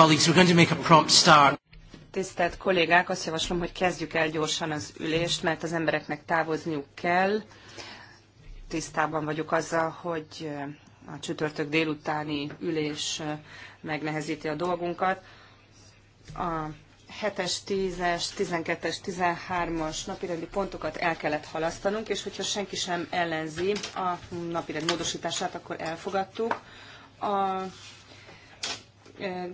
colleagues, we're going to make a prompt start. Tisztelt kollégák, azt javaslom, hogy kezdjük el gyorsan az ülést, mert az embereknek távozniuk kell. Tisztában vagyok azzal, hogy eh, a csütörtök délutáni ülés eh, megnehezíti a dolgunkat. A 7-es, 10-es, 12-es, 13-as napirendi pontokat el kellett halasztanunk, és hogyha senki sem ellenzi a napirend módosítását, akkor elfogadtuk. A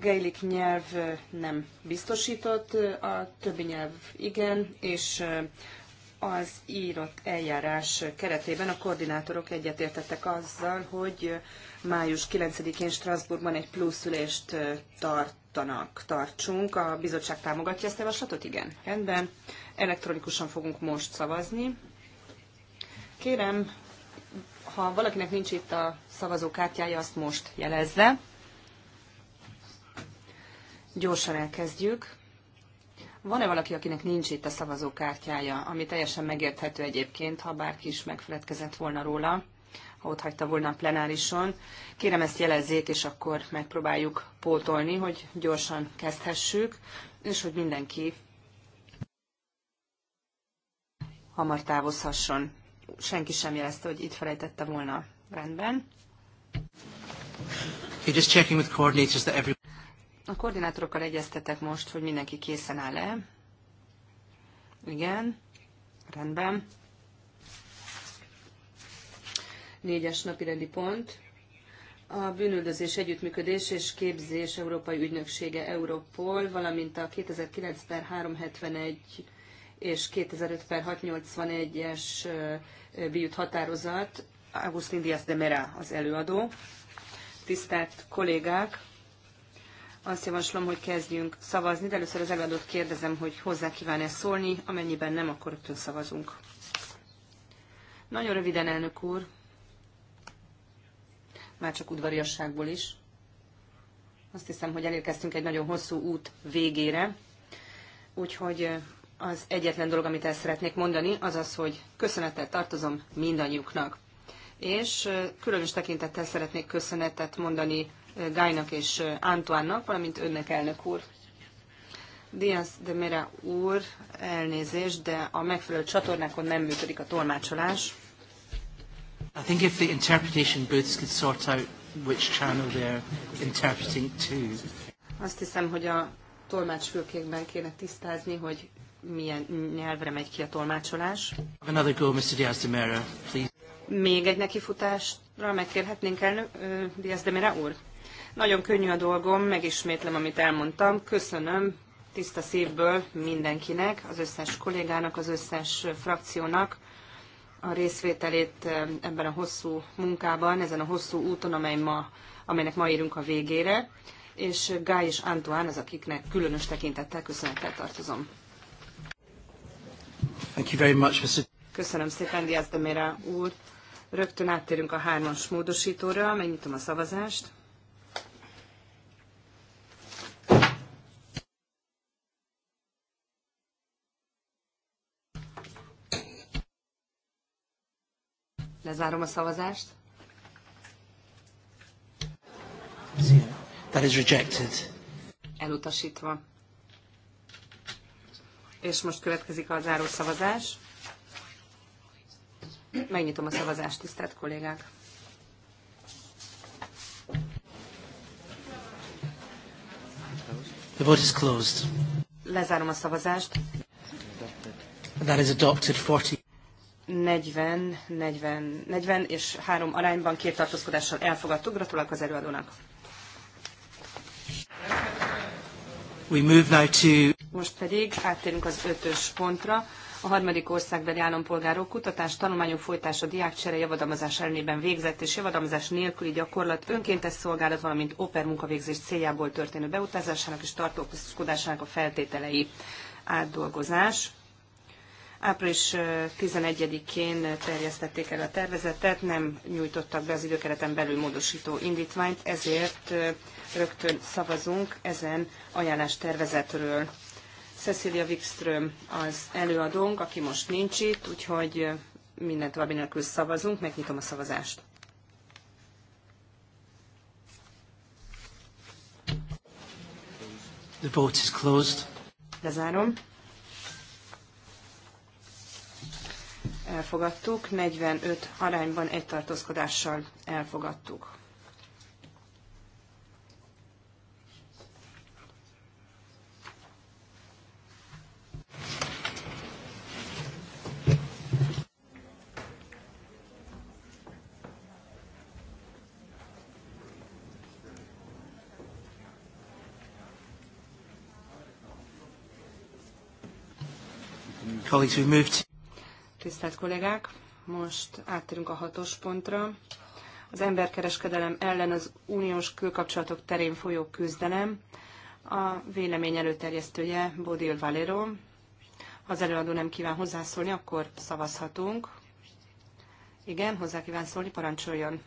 Gaelic nyelv nem biztosított, a többi nyelv igen, és az írott eljárás keretében a koordinátorok egyetértettek azzal, hogy május 9-én Strasbourgban egy pluszülést tartanak, tartsunk. A bizottság támogatja ezt a javaslatot? Igen. Rendben. Elektronikusan fogunk most szavazni. Kérem, ha valakinek nincs itt a szavazókártyája, azt most jelezze. Gyorsan elkezdjük. Van-e valaki, akinek nincs itt a szavazókártyája, ami teljesen megérthető egyébként, ha bárki is megfeledkezett volna róla, ha ott hagyta volna a plenárison. Kérem ezt jelezzék, és akkor megpróbáljuk pótolni, hogy gyorsan kezdhessük, és hogy mindenki hamar távozhasson. Senki sem jelezte, hogy itt felejtette volna. Rendben. Okay, just checking with coordinators that every... A koordinátorokkal egyeztetek most, hogy mindenki készen áll-e. Igen, rendben. Négyes napi rendi pont. A bűnöldözés együttműködés és képzés Európai Ügynöksége Európol, valamint a 2009 per 371 és 2005 per 681-es bűt határozat. Agustin Díaz de Mera az előadó. Tisztelt kollégák, azt javaslom, hogy kezdjünk szavazni, de először az előadót kérdezem, hogy hozzá kíván-e szólni, amennyiben nem, akkor rögtön szavazunk. Nagyon röviden, elnök úr, már csak udvariasságból is. Azt hiszem, hogy elérkeztünk egy nagyon hosszú út végére, úgyhogy az egyetlen dolog, amit el szeretnék mondani, az az, hogy köszönettel tartozom mindannyiuknak. És különös tekintettel szeretnék köszönetet mondani Gájnak és Antoánnak, valamint önnek elnök úr. Diaz de Mera úr, elnézést, de a megfelelő csatornákon nem működik a tolmácsolás. I think if the interpretation booths could sort out which channel they're interpreting to. Azt hiszem, hogy a tolmácsfülkékben kéne tisztázni, hogy milyen nyelvre megy ki a tolmácsolás. Another go, Mr. Diaz de Mera, please. Még egy nekifutásra megkérhetnénk el, Diaz de Mera úr? Nagyon könnyű a dolgom, megismétlem, amit elmondtam. Köszönöm tiszta szívből mindenkinek, az összes kollégának, az összes frakciónak a részvételét eh, ebben a hosszú munkában, ezen a hosszú úton, amely ma, amelynek ma érünk a végére, és Gály és Antoine az, akiknek különös tekintettel köszönettel tartozom. Thank you very much, Mr. Köszönöm szépen, Diaz Mera úr. Rögtön áttérünk a hármas módosítóra, megnyitom a szavazást. Lezárom a szavazást. That is rejected. Elutasítva. És most következik a záró szavazás. Megnyitom a szavazást, tisztelt kollégák. The vote is closed. Lezárom a szavazást. That is adopted 40. 40, 40, 40 és 3 arányban két tartózkodással elfogadtuk. Gratulálok az előadónak. We move now to... Most pedig áttérünk az ötös pontra. A harmadik országbeli állampolgárok kutatás, tanulmányok folytása, diákcsere, javadalmazás ellenében végzett és javadalmazás nélküli gyakorlat, önkéntes szolgálat, valamint oper munkavégzés céljából történő beutazásának és tartózkodásának a feltételei átdolgozás. Április 11-én terjesztették el a tervezetet, nem nyújtottak be az időkereten belül módosító indítványt, ezért rögtön szavazunk ezen ajánlás tervezetről. Cecilia Wikström az előadónk, aki most nincs itt, úgyhogy minden további nélkül szavazunk, megnyitom a szavazást. The vote is closed. Lezárom. elfogadtuk, 45 arányban egy tartózkodással elfogadtuk. Colleagues, we've moved Tisztelt kollégák, most áttérünk a hatos pontra. Az emberkereskedelem ellen az uniós külkapcsolatok terén folyó küzdelem. A vélemény előterjesztője Bodil Valero. Ha az előadó nem kíván hozzászólni, akkor szavazhatunk. Igen, hozzá kíván szólni, parancsoljon.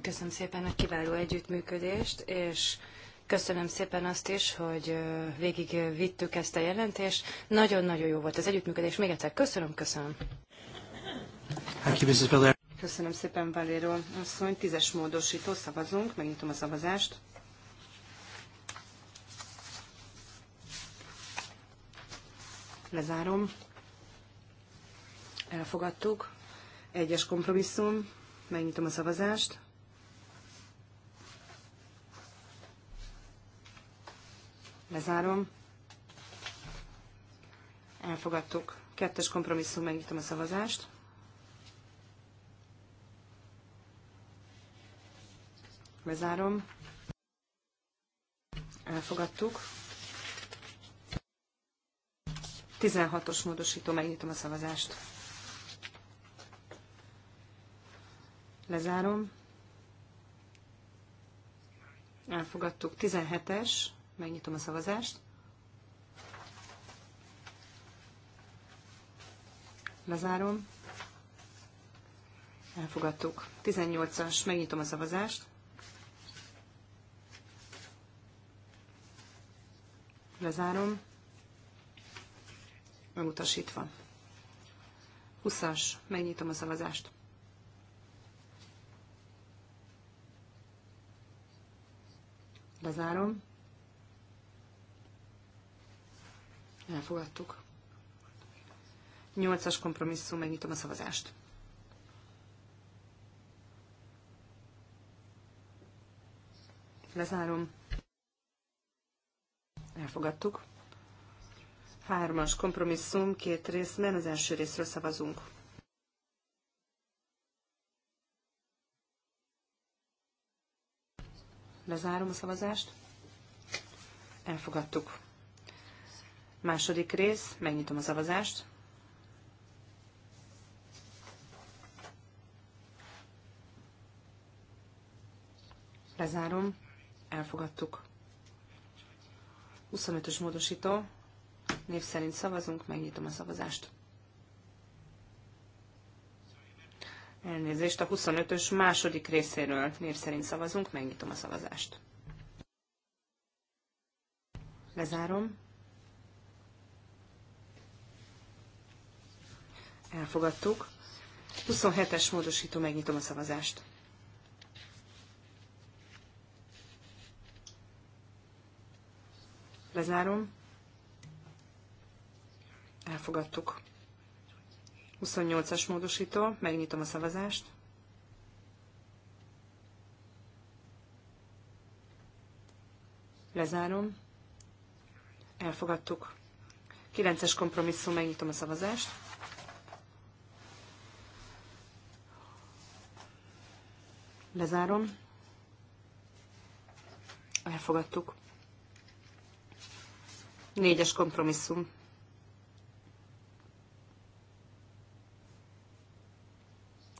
Köszönöm szépen a kiváló együttműködést, és Köszönöm szépen azt is, hogy végig vittük ezt a jelentést. Nagyon-nagyon jó volt az együttműködés. Még egyszer köszönöm, köszönöm. Köszönöm szépen, Valéro. Asszony, tízes módosító, szavazunk. Megnyitom a szavazást. Lezárom. Elfogadtuk. Egyes kompromisszum. Megnyitom a szavazást. Lezárom. Elfogadtuk. Kettes kompromisszum, megnyitom a szavazást. Bezárom. Elfogadtuk. 16-os módosító, megnyitom a szavazást. Lezárom. Elfogadtuk. 17-es megnyitom a szavazást. Lezárom. Elfogadtuk. 18-as, megnyitom a szavazást. Lezárom. Megutasítva. 20-as, megnyitom a szavazást. Lezárom. Elfogadtuk. Nyolcas kompromisszum, megnyitom a szavazást. Lezárom. Elfogadtuk. Hármas kompromisszum, két részben, az első részről szavazunk. Lezárom a szavazást. Elfogadtuk. Második rész, megnyitom a szavazást. Lezárom, elfogadtuk. 25-ös módosító, név szerint szavazunk, megnyitom a szavazást. Elnézést, a 25-ös második részéről név szerint szavazunk, megnyitom a szavazást. Lezárom Elfogadtuk. 27-es módosító, megnyitom a szavazást. Lezárom. Elfogadtuk. 28-as módosító, megnyitom a szavazást. Lezárom. Elfogadtuk. 9-es kompromisszum, megnyitom a szavazást. Lezárom. Elfogadtuk. Négyes kompromisszum.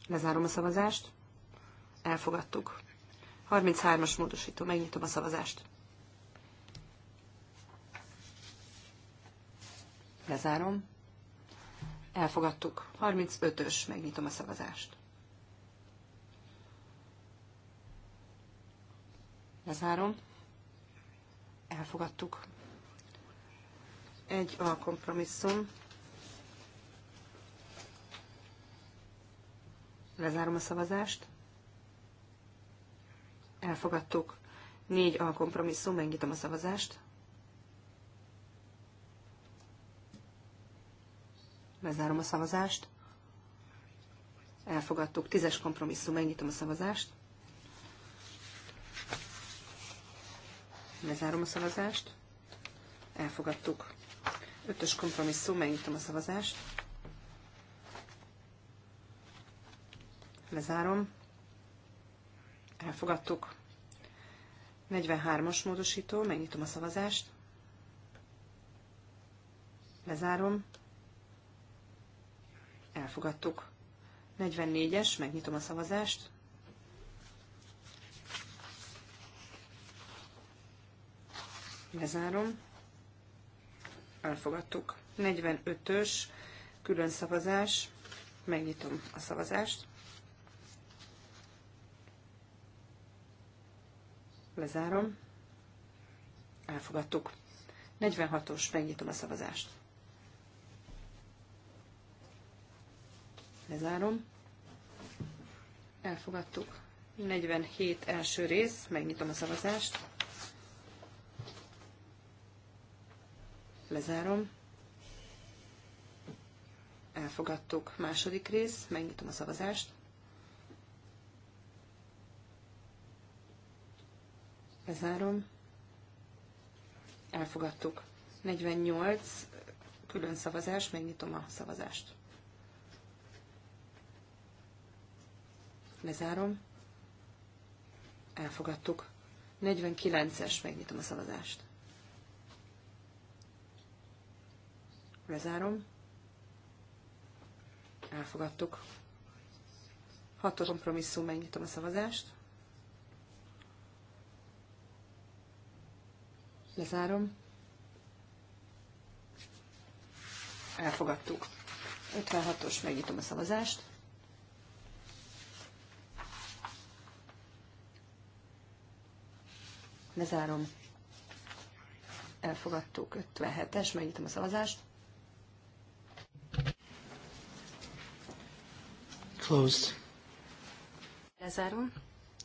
Lezárom a szavazást. Elfogadtuk. 33-as módosító. Megnyitom a szavazást. Lezárom. Elfogadtuk. 35-ös. Megnyitom a szavazást. Lezárom. Elfogadtuk. Egy A kompromisszum. Lezárom a szavazást. Elfogadtuk. Négy A kompromisszum. Megnyitom a szavazást. Lezárom a szavazást. Elfogadtuk. Tízes kompromisszum. Megnyitom a szavazást. Lezárom a szavazást. Elfogadtuk. Ötös kompromisszum, megnyitom a szavazást. Lezárom. Elfogadtuk. 43-as módosító, megnyitom a szavazást. Lezárom. Elfogadtuk. 44-es, megnyitom a szavazást. Lezárom. Elfogadtuk. 45-ös külön szavazás. Megnyitom a szavazást. Lezárom. Elfogadtuk. 46-os, megnyitom a szavazást. Lezárom. Elfogadtuk. 47 első rész, megnyitom a szavazást. Lezárom. Elfogadtuk. Második rész. Megnyitom a szavazást. Lezárom. Elfogadtuk. 48. Külön szavazás. Megnyitom a szavazást. Lezárom. Elfogadtuk. 49-es. Megnyitom a szavazást. Lezárom. Elfogadtuk. Hatos kompromisszum, megnyitom a szavazást. Lezárom. Elfogadtuk. 56-os, megnyitom a szavazást. Lezárom. Elfogadtuk. 57-es, megnyitom a szavazást. closed. Lezárom.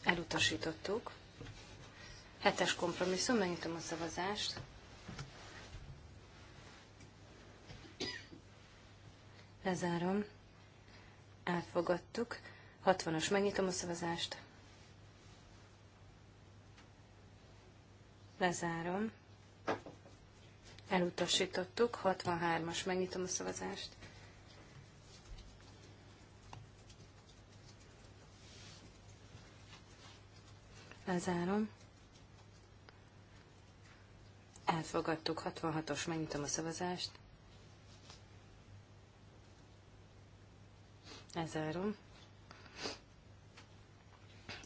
Elutasítottuk. Hetes kompromisszum, megnyitom a szavazást. Lezárom. Elfogadtuk. 60-as, megnyitom a szavazást. Lezárom. Elutasítottuk. 63-as, megnyitom a szavazást. Lezárom. Elfogadtuk 66-os, megnyitom a szavazást. Lezárom.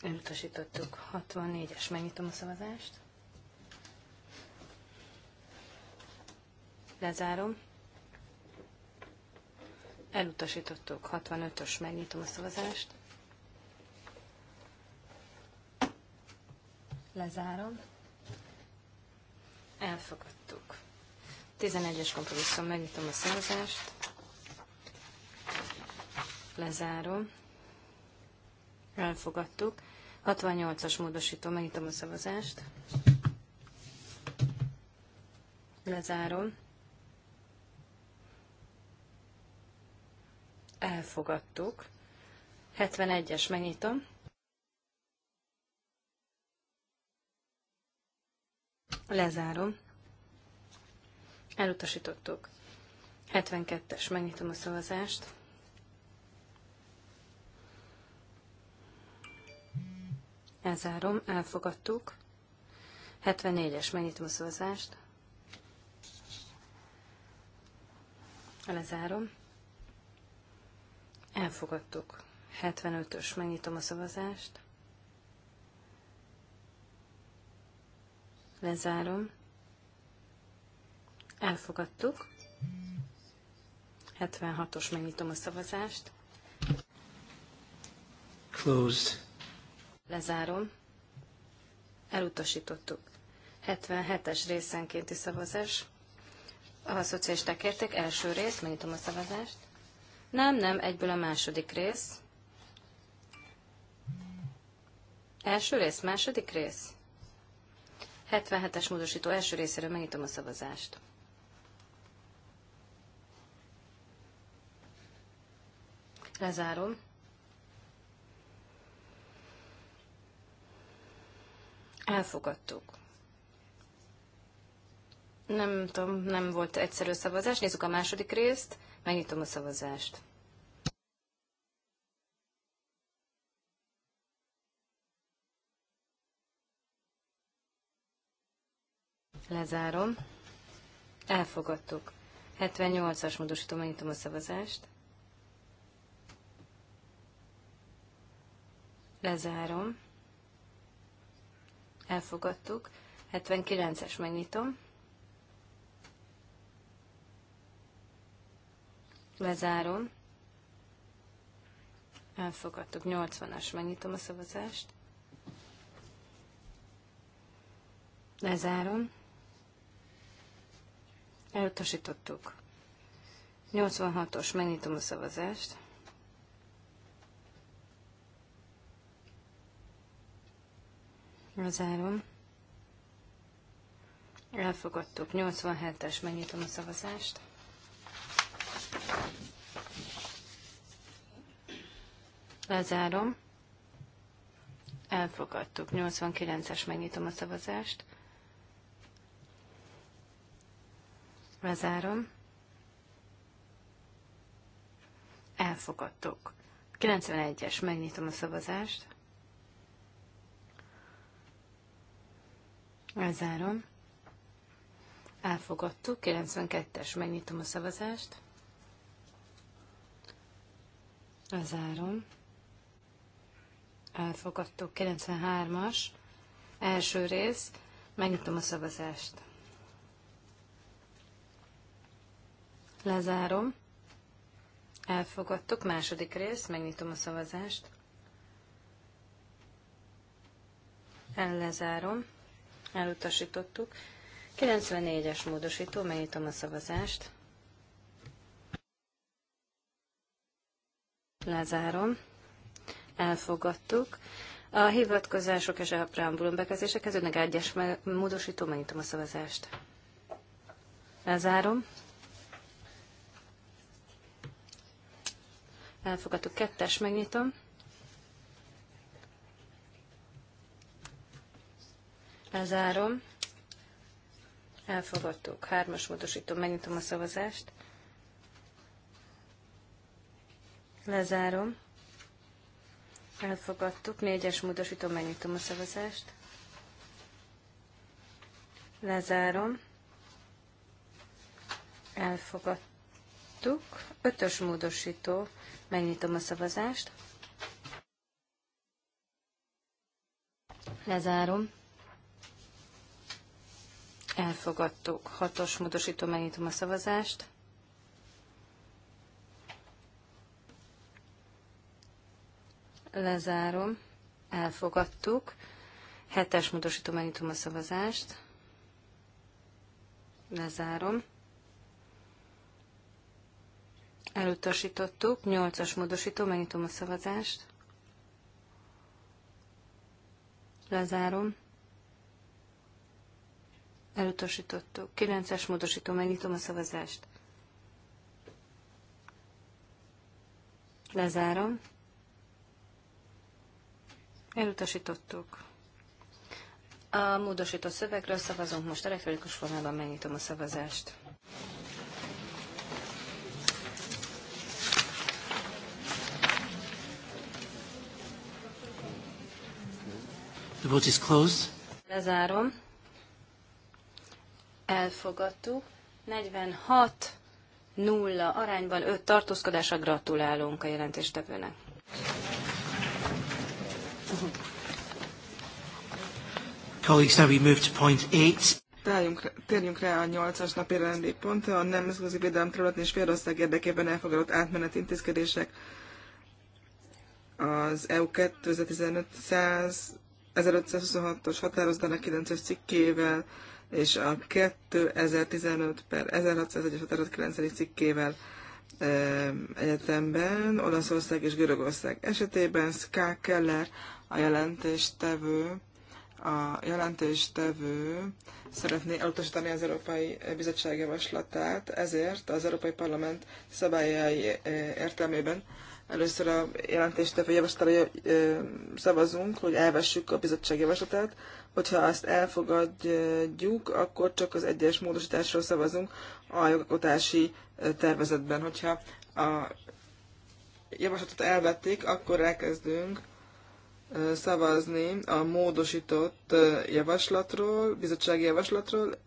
Elutasítottuk 64-es, megnyitom a szavazást. Lezárom. Elutasítottuk 65-ös, megnyitom a szavazást. Lezárom. Elfogadtuk. 11-es kompromisszum, megnyitom a szavazást. Lezárom. Elfogadtuk. 68-as módosító, megnyitom a szavazást. Lezárom. Elfogadtuk. 71-es, megnyitom. Lezárom. Elutasítottuk. 72-es. Megnyitom a szavazást. Elzárom. Elfogadtuk. 74-es. Megnyitom a szavazást. Lezárom. Elfogadtuk. 75-ös. Megnyitom a szavazást. Lezárom. Elfogadtuk. 76-os megnyitom a szavazást. Closed. Lezárom. Elutasítottuk. 77-es részenkénti szavazás. A szocialisták kértek első rész, megnyitom a szavazást. Nem, nem, egyből a második rész. Első rész, második rész. 77-es módosító első részéről megnyitom a szavazást. Lezárom. Elfogadtuk. Nem tudom, nem volt egyszerű szavazás. Nézzük a második részt. Megnyitom a szavazást. Lezárom. Elfogadtuk. 78-as módosítom, nyitom a szavazást. Lezárom. Elfogadtuk. 79-es megnyitom. Lezárom. Elfogadtuk. 80-as megnyitom a szavazást. Lezárom. Elutasítottuk. 86-os, megnyitom a szavazást. Lezárom. Elfogadtuk. 87-es, megnyitom a szavazást. Lezárom. Elfogadtuk. 89-es, megnyitom a szavazást. Lezárom. Elfogadtok. 91-es, megnyitom a szavazást. Lezárom. Elfogadtuk. 92-es, megnyitom a szavazást. Lezárom. Elfogadtuk. 93-as, első rész, megnyitom a szavazást. Lezárom. Elfogadtuk. Második rész. Megnyitom a szavazást. Ellezárom. Elutasítottuk. 94-es módosító. Megnyitom a szavazást. Lezárom. Elfogadtuk. A hivatkozások és a preambulum bekezdések kezdődnek egyes módosító. Megnyitom a szavazást. Lezárom. elfogadtuk. Kettes, megnyitom. Lezárom. Elfogadtuk. Hármas módosítom, Megnyitom a szavazást. Lezárom. Elfogadtuk. Négyes módosítom, Megnyitom a szavazást. Lezárom. Elfogadtuk. Ötös módosító. Megnyitom a szavazást. Lezárom. Elfogadtuk. Hatos módosító, megnyitom a szavazást. Lezárom. Elfogadtuk. Hetes módosító, megnyitom a szavazást. Lezárom. Elutasítottuk. Nyolcas módosító, megnyitom a szavazást. Lezárom. Elutasítottuk. Kilences módosító, megnyitom a szavazást. Lezárom. Elutasítottuk. A módosított szövegről szavazunk most elektronikus formában, megnyitom a szavazást. The vote is closed. Lezárom. Elfogadtuk. 46 nulla arányban 5 tartózkodásra gratulálunk a jelentéstevőnek. Colleagues, now we move to point eight. Tárjunk, térjünk rá a nyolcas napi rendi pontra, a nemzetközi védelem területén és Félország érdekében elfogadott átmeneti intézkedések az EU 2015 1526-os határozatnak 9-es cikkével és a 2015 per 1601-es határozat 9. cikkével egyetemben, Olaszország és Görögország esetében Ská Keller a jelentéstevő, a jelentéstevő szeretné elutasítani az Európai Bizottság javaslatát, ezért az Európai Parlament szabályai eh, értelmében Először a a javaslatára szavazunk, hogy elvessük a bizottság javaslatát. Hogyha azt elfogadjuk, akkor csak az egyes módosításról szavazunk a jogalkotási tervezetben. Hogyha a javaslatot elvették, akkor elkezdünk szavazni a módosított javaslatról, bizottsági javaslatról,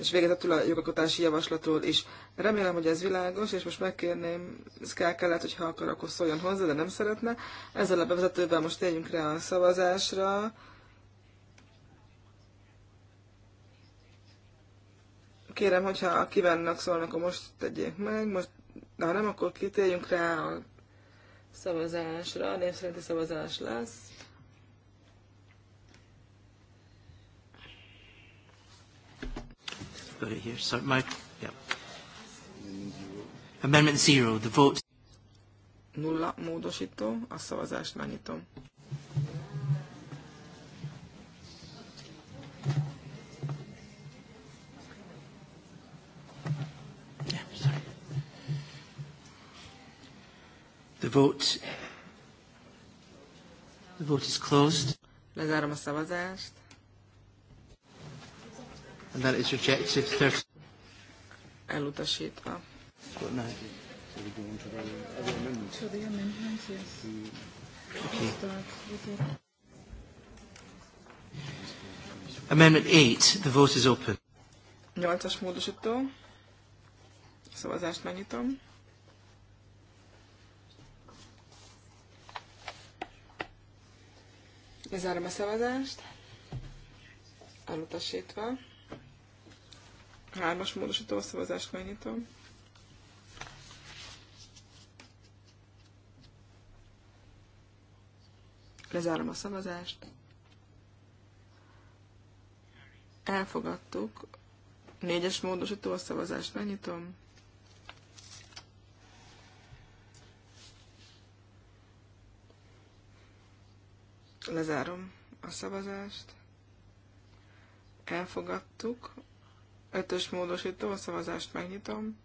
és végezetül a jogalkotási javaslatról is. Remélem, hogy ez világos, és most megkérném Szkákelát, hogy ha akar, akkor szóljon hozzá, de nem szeretne. Ezzel a bevezetővel most térjünk rá a szavazásra. Kérem, hogyha kívánnak szólnak, akkor most tegyék meg, most, ha nem, akkor kitérjünk rá a szavazásra, a népszerinti szavazás lesz. got it here. So my, yeah. Amendment zero, the vote. Nulla módosító, a szavazást megnyitom. The vote. The vote is closed. Lezárom a szavazást and that is rejected. Elutasítva. Okay. Amendment 8. The vote is open. 8-as módosító. Szavazást megnyitom. Lezárom a szavazást. Elutasítva. Hármas módosító szavazást megnyitom. Lezárom a szavazást. Elfogadtuk. Négyes módosító szavazást megnyitom. Lezárom a szavazást. Elfogadtuk. Ötös módosító, a szavazást megnyitom.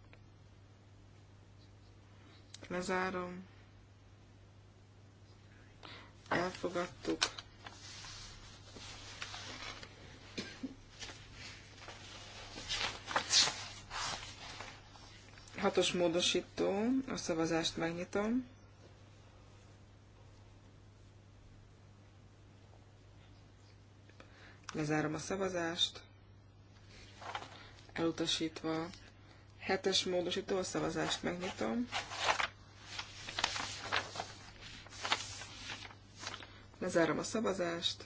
Lezárom. Elfogadtuk. Hatos módosító, a szavazást megnyitom. Lezárom a szavazást elutasítva. Hetes módosító szavazást megnyitom. Lezárom a szavazást.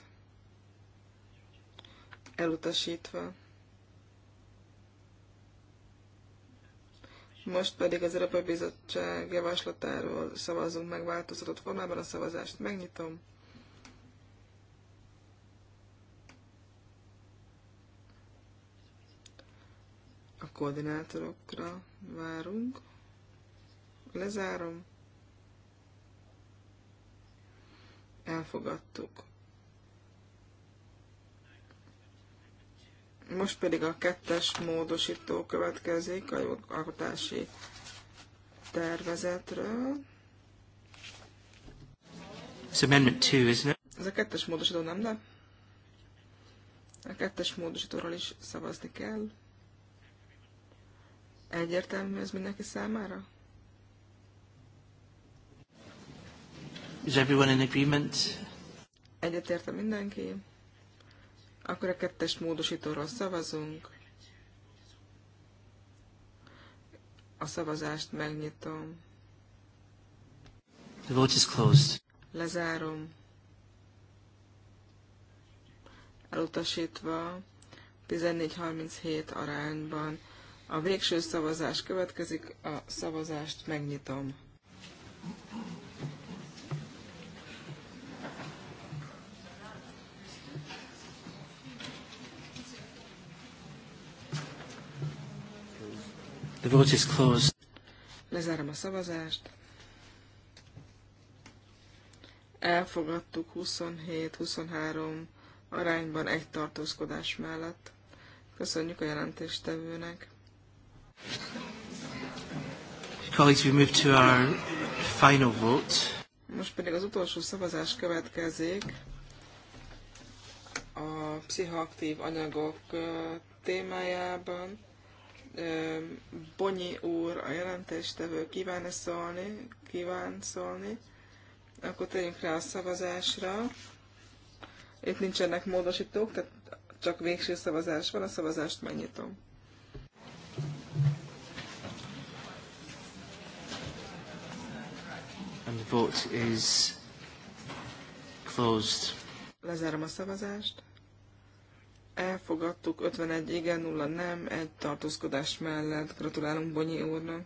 Elutasítva. Most pedig az Európai Bizottság javaslatáról szavazunk meg változatott formában a szavazást. Megnyitom. koordinátorokra várunk. Lezárom. Elfogadtuk. Most pedig a kettes módosító következik a jogalkotási tervezetről. It's amendment two, isn't it? Ez a kettes módosító nem, de a kettes módosítóról is szavazni kell. Egyértelmű ez mindenki számára? Is everyone in agreement? Egyetérte mindenki. Akkor a kettes módosítóról szavazunk. A szavazást megnyitom. The vote is closed. Lezárom. Elutasítva 14.37 arányban a végső szavazás következik, a szavazást megnyitom. The vote is closed. Lezárom a szavazást. Elfogadtuk 27-23 arányban egy tartózkodás mellett. Köszönjük a jelentéstevőnek. Colleagues, we move to our final vote. Most pedig az utolsó szavazás következik a pszichoaktív anyagok témájában. Bonyi úr, a jelentéstevő kíván szólni, kíván szólni. Akkor tegyünk rá a szavazásra. Itt nincsenek módosítók, tehát csak végső szavazás van, a szavazást megnyitom. Vote is closed. Lezárom a szavazást. Elfogadtuk 51 igen, 0 nem, egy tartózkodás mellett. Gratulálunk Bonyi úrnak.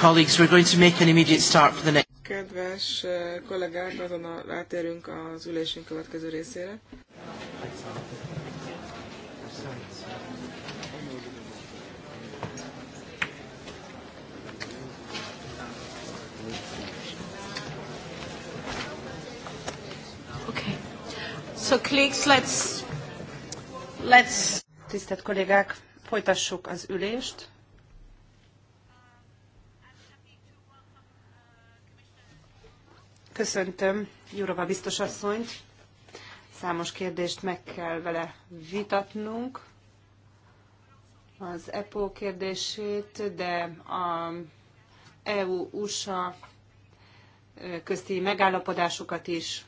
colleagues, we're going to make an immediate start for the next. Kedves eh, kollégák, azonnal rátérünk az ülésünk következő részére. So colleagues, let's let's Tisztelt kollégák, folytassuk az ülést. Köszöntöm Jurova biztos asszonyt. Számos kérdést meg kell vele vitatnunk. Az EPO kérdését, de a EU-USA közti megállapodásokat is,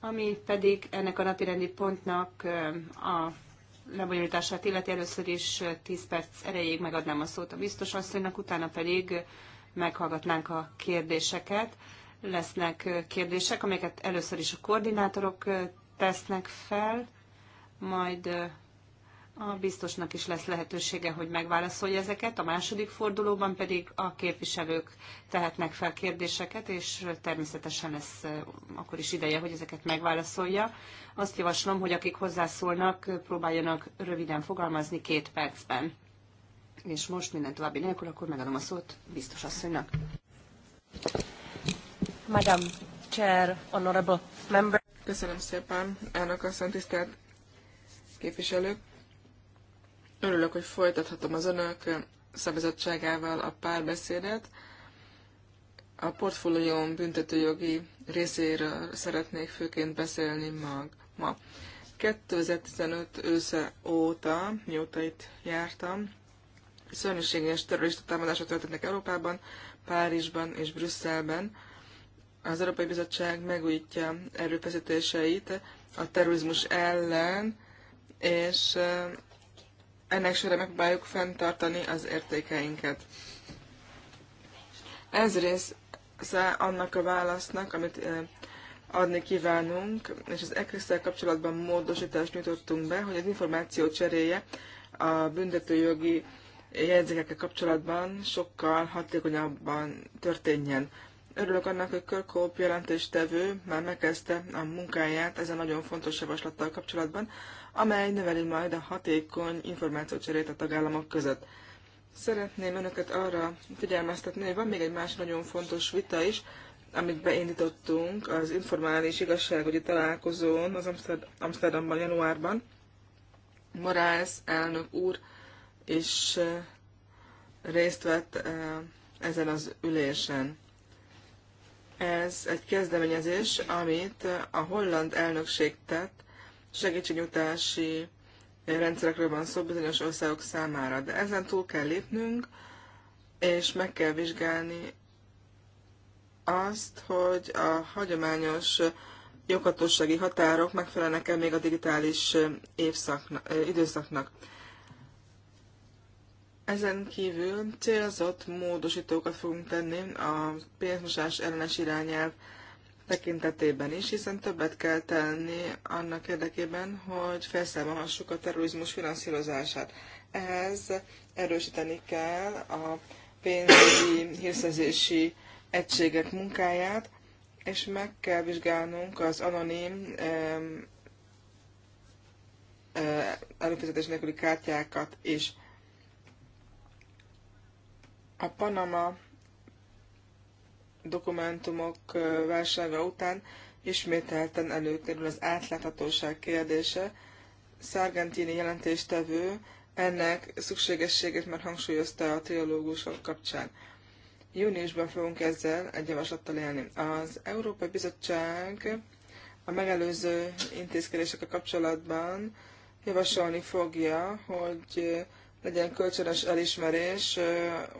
ami pedig ennek a napirendi pontnak a lebonyolítását illeti. Először is 10 perc erejéig megadnám a szót a biztos asszonynak, utána pedig meghallgatnánk a kérdéseket. Lesznek kérdések, amelyeket először is a koordinátorok tesznek fel, majd a biztosnak is lesz lehetősége, hogy megválaszolja ezeket, a második fordulóban pedig a képviselők tehetnek fel kérdéseket, és természetesen lesz akkor is ideje, hogy ezeket megválaszolja. Azt javaslom, hogy akik hozzászólnak, próbáljanak röviden fogalmazni két percben. És most minden további nélkül, akkor megadom a szót biztos asszonynak. Madam Chair, Honorable Member. Köszönöm szépen, elnök asszony, tisztelt képviselők. Örülök, hogy folytathatom az önök szabizottságával a párbeszédet. A portfólióm büntetőjogi részéről szeretnék főként beszélni mag, ma. 2015 ősze óta, mióta itt jártam, szörnyűséges terrorista támadások történtek Európában, Párizsban és Brüsszelben. Az Európai Bizottság megújítja erőfeszítéseit a terrorizmus ellen, és eh, ennek során megpróbáljuk fenntartani az értékeinket. Ez rész annak a válasznak, amit eh, adni kívánunk, és az ecris kapcsolatban módosítást nyújtottunk be, hogy az információ cseréje a büntetőjogi jegyzékekkel kapcsolatban sokkal hatékonyabban történjen. Örülök annak, hogy Körkóp jelentéstevő már megkezdte a munkáját ezen nagyon fontos javaslattal kapcsolatban, amely növeli majd a hatékony információcserét a tagállamok között. Szeretném önöket arra figyelmeztetni, hogy van még egy más nagyon fontos vita is, amit beindítottunk az informális igazságügyi találkozón az Amsterdamban januárban. Morales elnök úr is részt vett ezen az ülésen. Ez egy kezdeményezés, amit a holland elnökség tett, segítségnyújtási rendszerekről van szó bizonyos országok számára, de ezen túl kell lépnünk, és meg kell vizsgálni azt, hogy a hagyományos joghatósági határok megfelelnek-e még a digitális évszaknak, időszaknak. Ezen kívül célzott módosítókat fogunk tenni a pénzmosás ellenes irányelv tekintetében is, hiszen többet kell tenni annak érdekében, hogy felszámolhassuk a terrorizmus finanszírozását. Ehhez erősíteni kell a pénzügyi hírszerzési egységek munkáját, és meg kell vizsgálnunk az anonim előfizetés nélküli kártyákat is. A Panama dokumentumok válsága után ismételten előkerül az átláthatóság kérdése. Szargentini jelentéstevő ennek szükségességét már hangsúlyozta a triológusok kapcsán. Júniusban fogunk ezzel egy javaslattal élni. Az Európai Bizottság a megelőző intézkedések a kapcsolatban javasolni fogja, hogy legyen kölcsönös elismerés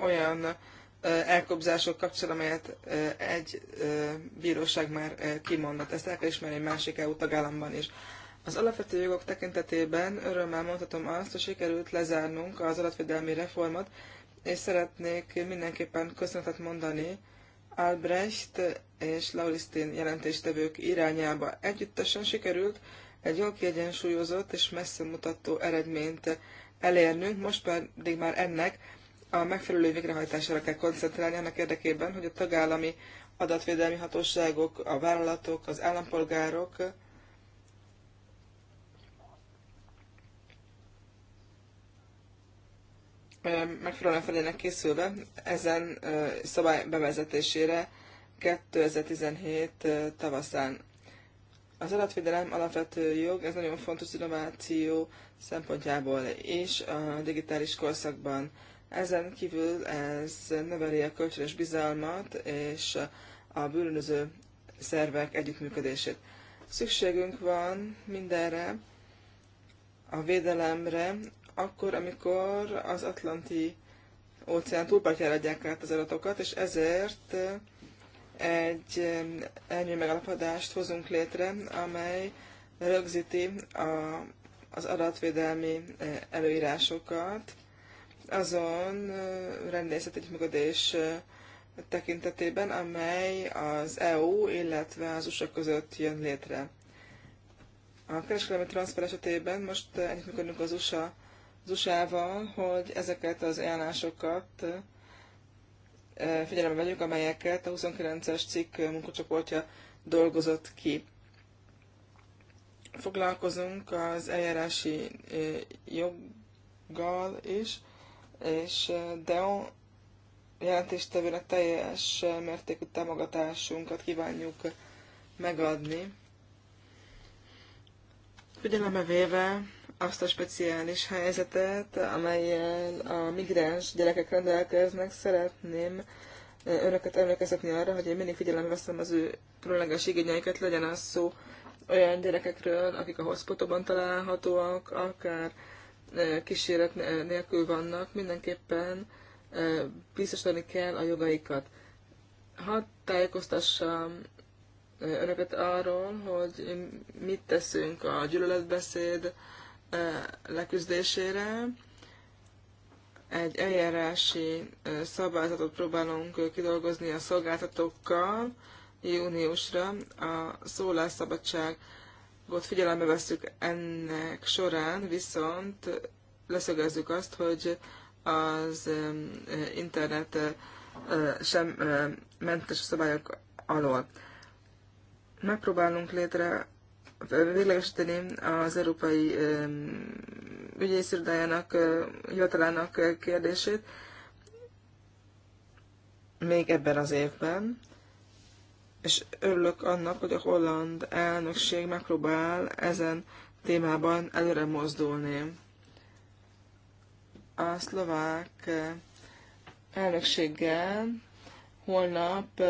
olyan elkobzások kapcsán, amelyet egy bíróság már kimondott. Ezt el kell ismerni egy másik EU tagállamban is. Az alapvető jogok tekintetében örömmel mondhatom azt, hogy sikerült lezárnunk az adatvédelmi reformot, és szeretnék mindenképpen köszönetet mondani Albrecht és Lauristin jelentéstevők irányába. Együttesen sikerült egy jól kiegyensúlyozott és messze mutató eredményt elérnünk, most pedig már ennek a megfelelő végrehajtására kell koncentrálni annak érdekében, hogy a tagállami adatvédelmi hatóságok, a vállalatok, az állampolgárok megfelelően felének készülve ezen szabály bevezetésére 2017 tavaszán. Az adatvédelem alapvető jog, ez nagyon fontos innováció szempontjából és a digitális korszakban. Ezen kívül ez növeli a kölcsönös bizalmat és a bűnöző szervek együttműködését. Szükségünk van mindenre, a védelemre, akkor, amikor az Atlanti óceán túlpartjára adják át az adatokat, és ezért egy elnyő megalapodást hozunk létre, amely rögzíti a, az adatvédelmi eh, előírásokat azon eh, rendészeti együttműködés eh, tekintetében, amely az EU, illetve az USA között jön létre. A kereskedelmi transzfer esetében most együttműködünk az USA az USA-val, hogy ezeket az ajánlásokat figyelembe vegyük, amelyeket a 29-es cikk munkacsoportja dolgozott ki. Foglalkozunk az eljárási joggal is, és DEO jelentéstevőre teljes mértékű támogatásunkat kívánjuk megadni. Figyelembe véve azt a speciális helyzetet, amelyen a migráns gyerekek rendelkeznek. Szeretném önöket emlékeztetni arra, hogy én mindig figyelembe veszem az ő különleges igényeiket, legyen az szó olyan gyerekekről, akik a hotspotokban találhatóak, akár kísérlet nélkül vannak, mindenképpen biztosítani kell a jogaikat. Hadd tájékoztassam önöket arról, hogy mit teszünk a gyűlöletbeszéd leküzdésére. Egy eljárási szabályzatot próbálunk kidolgozni a szolgáltatókkal júniusra. A szólásszabadságot figyelembe veszük ennek során, viszont leszögezzük azt, hogy az internet sem mentes szabályok alól. Megpróbálunk létre világosítani az Európai Ügyészirodájának, hivatalának kérdését még ebben az évben, és örülök annak, hogy a holland elnökség megpróbál ezen témában előre mozdulni. A szlovák elnökséggel holnap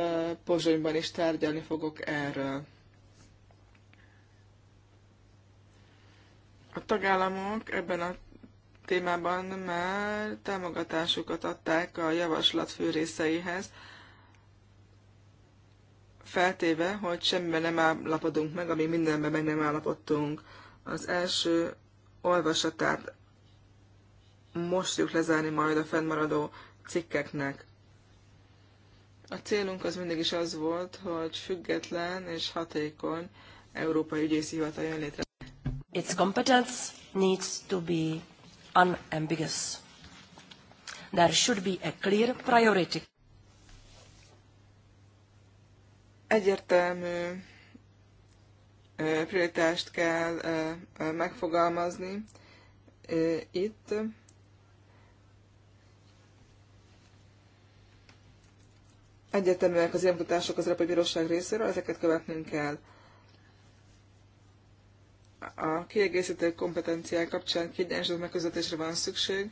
Pozsonyban is tárgyalni fogok erről. A tagállamok ebben a témában már támogatásukat adták a javaslat fő részeihez, feltéve, hogy semmiben nem állapodunk meg, ami mindenben meg nem állapodtunk. Az első olvasatát most tudjuk lezárni majd a fennmaradó cikkeknek. A célunk az mindig is az volt, hogy független és hatékony európai ügyészi hivatal jön létre its competence needs to be unambiguous. There should be a clear priority. Egyértelmű prioritást kell megfogalmazni itt. Egyértelműek az ilyen az Európai Bíróság részéről, ezeket követnünk kell a kiegészítő kompetenciák kapcsán kiegyensúlyozott megközelítésre van szükség,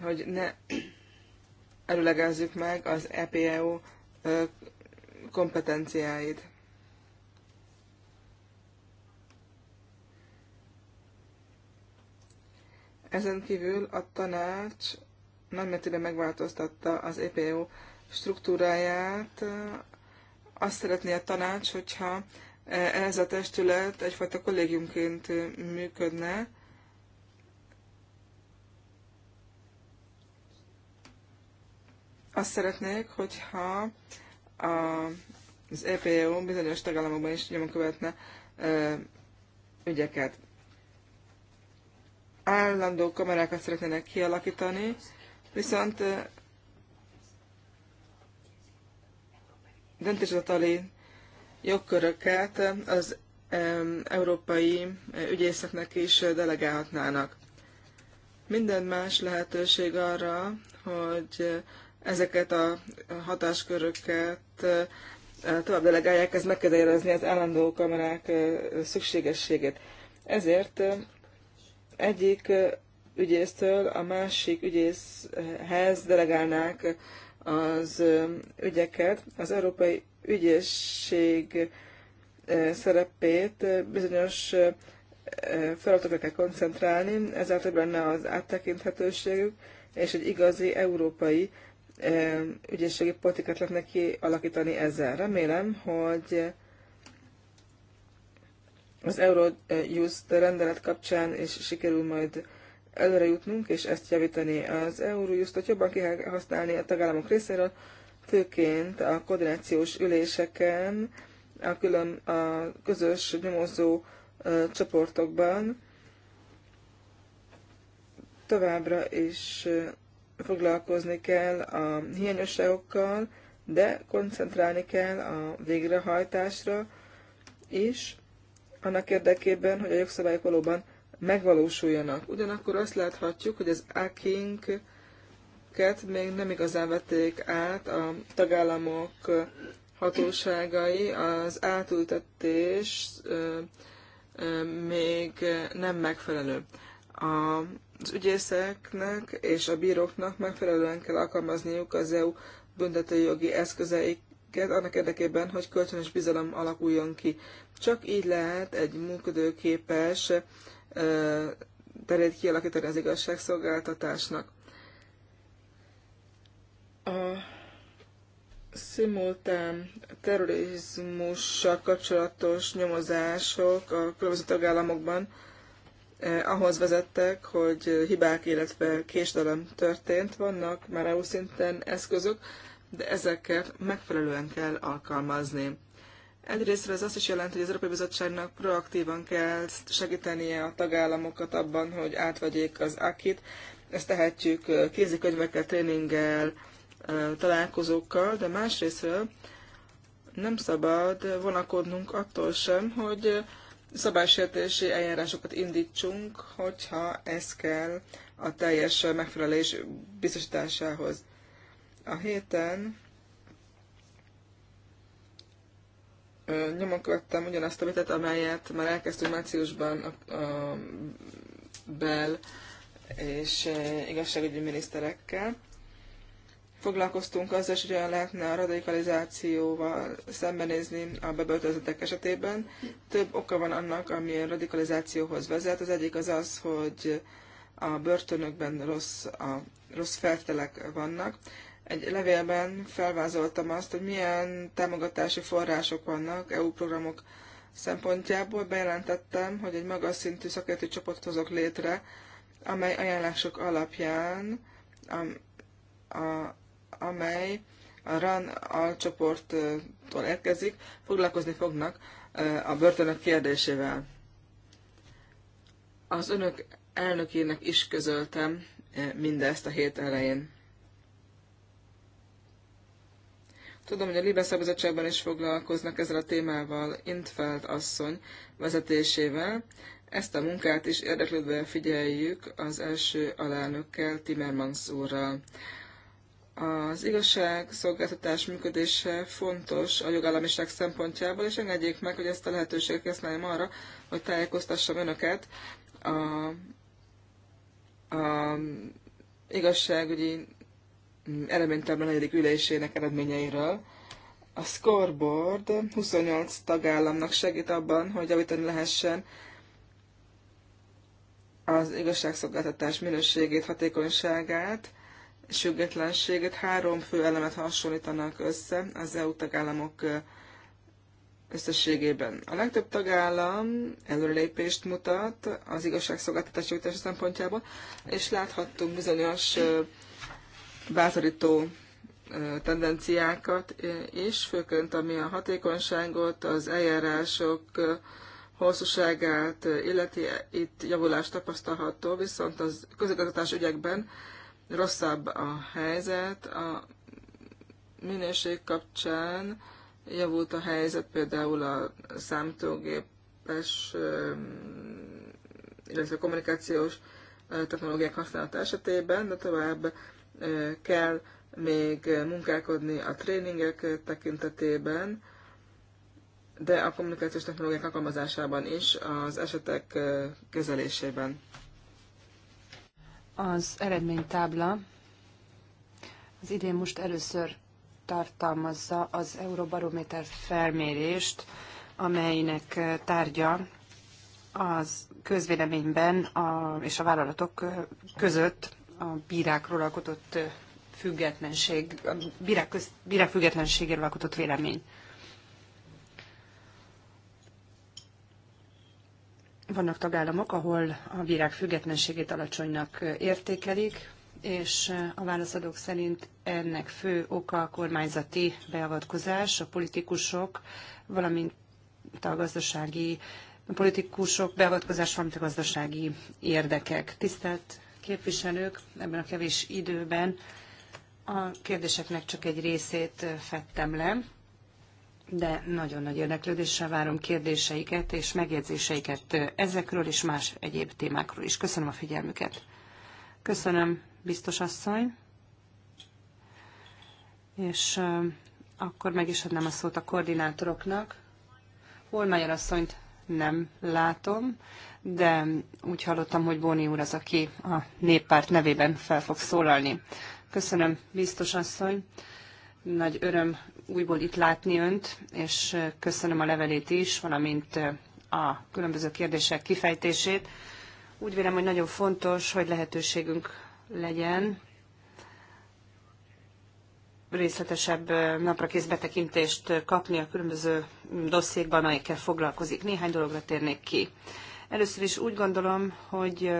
hogy ne előlegezzük meg az EPEO kompetenciáit. Ezen kívül a tanács nagymértékben megváltoztatta az EPO e struktúráját. Azt szeretné a tanács, hogyha ez a testület egyfajta kollégiumként működne. Azt szeretnék, hogyha a, az EPO bizonyos tagállamokban is nyomon követne ö, ügyeket. Állandó kamerákat szeretnének kialakítani, viszont döntéshozatali jogköröket az európai eh, ügyészeknek is delegálhatnának. Minden más lehetőség arra, hogy ezeket a hatásköröket eh, tovább delegálják, ez megkérdőjelezni az állandó kamerák eh, szükségességét. Ezért egyik ügyésztől a másik ügyészhez delegálnák az ügyeket. Az Európai ügyesség szerepét bizonyos feladatokra kell koncentrálni, ezáltal benne az áttekinthetőségük, és egy igazi európai ügyességi politikát lehetne kialakítani ezzel. Remélem, hogy az Eurojust rendelet kapcsán is sikerül majd előre jutnunk, és ezt javítani az Eurojustot jobban kell használni a tagállamok részéről, főként a koordinációs üléseken, a, külön, a közös nyomozó csoportokban továbbra is foglalkozni kell a hiányosságokkal, de koncentrálni kell a végrehajtásra is, annak érdekében, hogy a jogszabályok valóban megvalósuljanak. Ugyanakkor azt láthatjuk, hogy az AKINK ezeket még nem igazán vették át a tagállamok hatóságai, az átültetés még nem megfelelő. Az ügyészeknek és a bíróknak megfelelően kell alkalmazniuk az EU büntetőjogi eszközeiket annak érdekében, hogy kölcsönös bizalom alakuljon ki. Csak így lehet egy működőképes terét kialakítani az igazságszolgáltatásnak a szimultán terrorizmussal kapcsolatos nyomozások a különböző tagállamokban eh, ahhoz vezettek, hogy hibák, illetve késdelem történt. Vannak már EU szinten eszközök, de ezeket megfelelően kell alkalmazni. Egyrészt ez azt is jelenti, hogy az Európai Bizottságnak proaktívan kell segítenie a tagállamokat abban, hogy átvegyék az akit. Ezt tehetjük eh, kézikönyvekkel, tréninggel, találkozókkal, de másrésztről nem szabad vonakodnunk attól sem, hogy szabálysértési eljárásokat indítsunk, hogyha ez kell a teljes megfelelés biztosításához. A héten nyomon követtem ugyanazt a vitet, amelyet már elkezdtünk márciusban a, a Bell és igazságügyi miniszterekkel foglalkoztunk azzal hogy olyan lehetne a radikalizációval szembenézni a bebörtözöttek esetében. Több oka van annak, ami a radikalizációhoz vezet. Az egyik az az, hogy a börtönökben rossz, a, rossz feltelek vannak. Egy levélben felvázoltam azt, hogy milyen támogatási források vannak EU programok szempontjából. Bejelentettem, hogy egy magas szintű szakértő csoportot hozok létre, amely ajánlások alapján a, a amely a RAN alcsoporttól érkezik, foglalkozni fognak a börtönök kérdésével. Az önök elnökének is közöltem mindezt a hét elején. Tudom, hogy a Libe Szabadságban is foglalkoznak ezzel a témával Intfeld asszony vezetésével. Ezt a munkát is érdeklődve figyeljük az első alelnökkel, Timmermans úrral. Az igazságszolgáltatás működése fontos a jogállamiság szempontjából, és engedjék meg, hogy ezt a lehetőséget használjam arra, hogy tájékoztassam önöket a, a igazságügyi eredménytábla negyedik ülésének eredményeiről. A scoreboard 28 tagállamnak segít abban, hogy javítani lehessen az igazságszolgáltatás minőségét, hatékonyságát, függetlenséget. Három fő elemet hasonlítanak össze az EU tagállamok összességében. A legtöbb tagállam előrelépést mutat az igazságszolgáltatás nyújtása szempontjából, és láthattunk bizonyos bátorító tendenciákat is, főként ami a hatékonyságot, az eljárások hosszúságát illeti, itt javulást tapasztalható, viszont az közigazgatás ügyekben rosszabb a helyzet. A minőség kapcsán javult a helyzet például a számítógépes, illetve kommunikációs technológiák használata esetében, de tovább kell még munkálkodni a tréningek tekintetében, de a kommunikációs technológiák alkalmazásában is, az esetek kezelésében. Az eredménytábla az idén most először tartalmazza az Euróbarométer felmérést, amelynek eh, tárgya az közvéleményben a, és a vállalatok eh, között a bírákról alkotott eh, függetlenség, a bírák, köz, bírák függetlenségéről alkotott vélemény. Vannak tagállamok, ahol a bírák függetlenségét alacsonynak értékelik, és a válaszadók szerint ennek fő oka a kormányzati beavatkozás, a politikusok, valamint a gazdasági a politikusok beavatkozás, valamint a gazdasági érdekek. Tisztelt képviselők, ebben a kevés időben a kérdéseknek csak egy részét fettem le de nagyon nagy érdeklődéssel várom kérdéseiket és megjegyzéseiket ezekről és más egyéb témákról is. Köszönöm a figyelmüket. Köszönöm, biztos asszony. És akkor meg is adnám a szót a koordinátoroknak. Holmeyer asszonyt nem látom, de úgy hallottam, hogy Bóni úr az, aki a néppárt nevében fel fog szólalni. Köszönöm, biztos asszony. Nagy öröm újból itt látni önt, és köszönöm a levelét is, valamint a különböző kérdések kifejtését. Úgy vélem, hogy nagyon fontos, hogy lehetőségünk legyen részletesebb naprakész betekintést kapni a különböző dossziékban, amelyekkel foglalkozik. Néhány dologra térnék ki. Először is úgy gondolom, hogy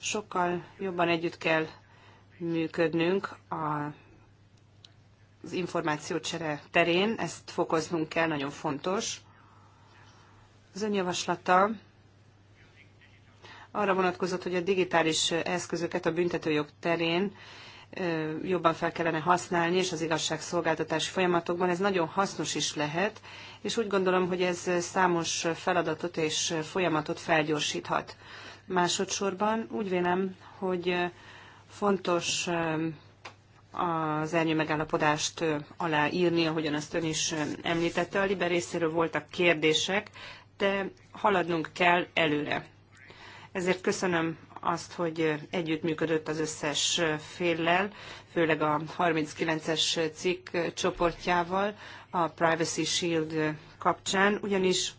sokkal jobban együtt kell működnünk a az információcsere terén, ezt fokoznunk kell, nagyon fontos. Az önjavaslata arra vonatkozott, hogy a digitális eszközöket a büntetőjog terén jobban fel kellene használni, és az igazságszolgáltatás folyamatokban ez nagyon hasznos is lehet, és úgy gondolom, hogy ez számos feladatot és folyamatot felgyorsíthat. Másodszorban úgy vélem, hogy fontos az ernyő megállapodást aláírni, ahogyan azt ön is említette. A Liber részéről voltak kérdések, de haladnunk kell előre. Ezért köszönöm azt, hogy együttműködött az összes féllel, főleg a 39-es cikk csoportjával a Privacy Shield kapcsán, ugyanis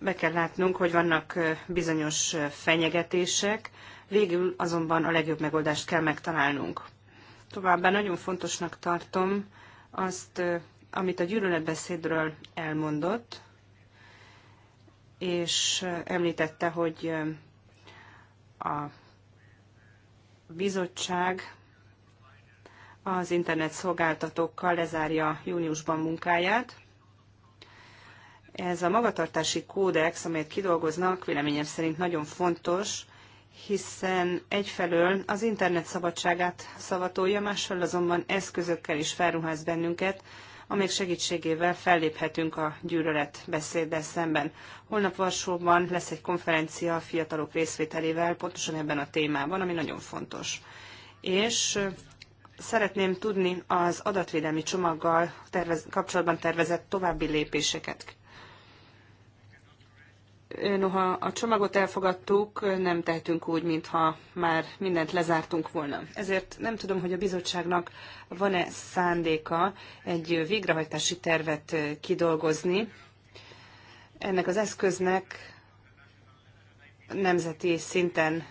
be kell látnunk, hogy vannak bizonyos fenyegetések, Végül azonban a legjobb megoldást kell megtalálnunk. Továbbá nagyon fontosnak tartom azt, amit a gyűlöletbeszédről elmondott, és említette, hogy a bizottság az internet szolgáltatókkal lezárja júniusban munkáját. Ez a magatartási kódex, amelyet kidolgoznak, véleményem szerint nagyon fontos, hiszen egyfelől az internet szabadságát szavatolja, másfelől azonban eszközökkel is felruház bennünket, amelyek segítségével felléphetünk a gyűlölet beszéddel szemben. Holnap Varsóban lesz egy konferencia a fiatalok részvételével, pontosan ebben a témában, ami nagyon fontos. És szeretném tudni az adatvédelmi csomaggal tervez, kapcsolatban tervezett további lépéseket noha a csomagot elfogadtuk, nem tehetünk úgy, mintha már mindent lezártunk volna. Ezért nem tudom, hogy a bizottságnak van-e szándéka egy végrehajtási tervet kidolgozni. Ennek az eszköznek nemzeti szinten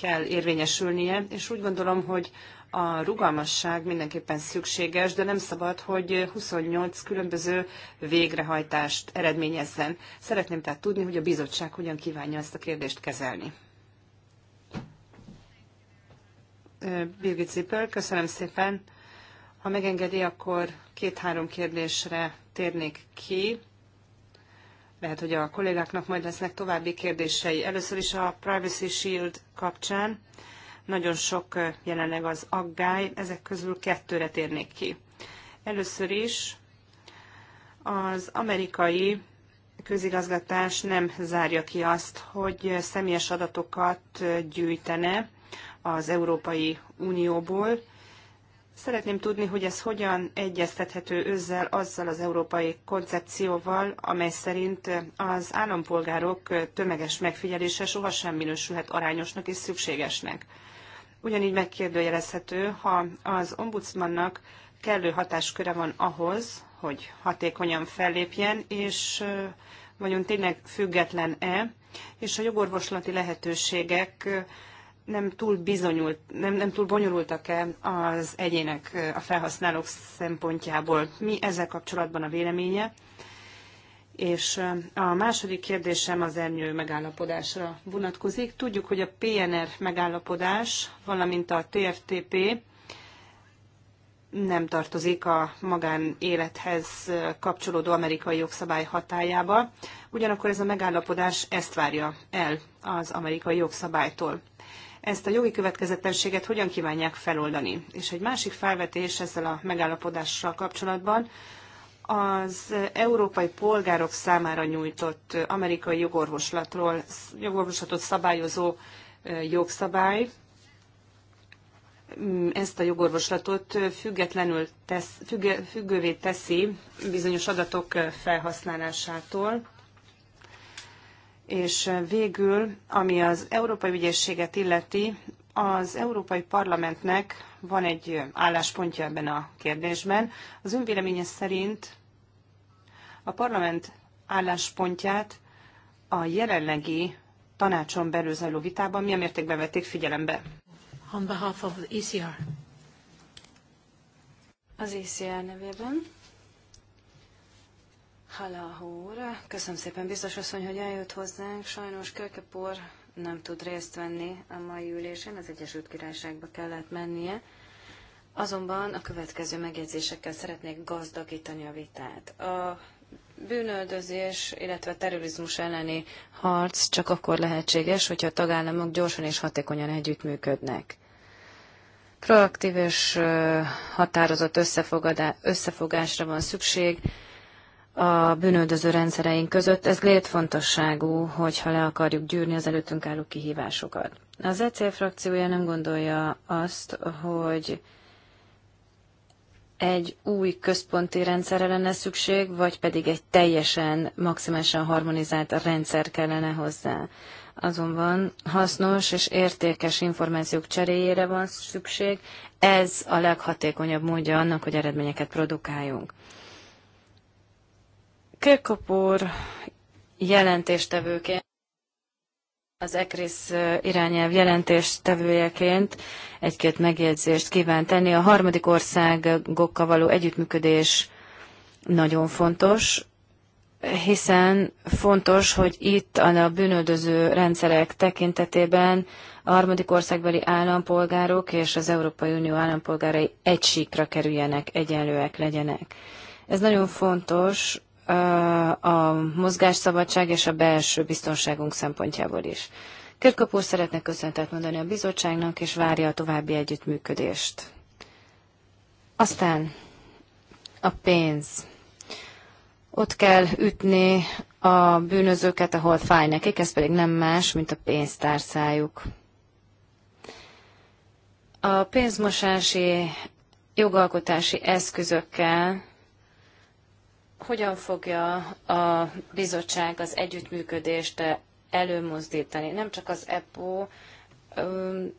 kell érvényesülnie, és úgy gondolom, hogy a rugalmasság mindenképpen szükséges, de nem szabad, hogy 28 különböző végrehajtást eredményezzen. Szeretném tehát tudni, hogy a bizottság hogyan kívánja ezt a kérdést kezelni. Birgit Zipöl, köszönöm szépen. Ha megengedi, akkor két-három kérdésre térnék ki. Lehet, hogy a kollégáknak majd lesznek további kérdései. Először is a Privacy Shield kapcsán. Nagyon sok jelenleg az aggály, ezek közül kettőre térnék ki. Először is az amerikai közigazgatás nem zárja ki azt, hogy személyes adatokat gyűjtene az Európai Unióból. Szeretném tudni, hogy ez hogyan egyeztethető özzel, azzal az európai koncepcióval, amely szerint az állampolgárok tömeges megfigyelése sohasem minősülhet arányosnak és szükségesnek. Ugyanígy megkérdőjelezhető, ha az ombudsmannak kellő hatásköre van ahhoz, hogy hatékonyan fellépjen, és vajon tényleg független-e, és a jogorvoslati lehetőségek nem túl bizonyult, nem, nem túl bonyolultak-e az egyének, a felhasználók szempontjából. Mi ezzel kapcsolatban a véleménye? És a második kérdésem az ernyő megállapodásra vonatkozik. Tudjuk, hogy a PNR megállapodás, valamint a TFTP nem tartozik a magánélethez kapcsolódó amerikai jogszabály hatájába. Ugyanakkor ez a megállapodás ezt várja el az amerikai jogszabálytól. Ezt a jogi következetlenséget hogyan kívánják feloldani? És egy másik felvetés ezzel a megállapodással kapcsolatban, az európai polgárok számára nyújtott amerikai jogorvoslatról, jogorvoslatot szabályozó jogszabály, mm, ezt a jogorvoslatot függetlenül tesz, függővé teszi bizonyos adatok felhasználásától. És végül, ami az Európai Ügyészséget illeti, az Európai Parlamentnek van egy álláspontja ebben a kérdésben. Az önvéleménye szerint a parlament álláspontját a jelenlegi tanácson belül zajló vitában milyen mértékben vették figyelembe? On behalf of the ECR. Az ECR nevében. Halahóra. Köszönöm szépen, biztos asszony, hogy eljött hozzánk. Sajnos Kölkepor nem tud részt venni a mai ülésen, az Egyesült Királyságba kellett mennie. Azonban a következő megjegyzésekkel szeretnék gazdagítani a vitát. A bűnöldözés, illetve a terrorizmus elleni harc csak akkor lehetséges, hogyha a tagállamok gyorsan és hatékonyan együttműködnek. Proaktív és határozott összefogásra van szükség, a bűnöldöző rendszereink között. Ez létfontosságú, hogyha le akarjuk gyűrni az előttünk álló kihívásokat. Az ECL frakciója nem gondolja azt, hogy egy új központi rendszerre lenne szükség, vagy pedig egy teljesen, maximálisan harmonizált rendszer kellene hozzá. Azonban hasznos és értékes információk cseréjére van szükség, ez a leghatékonyabb módja annak, hogy eredményeket produkáljunk. Kirkop jelentéstevőként, az ECRIS irányelv jelentéstevőjeként egy-két megjegyzést kíván tenni. A harmadik országokkal való együttműködés nagyon fontos, hiszen fontos, hogy itt a bűnöldöző rendszerek tekintetében a harmadik országbeli állampolgárok és az Európai Unió állampolgárai egy síkra kerüljenek, egyenlőek legyenek. Ez nagyon fontos a mozgásszabadság és a belső biztonságunk szempontjából is. Kirkop úr szeretne köszöntet mondani a bizottságnak, és várja a további együttműködést. Aztán a pénz. Ott kell ütni a bűnözőket, ahol fáj nekik, ez pedig nem más, mint a pénztárszájuk. A pénzmosási jogalkotási eszközökkel hogyan fogja a bizottság az együttműködést előmozdítani? Nem csak az EPO,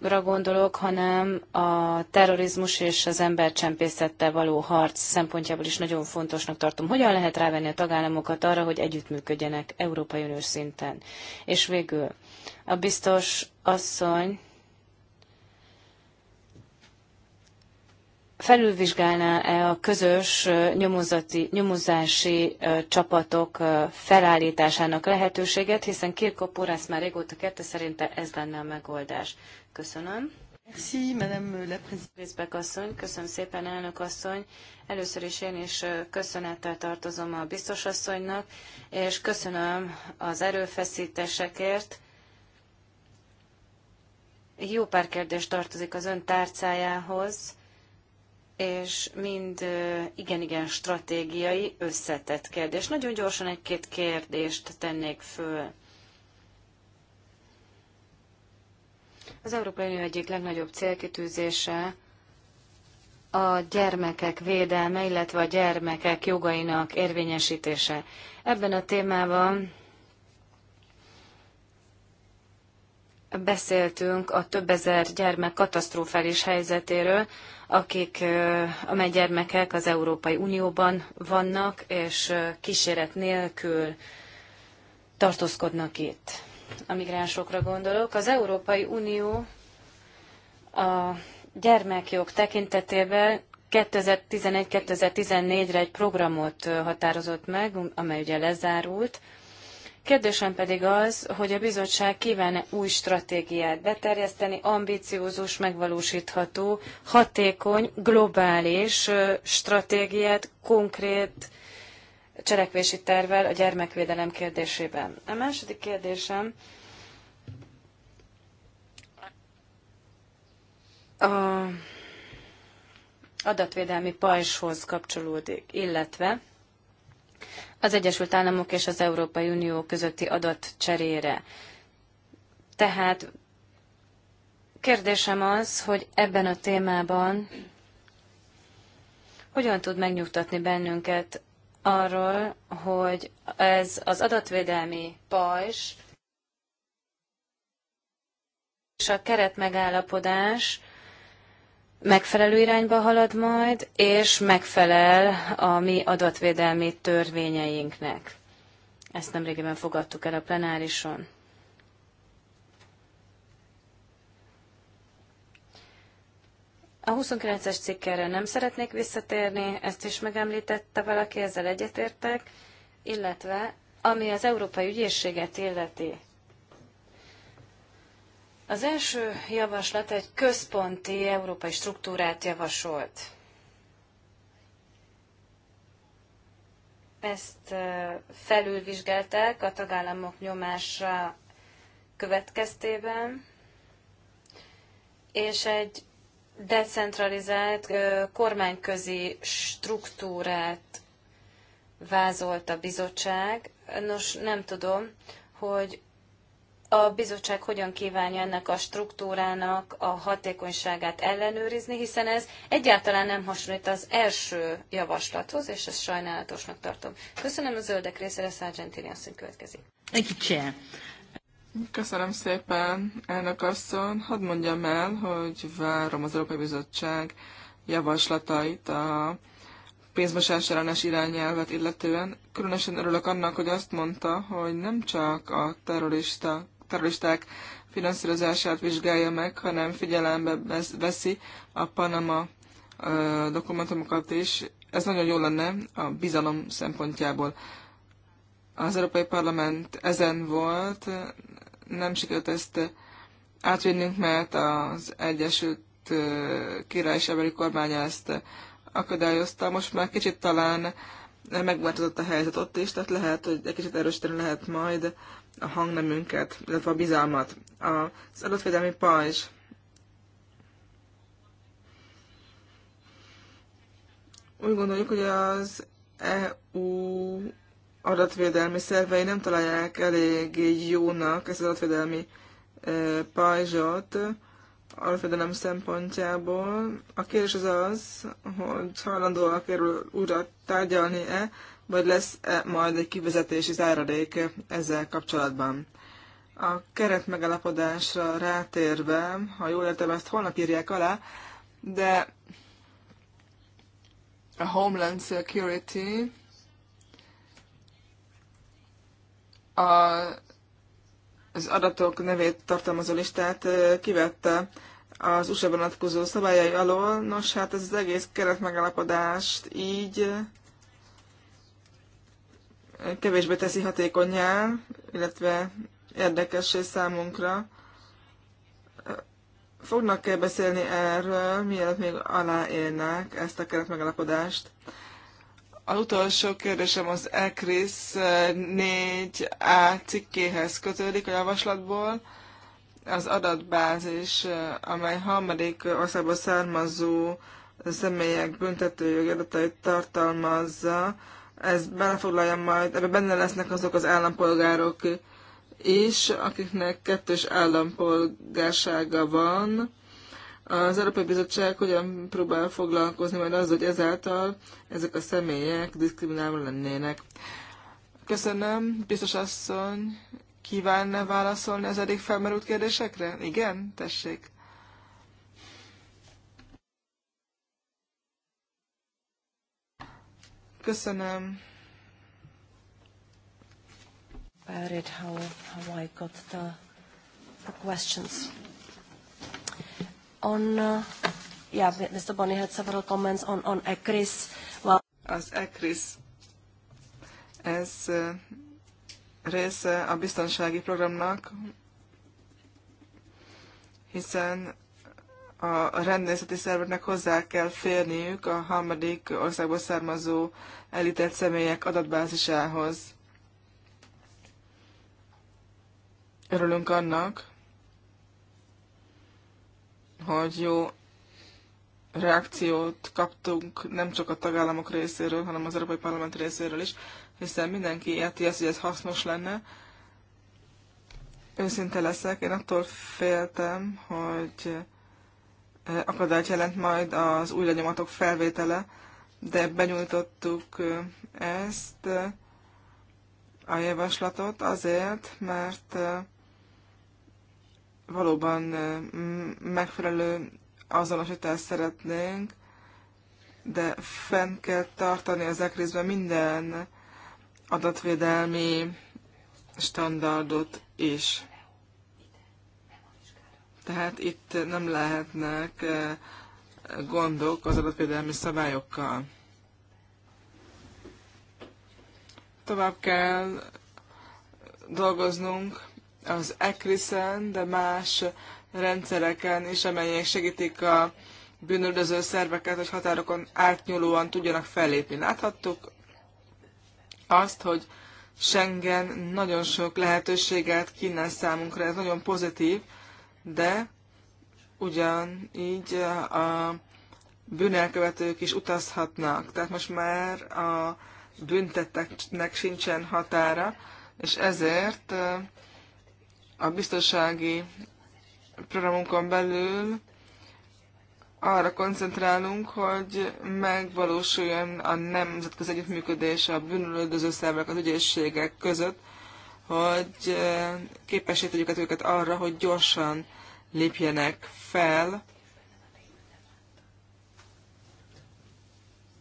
ra gondolok, hanem a terrorizmus és az embercsempészettel való harc szempontjából is nagyon fontosnak tartom. Hogyan lehet rávenni a tagállamokat arra, hogy együttműködjenek Európai Uniós szinten? És végül a biztos asszony felülvizsgálná-e a közös nyomozati, nyomozási csapatok felállításának lehetőséget, hiszen Kirko Porász már régóta kérte, szerinte ez lenne a megoldás. Köszönöm. Merci, Madame la Présidente. asszony, köszönöm szépen, elnök asszony. Először is én is köszönettel tartozom a biztos asszonynak, és köszönöm az erőfeszítésekért. Jó pár kérdés tartozik az ön tárcájához és mind igen-igen stratégiai, összetett kérdés. Nagyon gyorsan egy-két kérdést tennék föl. Az Európai Unió egyik legnagyobb célkitűzése a gyermekek védelme, illetve a gyermekek jogainak érvényesítése. Ebben a témában beszéltünk a több ezer gyermek katasztrofális helyzetéről, akik, amely gyermekek az Európai Unióban vannak, és kíséret nélkül tartózkodnak itt. A migránsokra gondolok. Az Európai Unió a gyermekjog tekintetében 2011-2014-re egy programot határozott meg, amely ugye lezárult, Kérdésem pedig az, hogy a bizottság kíván-e új stratégiát beterjeszteni, ambiciózus, megvalósítható, hatékony, globális stratégiát, konkrét cselekvési tervvel a gyermekvédelem kérdésében. A második kérdésem a adatvédelmi pajzshoz kapcsolódik, illetve az Egyesült Államok és az Európai Unió közötti adatcserére. Tehát kérdésem az, hogy ebben a témában hogyan tud megnyugtatni bennünket arról, hogy ez az adatvédelmi pajzs és a keretmegállapodás megfelelő irányba halad majd, és megfelel a mi adatvédelmi törvényeinknek. Ezt nemrégiben fogadtuk el a plenárison. A 29-es cikkerre nem szeretnék visszatérni, ezt is megemlítette valaki, ezzel egyetértek, illetve ami az Európai Ügyészséget illeti, az első javaslat egy központi európai struktúrát javasolt. Ezt felülvizsgálták a tagállamok nyomása következtében, és egy decentralizált kormányközi struktúrát vázolt a bizottság. Nos, nem tudom, hogy a bizottság hogyan kívánja ennek a struktúrának a hatékonyságát ellenőrizni, hiszen ez egyáltalán nem hasonlít az első javaslathoz, és ezt sajnálatosnak tartom. Köszönöm a zöldek részére, Sargentini asszony következik. Köszönöm szépen, elnök asszony. Hadd mondjam el, hogy várom az Európai Bizottság javaslatait a pénzmosás ellenes irányelvet illetően. Különösen örülök annak, hogy azt mondta, hogy nem csak a terrorista terroristák finanszírozását vizsgálja meg, hanem figyelembe veszi a Panama dokumentumokat is. Ez nagyon jó lenne a bizalom szempontjából. Az Európai Parlament ezen volt, nem sikerült ezt átvinnünk, mert az Egyesült Királyságbeli kormánya ezt akadályozta. Most már kicsit talán megváltozott a helyzet ott is, tehát lehet, hogy egy kicsit erősíteni lehet majd a hangnemünket, illetve a bizalmat. Az adatvédelmi pajzs úgy gondoljuk, hogy az EU adatvédelmi szervei nem találják elég jónak ezt az adatvédelmi e, pajzsot adatvédelem szempontjából. A kérdés az az, hogy hajlandóak erről újra tárgyalni-e vagy lesz -e majd egy kivezetési záradék ezzel kapcsolatban. A keretmegalapodásra rátérve, ha jól értem, ezt holnap írják alá, de a Homeland Security a, az adatok nevét tartalmazó listát kivette az USA vonatkozó szabályai alól. Nos, hát ez az egész keretmegalapodást így kevésbé teszi hatékonyá, illetve érdekessé számunkra. Fognak kell beszélni erről, mielőtt még aláélnák ezt a keretmegalapodást. Az utolsó kérdésem az ECRIS 4A cikkéhez kötődik a javaslatból. Az adatbázis, amely harmadik országból származó személyek büntetőjogi adatait tartalmazza, ez belefoglalja majd, ebben benne lesznek azok az állampolgárok is, akiknek kettős állampolgársága van. Az Európai Bizottság hogyan próbál foglalkozni majd az, hogy ezáltal ezek a személyek diszkriminálva lennének. Köszönöm, biztos asszony, kívánna válaszolni az eddig felmerült kérdésekre? Igen, tessék. Köszönöm. About it, how, how I got the, the questions. On, uh, yeah, Mr. Bonnie had several comments on, on ECRIS. Well, az ECRIS, ez uh, része a biztonsági programnak, hiszen a rendészeti szerveknek hozzá kell férniük a harmadik országból származó elített személyek adatbázisához. Örülünk annak, hogy jó reakciót kaptunk nem csak a tagállamok részéről, hanem az Európai Parlament részéről is, hiszen mindenki érti azt, hogy ez hasznos lenne. Őszinte leszek, én attól féltem, hogy akadályt jelent majd az új lenyomatok felvétele, de benyújtottuk ezt a javaslatot azért, mert valóban megfelelő azonosítást szeretnénk, de fenn kell tartani az ekrészben minden adatvédelmi standardot is. Tehát itt nem lehetnek eh, gondok az adatvédelmi szabályokkal. Tovább kell dolgoznunk az ECRIS-en, de más rendszereken is, amelyek segítik a bűnöldöző szerveket, hogy határokon átnyúlóan tudjanak fellépni. Láthattuk azt, hogy Schengen nagyon sok lehetőséget kínál számunkra, ez nagyon pozitív, de ugyanígy eh, a bűnelkövetők is utazhatnak. Tehát most már a büntetteknek sincsen határa, és ezért eh, a biztonsági programunkon belül arra koncentrálunk, hogy megvalósuljon a nemzetközi együttműködés a bűnöldöző szervek, az ügyészségek között, hogy képessé tegyük őket arra, hogy gyorsan lépjenek fel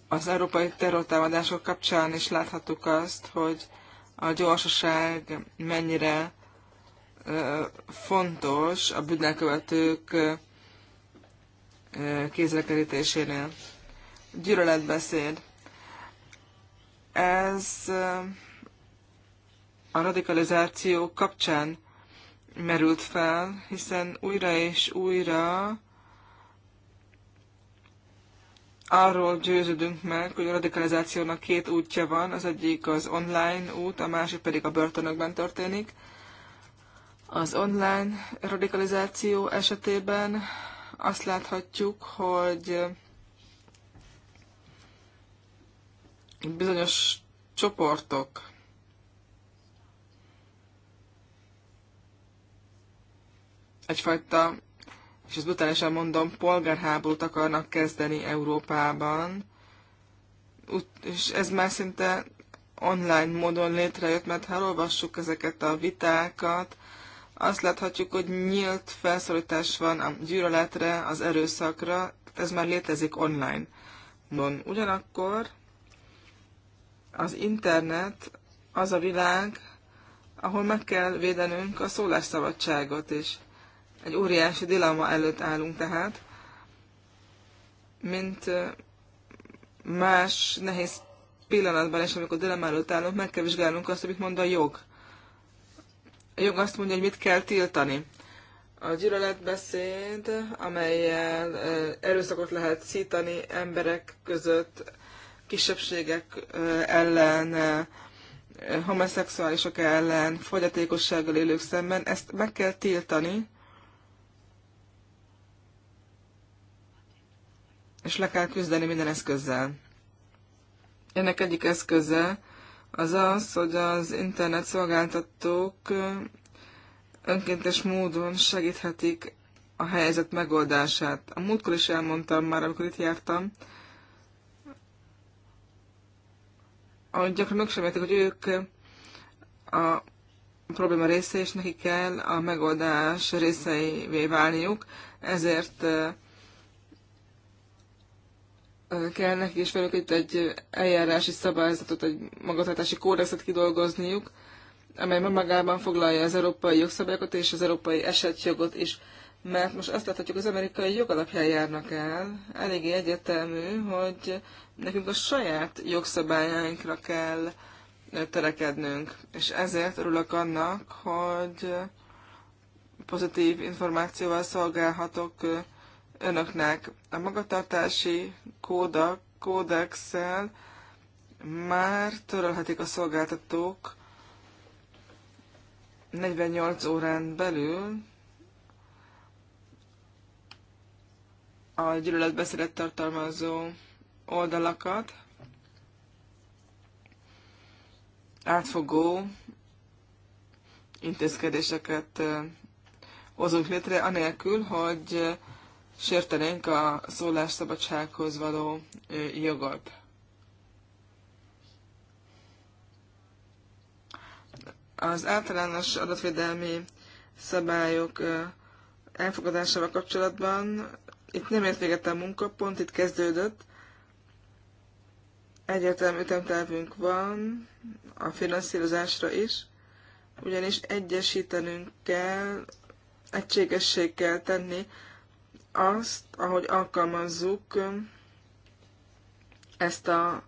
az európai terrortámadások kapcsán is láthattuk azt, hogy a gyorsaság mennyire fontos a bűnelkövetők kézrekerítésénél. Gyűlöletbeszéd. Ez a radikalizáció kapcsán merült fel, hiszen újra és újra arról győződünk meg, hogy a radikalizációnak két útja van, az egyik az online út, a másik pedig a börtönökben történik. Az online radikalizáció esetében azt láthatjuk, hogy bizonyos csoportok egyfajta, és ezt brutálisan mondom, polgárháborút akarnak kezdeni Európában, és ez már szinte online módon létrejött, mert ha olvassuk ezeket a vitákat, azt láthatjuk, hogy nyílt felszólítás van a gyűlöletre, az erőszakra, ez már létezik online. Non. Ugyanakkor az internet az a világ, ahol meg kell védenünk a szólásszabadságot is. Egy óriási dilemma előtt állunk tehát, mint más nehéz pillanatban és amikor dilemma előtt állunk, meg kell vizsgálnunk azt, amit mond a jog. A jog azt mondja, hogy mit kell tiltani. A gyűlöletbeszéd, amelyel erőszakot lehet szítani emberek között, kisebbségek ellen, homoszexuálisok ellen, fogyatékossággal élők szemben, ezt meg kell tiltani, és le kell küzdeni minden eszközzel. Ennek egyik eszköze az az, hogy az internet szolgáltatók önkéntes módon segíthetik a helyzet megoldását. A múltkor is elmondtam már, amikor itt jártam, ahogy gyakran meg sem értik, hogy ők a probléma része, és neki kell a megoldás részeivé válniuk, ezért kell nekik is velük itt egy eljárási szabályzatot, egy magatartási kódexet kidolgozniuk, amely magában foglalja az európai jogszabályokat és az európai esetjogot is. Mert most azt láthatjuk, az amerikai jog alapján járnak el, eléggé egyetemű, hogy nekünk a saját jogszabályainkra kell törekednünk. És ezért örülök annak, hogy pozitív információval szolgálhatok önöknek. A magatartási kóda, kódexel már törölhetik a szolgáltatók 48 órán belül a gyűlöletbeszédet tartalmazó oldalakat, átfogó intézkedéseket eh, hozunk létre, anélkül, hogy sértenénk a szólásszabadsághoz való jogot. Az általános adatvédelmi szabályok elfogadásával kapcsolatban itt nem ért véget a munka, pont itt kezdődött. Egyértelmű ütemtervünk van a finanszírozásra is, ugyanis egyesítenünk kell, egységesség kell tenni azt, ahogy alkalmazzuk um, ezt a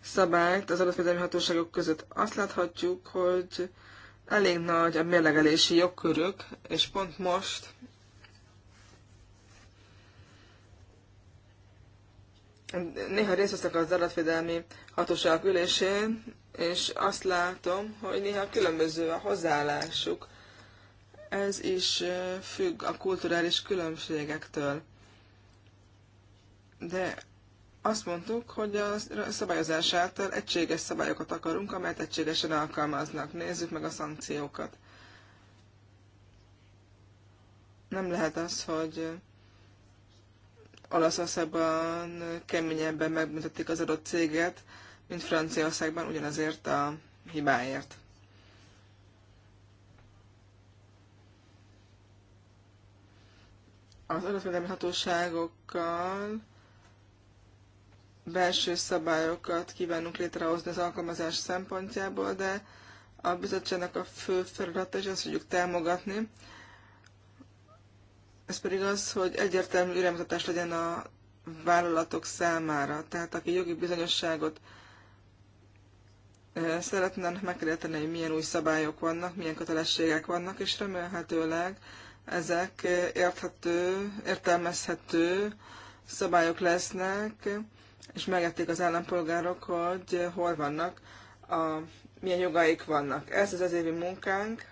szabályt az adatvédelmi hatóságok között. Azt láthatjuk, hogy elég nagy a mérlegelési jogkörök, és pont most néha részt veszek az adatvédelmi hatóság ülésén, és azt látom, hogy néha különböző a hozzáállásuk ez is függ a kulturális különbségektől. De azt mondtuk, hogy a szabályozás által egységes szabályokat akarunk, amelyet egységesen alkalmaznak. Nézzük meg a szankciókat. Nem lehet az, hogy Olaszországban keményebben megbüntetik az adott céget, mint Franciaországban ugyanazért a hibáért. az adatvédelmi hatóságokkal belső szabályokat kívánunk létrehozni az alkalmazás szempontjából, de a bizottságnak a fő feladata is azt tudjuk támogatni. Ez pedig az, hogy egyértelmű iránymutatás legyen a vállalatok számára. Tehát aki jogi bizonyosságot szeretnénk megkérdeteni, hogy milyen új szabályok vannak, milyen kötelességek vannak, és remélhetőleg ezek érthető, értelmezhető szabályok lesznek, és megették az állampolgárok, hogy hol vannak, a, milyen jogaik vannak. Ez az az évi munkánk.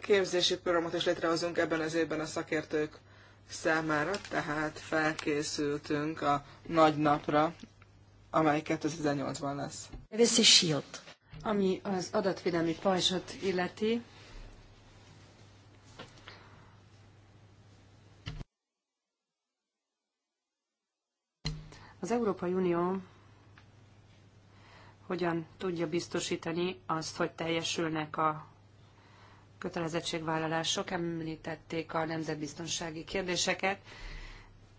Képzési programot is létrehozunk ebben az évben a szakértők számára, tehát felkészültünk a nagy napra, amely 2018-ban lesz. This is Shield. Ami az adatvédelmi pajzsot illeti, az Európai Unió hogyan tudja biztosítani azt, hogy teljesülnek a kötelezettségvállalások, említették a nemzetbiztonsági kérdéseket.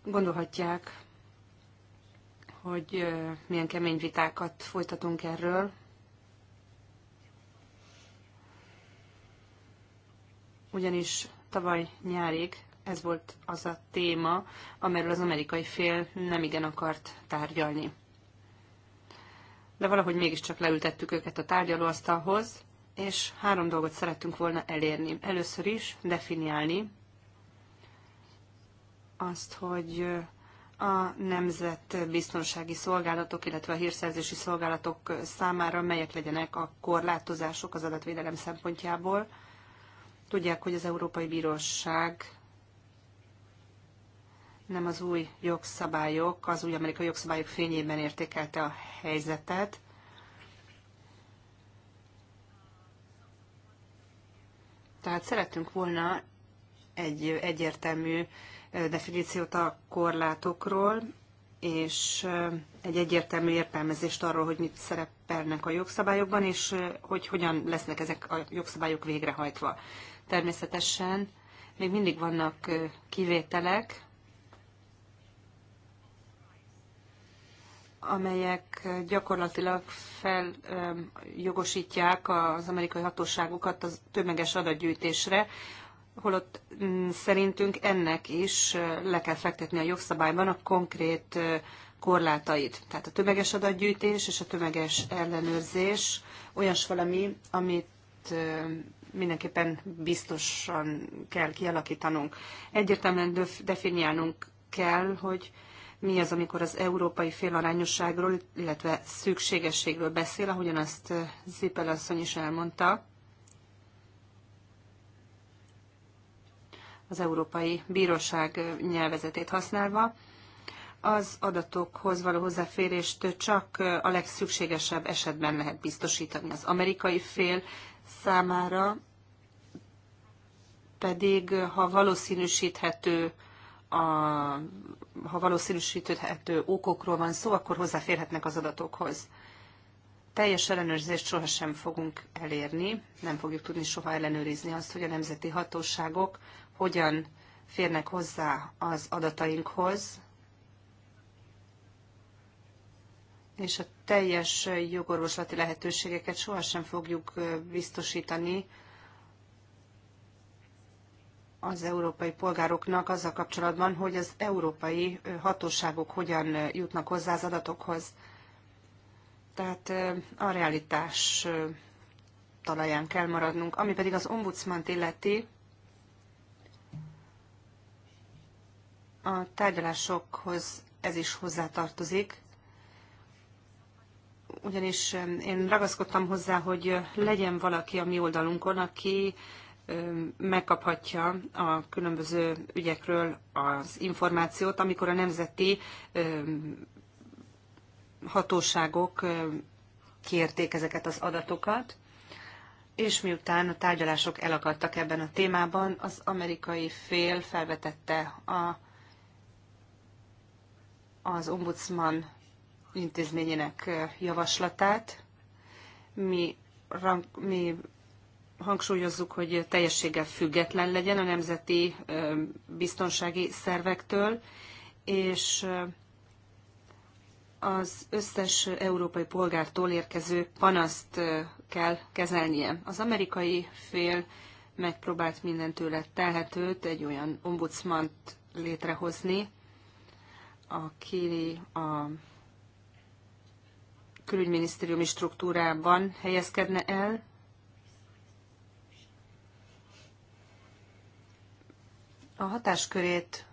Gondolhatják, hogy milyen kemény vitákat folytatunk erről, ugyanis tavaly nyárig ez volt az a téma, amiről az amerikai fél nem igen akart tárgyalni. De valahogy mégiscsak leültettük őket a tárgyalóasztalhoz, és három dolgot szerettünk volna elérni. Először is definiálni azt, hogy a nemzetbiztonsági szolgálatok, illetve a hírszerzési szolgálatok számára melyek legyenek a korlátozások az adatvédelem szempontjából, Tudják, hogy az Európai Bíróság nem az új jogszabályok, az új amerikai jogszabályok fényében értékelte a helyzetet. Tehát szerettünk volna egy egyértelmű definíciót a korlátokról, és egy egyértelmű értelmezést arról, hogy mit szerepelnek a jogszabályokban, és hogy hogyan lesznek ezek a jogszabályok végrehajtva. Természetesen még mindig vannak kivételek, amelyek gyakorlatilag feljogosítják az amerikai hatóságokat a tömeges adatgyűjtésre, holott mm, szerintünk ennek is le kell fektetni a jogszabályban a konkrét korlátait. Tehát a tömeges adatgyűjtés és a tömeges ellenőrzés olyas valami, amit mindenképpen biztosan kell kialakítanunk. Egyértelműen definiálnunk kell, hogy mi az, amikor az európai félarányosságról, illetve szükségességről beszél, ahogyan azt eh, Zipel asszony is elmondta. az Európai Bíróság eh, nyelvezetét használva. Az adatokhoz való hozzáférést csak eh, a legszükségesebb esetben lehet biztosítani. Az amerikai fél számára pedig, ha valószínűsíthető a, ha valószínűsíthető okokról van szó, akkor hozzáférhetnek az adatokhoz. Teljes ellenőrzést sohasem fogunk elérni, nem fogjuk tudni soha ellenőrizni azt, hogy a nemzeti hatóságok hogyan férnek hozzá az adatainkhoz, és a teljes jogorvoslati lehetőségeket sohasem fogjuk biztosítani az európai polgároknak azzal kapcsolatban, hogy az európai hatóságok hogyan jutnak hozzá az adatokhoz. Tehát a realitás talaján kell maradnunk. Ami pedig az ombudsman illeti, a tárgyalásokhoz ez is hozzátartozik ugyanis én ragaszkodtam hozzá, hogy legyen valaki a mi oldalunkon, aki megkaphatja a különböző ügyekről az információt, amikor a nemzeti hatóságok kérték ezeket az adatokat, és miután a tárgyalások elakadtak ebben a témában, az amerikai fél felvetette a, az ombudsman intézményének javaslatát. Mi, rank, mi hangsúlyozzuk, hogy teljességgel független legyen a nemzeti biztonsági szervektől, és az összes európai polgártól érkező panaszt kell kezelnie. Az amerikai fél megpróbált mindentőle telhetőt egy olyan ombudsmant létrehozni, aki a külügyminisztériumi struktúrában helyezkedne el, a hatáskörét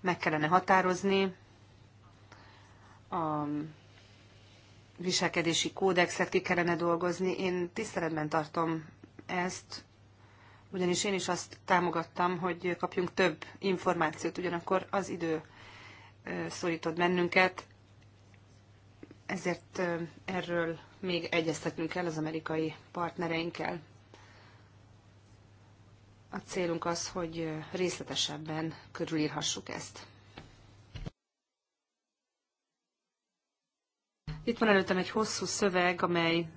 meg kellene határozni, a viselkedési kódexet ki kellene dolgozni. Én tiszteletben tartom ezt, ugyanis én is azt támogattam, hogy kapjunk több információt, ugyanakkor az idő szorított bennünket, ezért erről még egyeztetnünk kell az amerikai partnereinkkel. A célunk az, hogy részletesebben körülírhassuk ezt. Itt van előttem egy hosszú szöveg, amely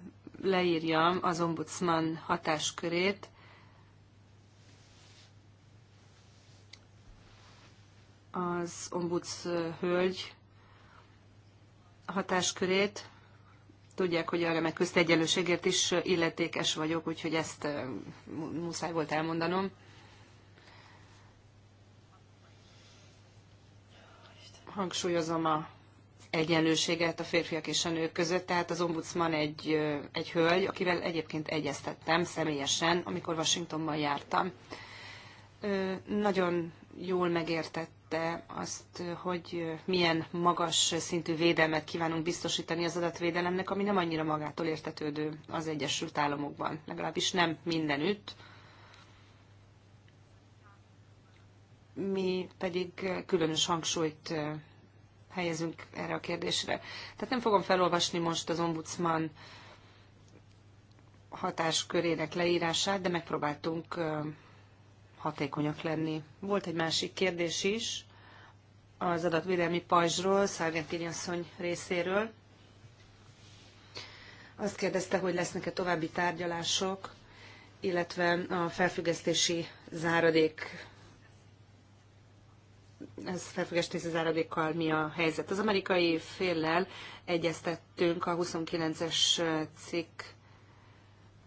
leírja az ombudsman hatáskörét. Az ombudsz hölgy hatáskörét. Tudják, hogy a remek közt egyenlőségért is illetékes vagyok, úgyhogy ezt muszáj volt elmondanom. Hangsúlyozom a egyenlőséget a férfiak és a nők között, tehát az ombudsman egy, egy hölgy, akivel egyébként egyeztettem személyesen, amikor Washingtonban jártam. Nagyon jól megértett említette azt, hogy milyen magas szintű védelmet kívánunk biztosítani az adatvédelemnek, ami nem annyira magától értetődő az Egyesült Államokban, legalábbis nem mindenütt. Mi pedig különös hangsúlyt eh, helyezünk erre a kérdésre. Tehát nem fogom felolvasni most az ombudsman hatáskörének leírását, de megpróbáltunk eh, hatékonyak lenni. Volt egy másik kérdés is az adatvédelmi pajzsról, Szárgentini asszony részéről. Azt kérdezte, hogy lesznek-e további tárgyalások, illetve a felfüggesztési záradék ez felfüggesztési záradékkal mi a helyzet. Az amerikai féllel egyeztettünk a 29-es cikk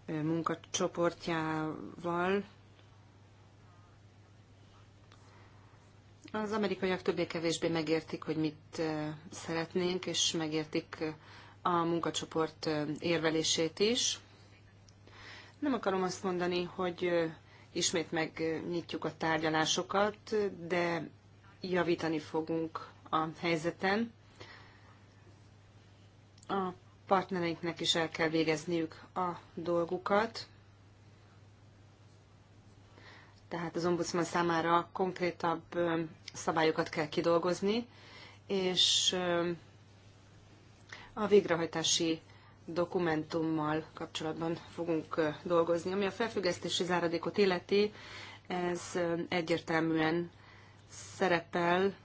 munkacsoportjával, Az amerikaiak többé-kevésbé megértik, hogy mit szeretnénk, és megértik a munkacsoport érvelését is. Nem akarom azt mondani, hogy ismét megnyitjuk a tárgyalásokat, de javítani fogunk a helyzeten. A partnereinknek is el kell végezniük a dolgukat tehát az ombudsman számára konkrétabb szabályokat kell kidolgozni, és a végrehajtási dokumentummal kapcsolatban fogunk dolgozni. Ami a felfüggesztési záradékot illeti, ez egyértelműen szerepel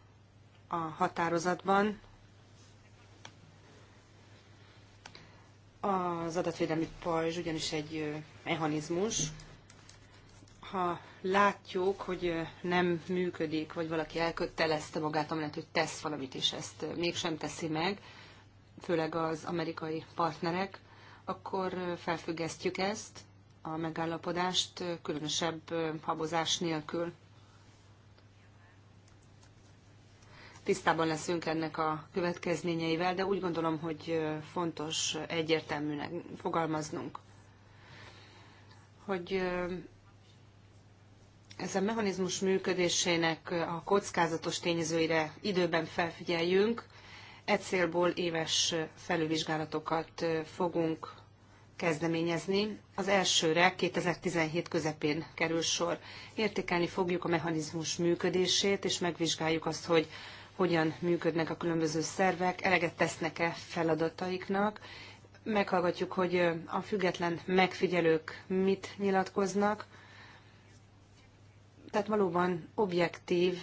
a határozatban, az adatvédelmi pajzs ugyanis egy mechanizmus. Ha látjuk, hogy nem működik, vagy valaki elkötelezte magát, amellett, hogy tesz valamit, és ezt mégsem teszi meg, főleg az amerikai partnerek, akkor felfüggesztjük ezt, a megállapodást, különösebb habozás nélkül. Tisztában leszünk ennek a következményeivel, de úgy gondolom, hogy fontos egyértelműnek fogalmaznunk, hogy ez a mechanizmus működésének a kockázatos tényezőire időben felfigyeljünk, e célból éves felülvizsgálatokat fogunk kezdeményezni. Az elsőre 2017 közepén kerül sor. Értékelni fogjuk a mechanizmus működését, és megvizsgáljuk azt, hogy hogyan működnek a különböző szervek, eleget tesznek-e feladataiknak. Meghallgatjuk, hogy a független megfigyelők mit nyilatkoznak, tehát valóban objektív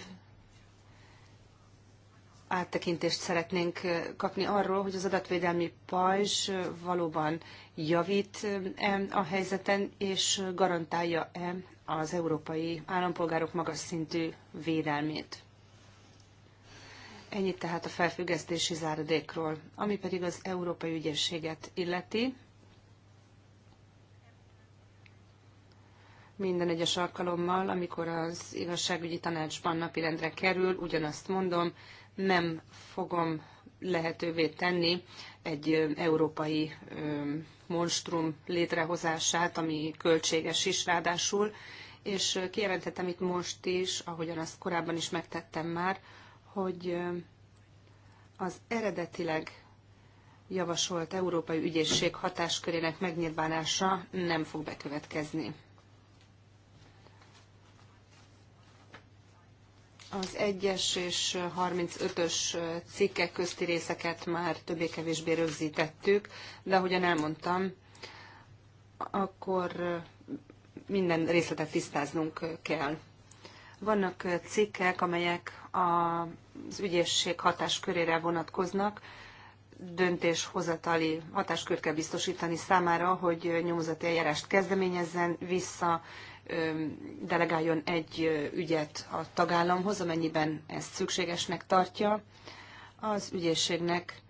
áttekintést szeretnénk kapni arról, hogy az adatvédelmi pajzs valóban javít -e a helyzeten, és garantálja-e az európai állampolgárok magas szintű védelmét. Ennyit tehát a felfüggesztési záradékról. Ami pedig az európai ügyességet illeti, minden egyes alkalommal, amikor az igazságügyi tanácsban napirendre kerül, ugyanazt mondom, nem fogom lehetővé tenni egy európai monstrum létrehozását, ami költséges is ráadásul, és kijelenthetem itt most is, ahogyan azt korábban is megtettem már, hogy az eredetileg javasolt Európai Ügyészség hatáskörének megnyilvánása nem fog bekövetkezni. Az 1-es és 35-ös cikkek közti részeket már többé-kevésbé rögzítettük, de ahogyan elmondtam, akkor minden részletet tisztáznunk kell. Vannak cikkek, amelyek az ügyészség hatáskörére vonatkoznak, döntéshozatali hatáskört kell biztosítani számára, hogy nyomozati eljárást kezdeményezzen, vissza delegáljon egy ügyet a tagállamhoz, amennyiben ezt szükségesnek tartja. Az ügyészségnek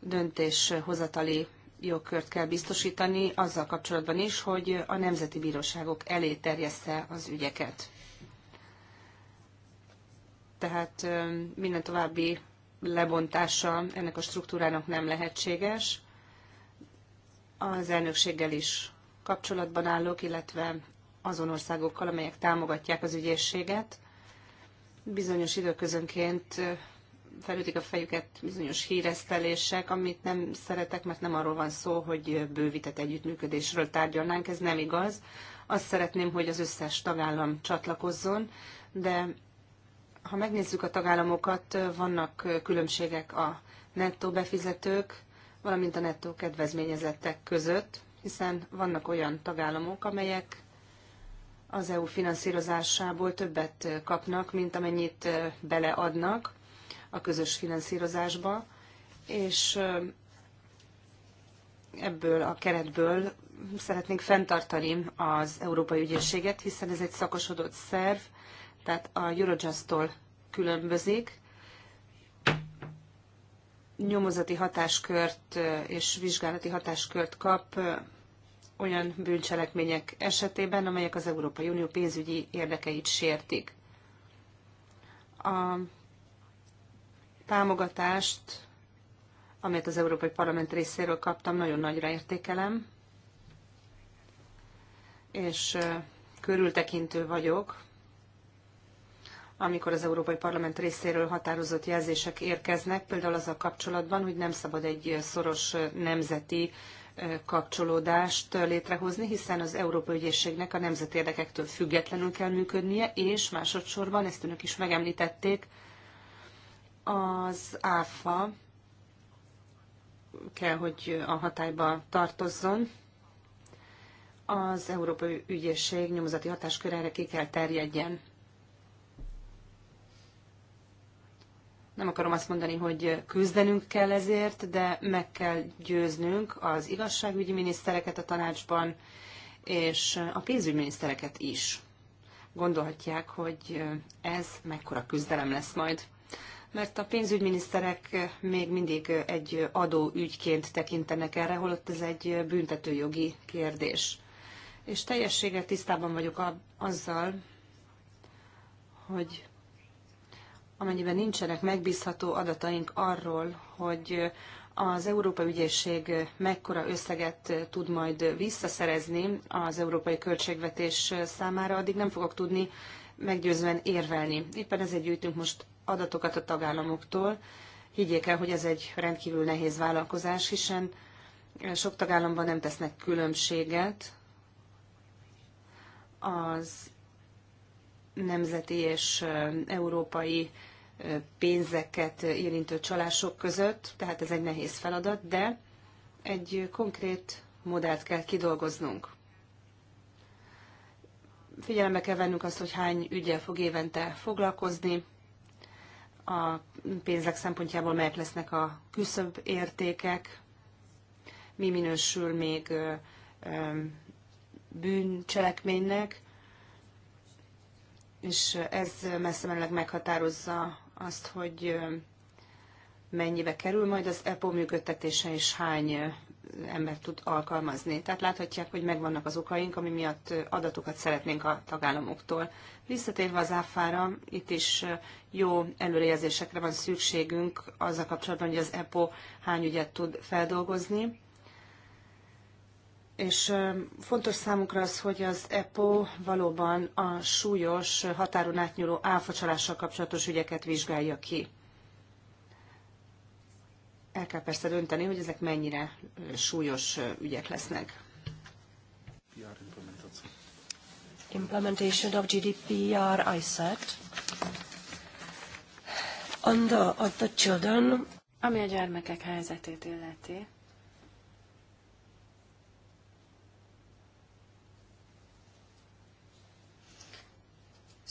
döntéshozatali jogkört kell biztosítani azzal kapcsolatban is, hogy a nemzeti bíróságok elé terjessze az ügyeket. Tehát minden további lebontása ennek a struktúrának nem lehetséges. Az elnökséggel is kapcsolatban állok, illetve azon országokkal, amelyek támogatják az ügyészséget. Bizonyos időközönként felütik a fejüket bizonyos híresztelések, amit nem szeretek, mert nem arról van szó, hogy bővített együttműködésről tárgyalnánk, ez nem igaz. Azt szeretném, hogy az összes tagállam csatlakozzon, de ha megnézzük a tagállamokat, vannak különbségek a nettó befizetők, valamint a nettó kedvezményezettek között, hiszen vannak olyan tagállamok, amelyek az EU finanszírozásából többet kapnak, mint amennyit beleadnak a közös finanszírozásba, és ebből a keretből szeretnénk fenntartani az Európai Ügyészséget, hiszen ez egy szakosodott szerv, tehát a Eurojust-tól különbözik. Nyomozati hatáskört és vizsgálati hatáskört kap olyan bűncselekmények esetében, amelyek az Európai Unió pénzügyi érdekeit sértik. A támogatást, amelyet az Európai Parlament részéről kaptam, nagyon nagyra értékelem, és körültekintő vagyok, amikor az Európai Parlament részéről határozott jelzések érkeznek, például az a kapcsolatban, hogy nem szabad egy szoros nemzeti kapcsolódást létrehozni, hiszen az Európai Ügyészségnek a nemzeti érdekektől függetlenül kell működnie, és másodszorban, ezt önök is megemlítették, az ÁFA kell, hogy a hatályba tartozzon. Az Európai Ügyészség nyomozati hatáskörére ki kell terjedjen. Nem akarom azt mondani, hogy küzdenünk kell ezért, de meg kell győznünk az igazságügyi minisztereket a tanácsban, és a pénzügyminisztereket is. Gondolhatják, hogy ez mekkora küzdelem lesz majd. Mert a pénzügyminiszterek még mindig egy adóügyként tekintenek erre, holott ez egy büntetőjogi kérdés. És teljességgel tisztában vagyok azzal, hogy amennyiben nincsenek megbízható adataink arról, hogy az Európai Ügyészség mekkora összeget tud majd visszaszerezni az európai költségvetés számára, addig nem fogok tudni meggyőzően érvelni. Éppen ezért gyűjtünk most adatokat a tagállamoktól. Higgyék el, hogy ez egy rendkívül nehéz vállalkozás, hiszen sok tagállamban nem tesznek különbséget az nemzeti és európai pénzeket érintő csalások között, tehát ez egy nehéz feladat, de egy konkrét modellt kell kidolgoznunk. Figyelembe kell vennünk azt, hogy hány ügyel fog évente foglalkozni, a pénzek szempontjából melyek lesznek a küszöbb értékek, mi minősül még bűncselekménynek, és ez messze menőleg meghatározza azt, hogy mennyibe kerül majd az EPO működtetése, és hány ember tud alkalmazni. Tehát láthatják, hogy megvannak az okaink, ami miatt adatokat szeretnénk a tagállamoktól. Visszatérve az áfára, itt is jó előrejelzésekre van szükségünk azzal kapcsolatban, hogy az EPO hány ügyet tud feldolgozni és fontos számunkra az, hogy az EPO valóban a súlyos határon átnyúló áfacsalással kapcsolatos ügyeket vizsgálja ki. El kell persze dönteni, hogy ezek mennyire súlyos ügyek lesznek. Implementation of GDPR, ISAT. said. On the, on the children. Ami a gyermekek helyzetét illeti,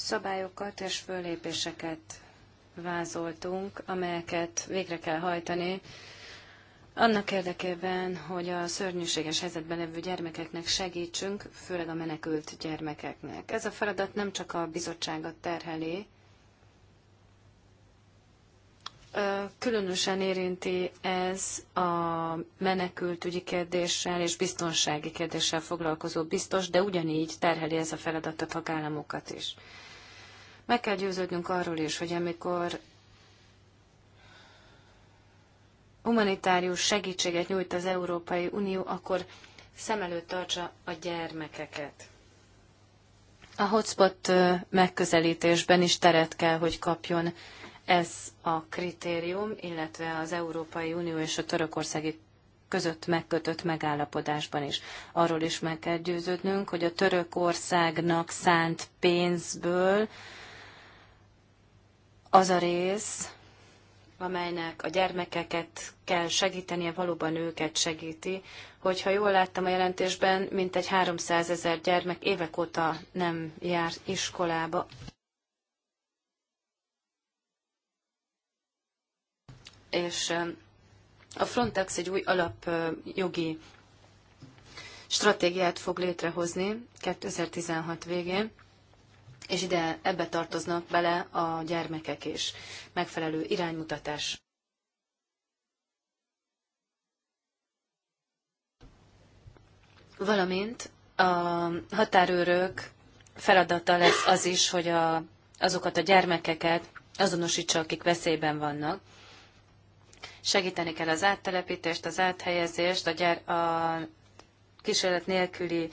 szabályokat és fölépéseket vázoltunk, amelyeket végre kell hajtani, annak érdekében, hogy a szörnyűséges helyzetben levő gyermekeknek segítsünk, főleg a menekült gyermekeknek. Ez a feladat nem csak a bizottságot terheli, Különösen érinti ez a ügyi kérdéssel és biztonsági kérdéssel foglalkozó biztos, de ugyanígy terheli ez a feladat a tagállamokat is. Meg kell győződnünk arról is, hogy amikor humanitárius segítséget nyújt az Európai Unió, akkor szem előtt tartsa a gyermekeket. A hotspot megközelítésben is teret kell, hogy kapjon ez a kritérium, illetve az Európai Unió és a törökországi között megkötött megállapodásban is. Arról is meg kell győződnünk, hogy a Törökországnak szánt pénzből az a rész, amelynek a gyermekeket kell segítenie, valóban őket segíti. Hogyha jól láttam a jelentésben, mintegy 300 ezer gyermek évek óta nem jár iskolába. És um, a Frontex egy új alapjogi uh, stratégiát fog létrehozni 2016 végén, és ide ebbe tartoznak bele a gyermekek és megfelelő iránymutatás. Valamint a határőrök feladata lesz az is, hogy a, azokat a gyermekeket azonosítsa, akik veszélyben vannak. Segíteni kell az áttelepítést, az áthelyezést, a, gyár, a kísérlet nélküli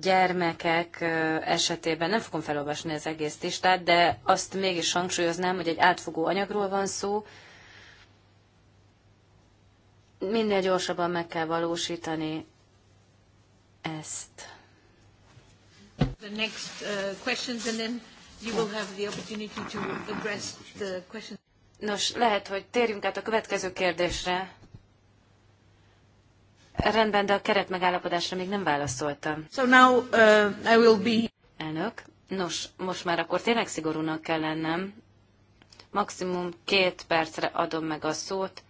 gyermekek esetében, nem fogom felolvasni az egész listát, de azt mégis hangsúlyoznám, hogy egy átfogó anyagról van szó, minél gyorsabban meg kell valósítani ezt. The next uh, questions and then you will have the opportunity to address the questions. Nos, lehet, hogy térjünk át a következő kérdésre. Rendben, de a keretmegállapodásra még nem válaszoltam. So now uh, I will be... Elnök, nos, most már akkor tényleg szigorúnak kell lennem. Maximum két percre adom meg a szót.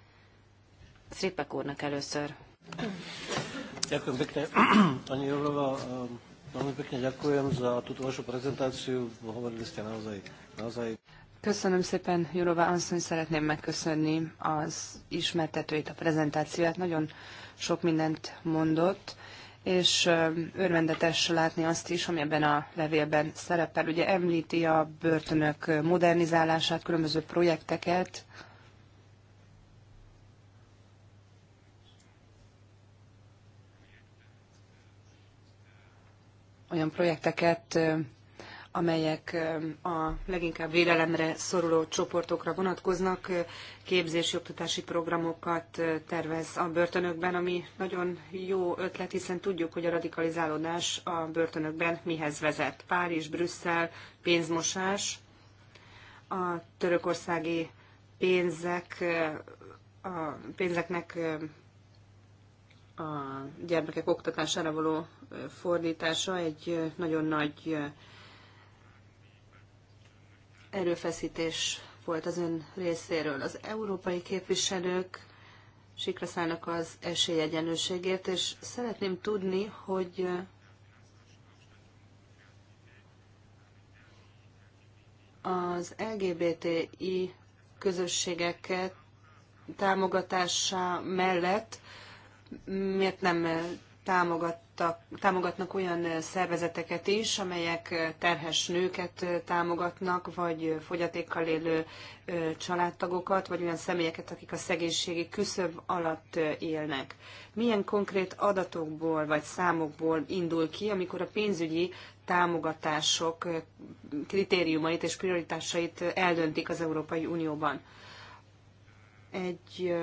Szripek úrnak először. Ďakujem pekne. Pani Jourova, um, veľmi pekne ďakujem za túto vašu prezentáciu. Hovorili ste naozaj, naozaj Köszönöm szépen, Jurova Anszony, szeretném megköszönni az ismertetőit, a prezentációt, Nagyon sok mindent mondott, és örvendetes látni azt is, ami ebben a levélben szerepel. Ugye említi a börtönök modernizálását, különböző projekteket, olyan projekteket, amelyek um, a leginkább védelemre szoruló csoportokra vonatkoznak, uh, képzési, oktatási programokat uh, tervez a börtönökben, ami nagyon jó ötlet, hiszen tudjuk, hogy a radikalizálódás a börtönökben mihez vezet. Párizs, Brüsszel, pénzmosás, a törökországi pénzek, uh, a pénzeknek a gyermekek oktatására való fordítása egy nagyon nagy erőfeszítés volt az ön részéről. Az európai képviselők sikra szállnak az esélyegyenlőségért, és szeretném tudni, hogy az LGBTI közösségeket támogatása mellett miért nem támogat támogatnak olyan szervezeteket is, amelyek terhes nőket támogatnak, vagy fogyatékkal élő családtagokat, vagy olyan személyeket, akik a szegénységi küszöb alatt élnek. Milyen konkrét adatokból vagy számokból indul ki, amikor a pénzügyi támogatások kritériumait és prioritásait eldöntik az Európai Unióban? Egy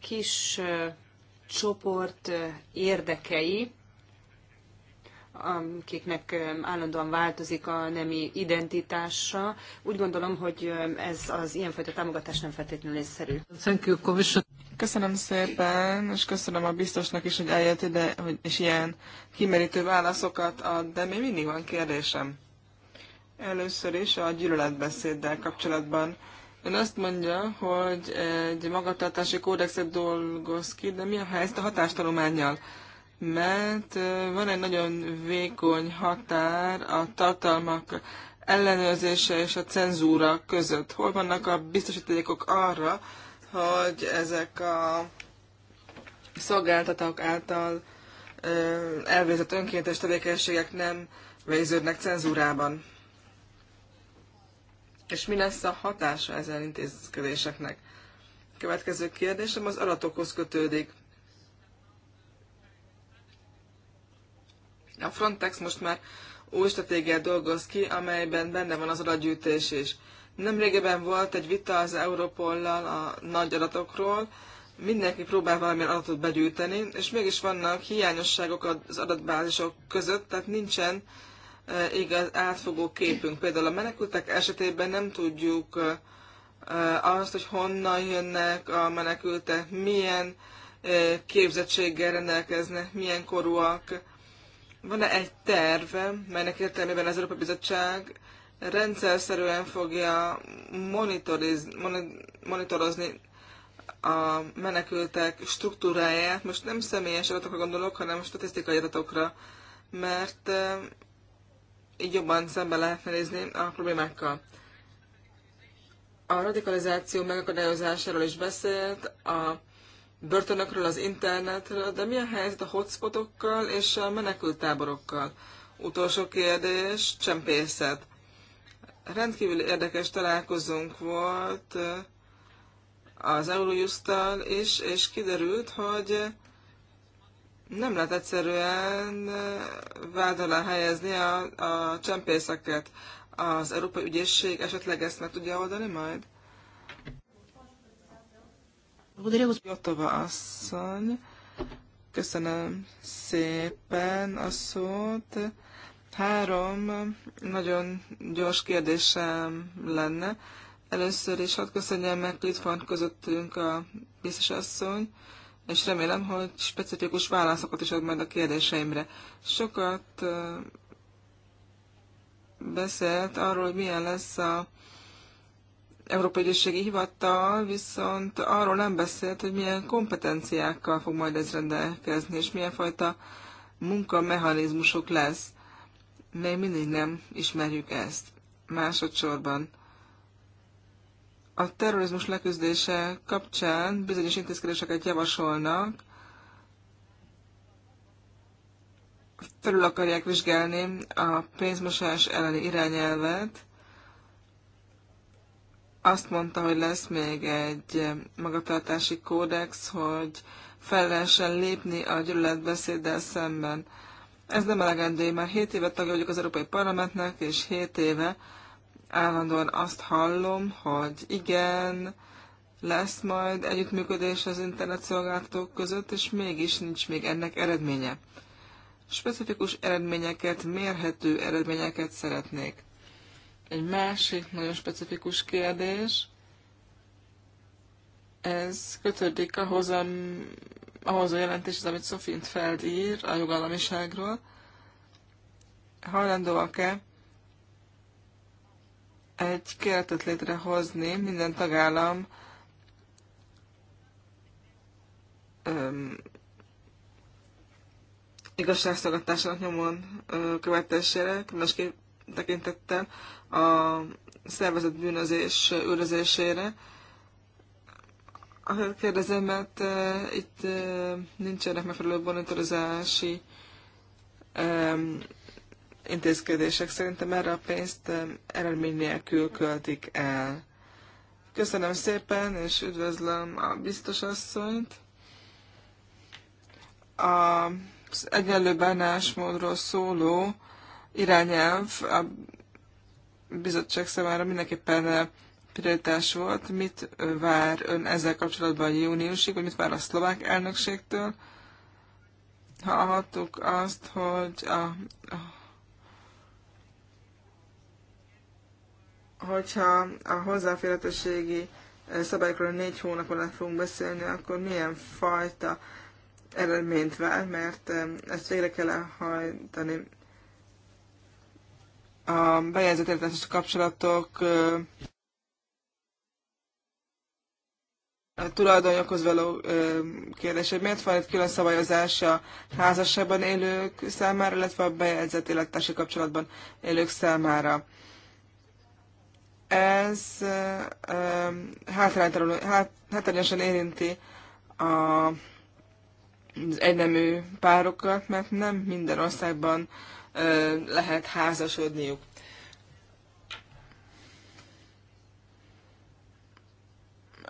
kis csoport érdekei akiknek um, állandóan változik a nemi identitása. Úgy gondolom, hogy um, ez az ilyenfajta támogatás nem feltétlenül észszerű. Köszönöm szépen, és köszönöm a biztosnak is, hogy eljött ide, hogy, és ilyen kimerítő válaszokat ad, de még mindig van kérdésem. Először is a gyűlöletbeszéddel kapcsolatban. Ön azt mondja, hogy egy magatartási kódexet dolgoz ki, de mi a helyzet a hatástanulmányjal? mert van egy nagyon vékony határ a tartalmak ellenőrzése és a cenzúra között. Hol vannak a biztosítékok arra, hogy ezek a szolgáltatók által elvégzett önkéntes tevékenységek nem végződnek cenzúrában? És mi lesz a hatása ezen intézkedéseknek? Következő kérdésem az adatokhoz kötődik. A Frontex most már új stratégiát dolgoz ki, amelyben benne van az adatgyűjtés is. Nemrégeben volt egy vita az Europollal a nagy adatokról, mindenki próbál valamilyen adatot begyűjteni, és mégis vannak hiányosságok az adatbázisok között, tehát nincsen e, igaz átfogó képünk. Például a menekültek esetében nem tudjuk e, e, azt, hogy honnan jönnek a menekültek, milyen képzettséggel rendelkeznek, milyen korúak, van-e egy terv, melynek értelmében az Európai Bizottság rendszer szerűen fogja monitoriz, monitorozni a menekültek struktúráját, most nem személyes adatokra gondolok, hanem statisztikai adatokra, mert eh, így jobban szembe lehetne nézni a problémákkal. A radikalizáció megakadályozásáról is beszélt, a börtönökről, az internetről, de mi a helyzet a hotspotokkal és a menekültáborokkal? Utolsó kérdés, csempészet. Rendkívül érdekes találkozunk volt az eurojust is, és kiderült, hogy nem lehet egyszerűen vád alá helyezni a, a csempészeket. Az Európai Ügyészség esetleg ezt meg tudja oldani majd? Jotova asszony, köszönöm szépen a szót. Három nagyon gyors kérdésem lenne. Először is hadd köszönjem meg, itt van közöttünk a biztos asszony, és remélem, hogy specifikus válaszokat is ad majd a kérdéseimre. Sokat beszélt arról, hogy milyen lesz a Európai Ügyészségi Hivatal viszont arról nem beszélt, hogy milyen kompetenciákkal fog majd ez rendelkezni, és milyen fajta munkamechanizmusok lesz. Még mindig nem ismerjük ezt. Másodszorban a terrorizmus leküzdése kapcsán bizonyos intézkedéseket javasolnak, felül akarják vizsgálni a pénzmosás elleni irányelvet, azt mondta, hogy lesz még egy magatartási kódex, hogy fel lehessen lépni a gyűlöletbeszéddel szemben. Ez nem elegendő, mert 7 éve tagja vagyok az Európai Parlamentnek, és 7 éve állandóan azt hallom, hogy igen, lesz majd együttműködés az internetszolgáltatók között, és mégis nincs még ennek eredménye. Specifikus eredményeket, mérhető eredményeket szeretnék. Egy másik nagyon specifikus kérdés, ez kötődik ahhoz a, ahhoz a jelentéshez, amit Sofint Feld ír a jogállamiságról. Hajlandóak-e egy kérletet létrehozni minden tagállam öm, igazságszolgatásának nyomon követésére, különösképp tekintettel a szervezett bűnözés őrzésére. Azért kérdezem, mert uh, itt uh, nincsenek megfelelő monitorozási um, intézkedések. Szerintem erre a pénzt um, eredmény nélkül költik el. Köszönöm szépen, és üdvözlöm a biztos asszonyt. Az egyenlő bánásmódról szóló irányelv a bizottság számára mindenképpen eh, prioritás volt. Mit eh, vár ön ezzel kapcsolatban júniusig, vagy mit vár a szlovák elnökségtől? Hallhattuk azt, hogy a, hogyha a hozzáférhetőségi eh, szabályokról négy hónap alatt fogunk beszélni, akkor milyen fajta eredményt vár, mert ezt végre kell hajtani a bejelzett életes kapcsolatok a tulajdonjoghoz való kérdése. miért van itt külön szabályozás a házasságban élők számára, illetve a bejegyzett élettársi kapcsolatban élők számára. Ez hát, hátrányosan érinti a, az egynemű párokat, mert nem minden országban lehet házasodniuk.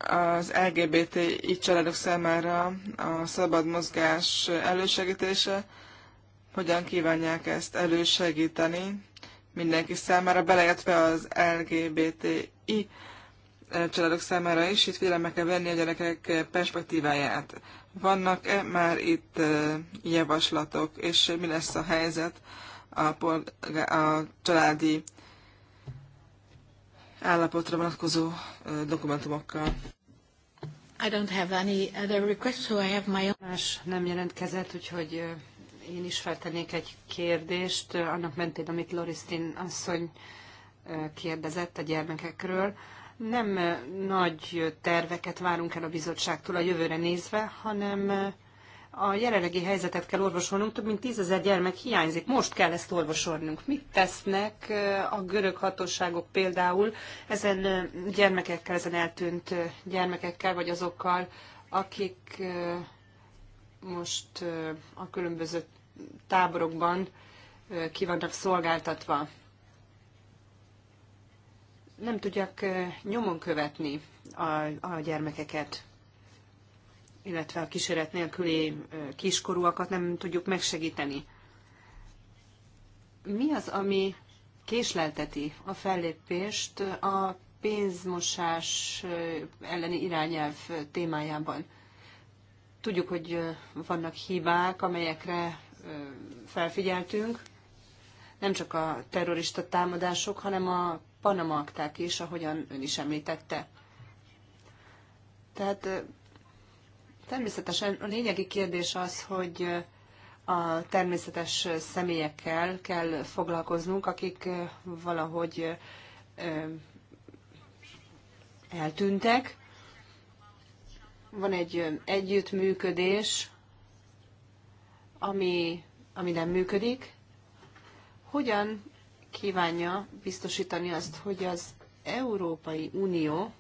Az LGBTI családok számára a szabad mozgás elősegítése, hogyan kívánják ezt elősegíteni mindenki számára, beleértve az LGBTI családok számára is, itt figyelembe kell venni a gyerekek perspektíváját. Vannak-e már itt javaslatok, és mi lesz a helyzet a, polgá- a családi állapotra vonatkozó dokumentumokkal. I don't have any other requests, so I have my own. Más nem jelentkezett, úgyhogy én is feltennék egy kérdést, annak mentén, amit Loristin asszony kérdezett a gyermekekről. Nem nagy terveket várunk el a bizottságtól a jövőre nézve, hanem a jelenlegi helyzetet kell orvosolnunk, több mint tízezer gyermek hiányzik, most kell ezt orvosolnunk. Mit tesznek a görög hatóságok például ezen gyermekekkel, ezen eltűnt gyermekekkel, vagy azokkal, akik most a különböző táborokban ki vannak szolgáltatva. Nem tudják nyomon követni a, a gyermekeket illetve a kísérlet nélküli kiskorúakat nem tudjuk megsegíteni. Mi az, ami késlelteti a fellépést a pénzmosás elleni irányelv témájában? Tudjuk, hogy vannak hibák, amelyekre felfigyeltünk, nem csak a terrorista támadások, hanem a Panama akták is, ahogyan ön is említette. Tehát Természetesen a lényegi kérdés az, hogy a természetes személyekkel kell foglalkoznunk, akik valahogy eltűntek. Van egy együttműködés, ami, ami nem működik. Hogyan kívánja biztosítani azt, hogy az Európai Unió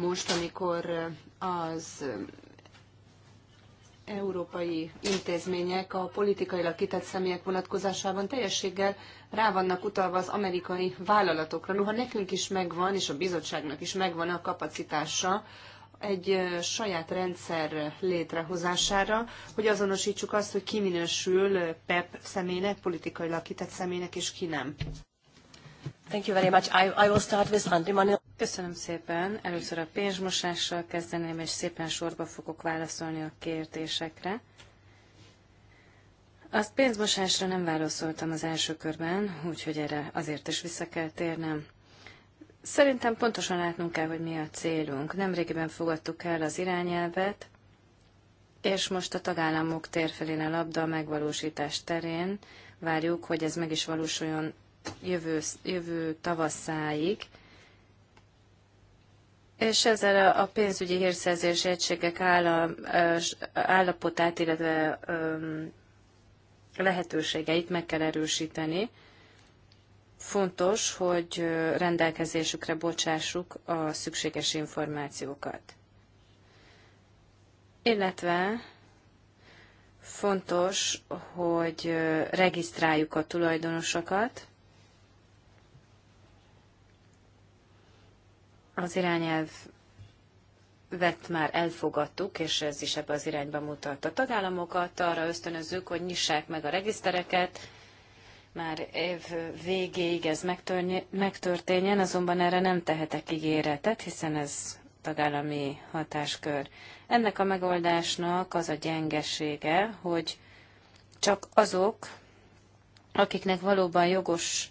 most, amikor az európai intézmények a politikailag kitett személyek vonatkozásában teljességgel rá vannak utalva az amerikai vállalatokra. Noha nekünk is megvan, és a bizottságnak is megvan a kapacitása egy saját rendszer létrehozására, hogy azonosítsuk azt, hogy ki minősül PEP személynek, politikailag kitett személynek, és ki nem. Thank you very much. I, I will start with Köszönöm szépen. Először a pénzmosással kezdeném, és szépen sorba fogok válaszolni a kérdésekre. A pénzmosásra nem válaszoltam az első körben, úgyhogy erre azért is vissza kell térnem. Szerintem pontosan látnunk kell, hogy mi a célunk. Nemrégiben fogadtuk el az irányelvet, és most a tagállamok térfelén a labda megvalósítás terén várjuk, hogy ez meg is valósuljon jövő, jövő tavaszáig. És ezzel a pénzügyi hírszerzési egységek állapotát, illetve lehetőségeit meg kell erősíteni. Fontos, hogy rendelkezésükre bocsássuk a szükséges információkat. Illetve fontos, hogy regisztráljuk a tulajdonosokat, Az irányelv vett már elfogadtuk, és ez is ebbe az irányba mutat. A tagállamokat arra ösztönözzük, hogy nyissák meg a regisztereket, már év végéig ez megtörténjen, azonban erre nem tehetek ígéretet, hiszen ez tagállami hatáskör. Ennek a megoldásnak az a gyengesége, hogy csak azok, akiknek valóban jogos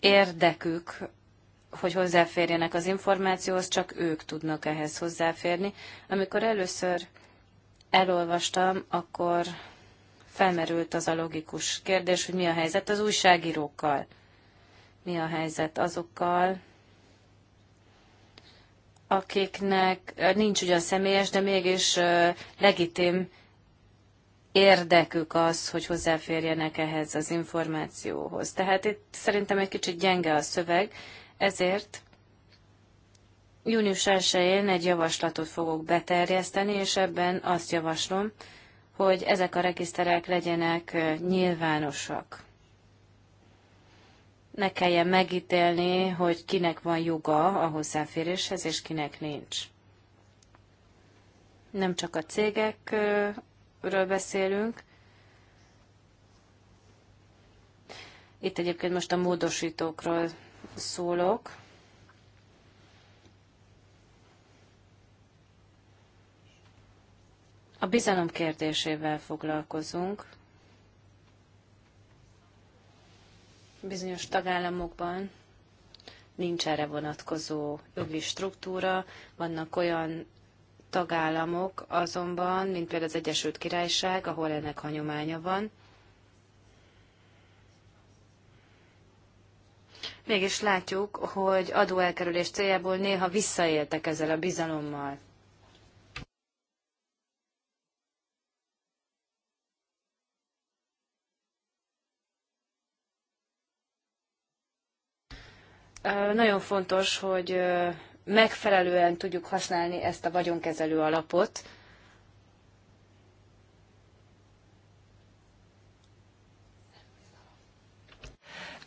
érdekük hogy hozzáférjenek az információhoz, csak ők tudnak ehhez hozzáférni. Amikor először elolvastam, akkor felmerült az a logikus kérdés, hogy mi a helyzet az újságírókkal. Mi a helyzet azokkal, akiknek nincs ugyan személyes, de mégis legitim érdekük az, hogy hozzáférjenek ehhez az információhoz. Tehát itt szerintem egy kicsit gyenge a szöveg, ezért június 1-én egy javaslatot fogok beterjeszteni, és ebben azt javaslom, hogy ezek a regiszterek legyenek nyilvánosak. Ne kelljen megítélni, hogy kinek van joga a hozzáféréshez, és kinek nincs. Nem csak a cégekről beszélünk. Itt egyébként most a módosítókról szólok. A bizalom kérdésével foglalkozunk. Bizonyos tagállamokban nincs erre vonatkozó jogi struktúra, vannak olyan tagállamok azonban, mint például az Egyesült Királyság, ahol ennek hanyománya van. mégis látjuk, hogy adóelkerülés céljából néha visszaéltek ezzel a bizalommal. Nagyon fontos, hogy megfelelően tudjuk használni ezt a vagyonkezelő alapot,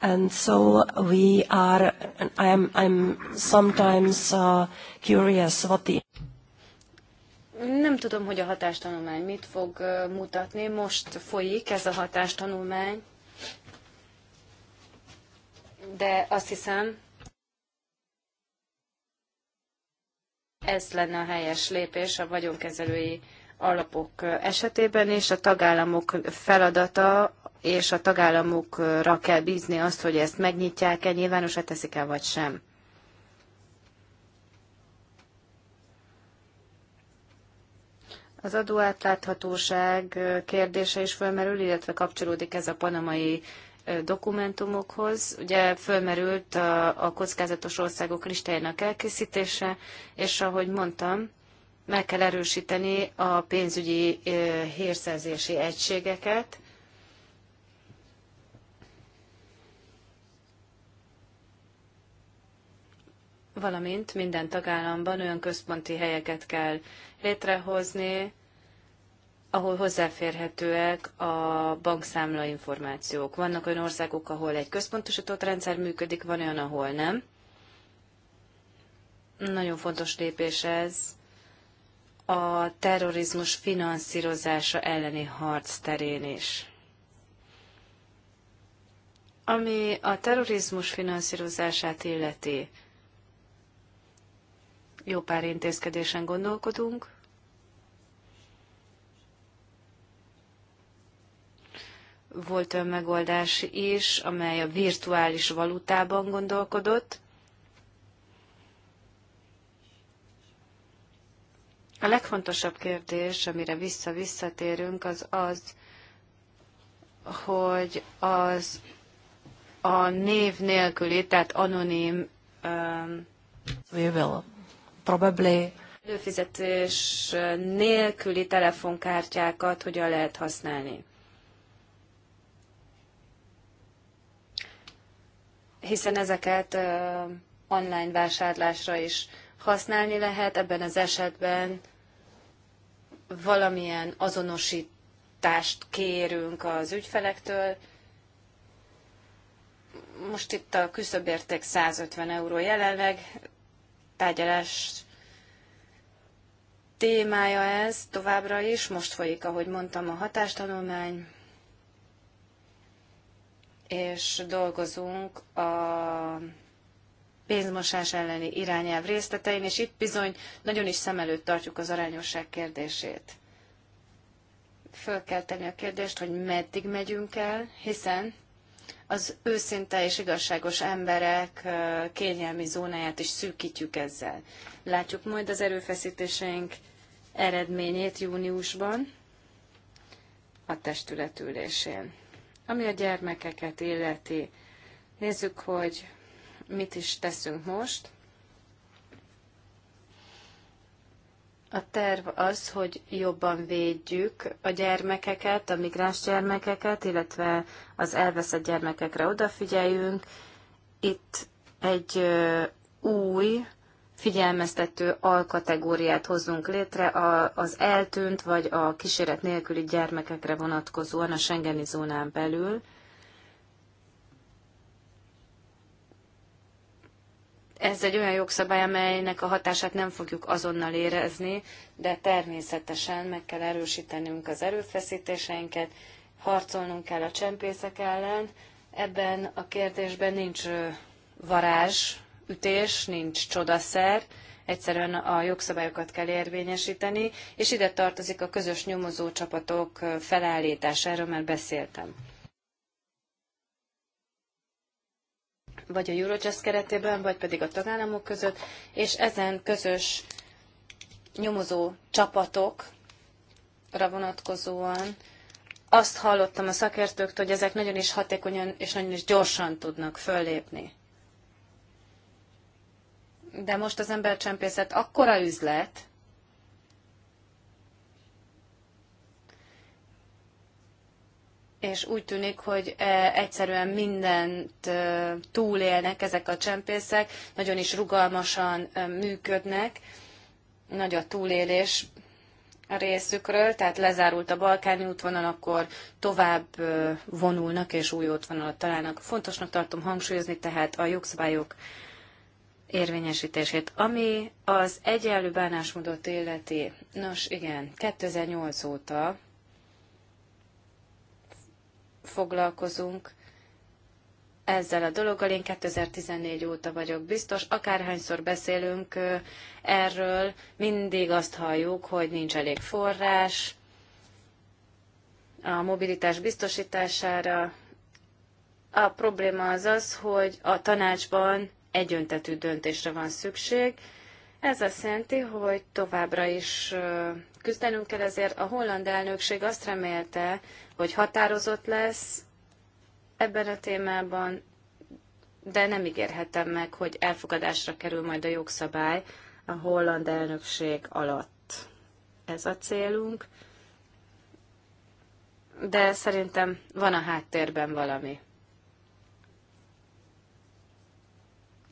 And so we are, I'm, I'm sometimes uh, curious what the... Nem tudom, hogy a hatástanulmány mit fog uh, mutatni. Most folyik ez a hatástanulmány, de azt hiszem, ez lenne a helyes lépés a vagyonkezelői alapok esetében is a tagállamok feladata és a tagállamokra kell bízni azt, hogy ezt megnyitják-e, nyilvánosra teszik-e vagy sem. Az adóátláthatóság kérdése is fölmerül, illetve kapcsolódik ez a panamai dokumentumokhoz. Ugye fölmerült a, a kockázatos országok listájának elkészítése, és ahogy mondtam, meg kell erősíteni a pénzügyi hírszerzési egységeket, valamint minden tagállamban olyan központi helyeket kell létrehozni, ahol hozzáférhetőek a bankszámla információk. Vannak olyan országok, ahol egy központosított rendszer működik, van olyan, ahol nem. Nagyon fontos lépés ez a terrorizmus finanszírozása elleni harc terén is. Ami a terrorizmus finanszírozását illeti, jó pár intézkedésen gondolkodunk. Volt olyan megoldás is, amely a virtuális valutában gondolkodott, A legfontosabb kérdés, amire vissza-visszatérünk, az az, hogy az a név nélküli, tehát anonim um, We will probably előfizetés nélküli telefonkártyákat hogyan lehet használni. Hiszen ezeket uh, online vásárlásra is használni lehet, ebben az esetben valamilyen azonosítást kérünk az ügyfelektől. Most itt a küszöbérték 150 euró jelenleg, tárgyalás témája ez továbbra is, most folyik, ahogy mondtam, a hatástanulmány, és dolgozunk a pénzmosás elleni irányelv részletein, és itt bizony nagyon is szem előtt tartjuk az arányosság kérdését. Föl kell tenni a kérdést, hogy meddig megyünk el, hiszen az őszinte és igazságos emberek kényelmi zónáját is szűkítjük ezzel. Látjuk majd az erőfeszítéseink eredményét júniusban a testületülésén. Ami a gyermekeket illeti, nézzük, hogy mit is teszünk most. A terv az, hogy jobban védjük a gyermekeket, a migráns gyermekeket, illetve az elveszett gyermekekre odafigyeljünk. Itt egy új figyelmeztető alkategóriát hozunk létre az eltűnt vagy a kíséret nélküli gyermekekre vonatkozóan a Schengeni zónán belül. Ez egy olyan jogszabály, amelynek a hatását nem fogjuk azonnal érezni, de természetesen meg kell erősítenünk az erőfeszítéseinket, harcolnunk kell a csempészek ellen. Ebben a kérdésben nincs varázs, ütés, nincs csodaszer, egyszerűen a jogszabályokat kell érvényesíteni, és ide tartozik a közös nyomozó csapatok felállításáról, már beszéltem. vagy a Eurojust keretében, vagy pedig a tagállamok között, és ezen közös nyomozó csapatokra vonatkozóan azt hallottam a szakértőktől, hogy ezek nagyon is hatékonyan és nagyon is gyorsan tudnak föllépni. De most az embercsempészet akkora üzlet, és úgy tűnik, hogy e, egyszerűen mindent e, túlélnek ezek a csempészek, nagyon is rugalmasan e, működnek, nagy a túlélés a részükről, tehát lezárult a balkáni útvonal, akkor tovább vonulnak és új útvonalat találnak. Fontosnak tartom hangsúlyozni tehát a jogszabályok érvényesítését, ami az egyenlő bánásmódot illeti. Nos igen, 2008 óta foglalkozunk ezzel a dologgal. Én 2014 óta vagyok biztos. Akárhányszor beszélünk erről, mindig azt halljuk, hogy nincs elég forrás a mobilitás biztosítására. A probléma az az, hogy a tanácsban egyöntetű döntésre van szükség. Ez azt jelenti, hogy továbbra is küzdenünk kell ezért. A holland elnökség azt remélte, hogy határozott lesz ebben a témában, de nem ígérhetem meg, hogy elfogadásra kerül majd a jogszabály a holland elnökség alatt. Ez a célunk, de szerintem van a háttérben valami.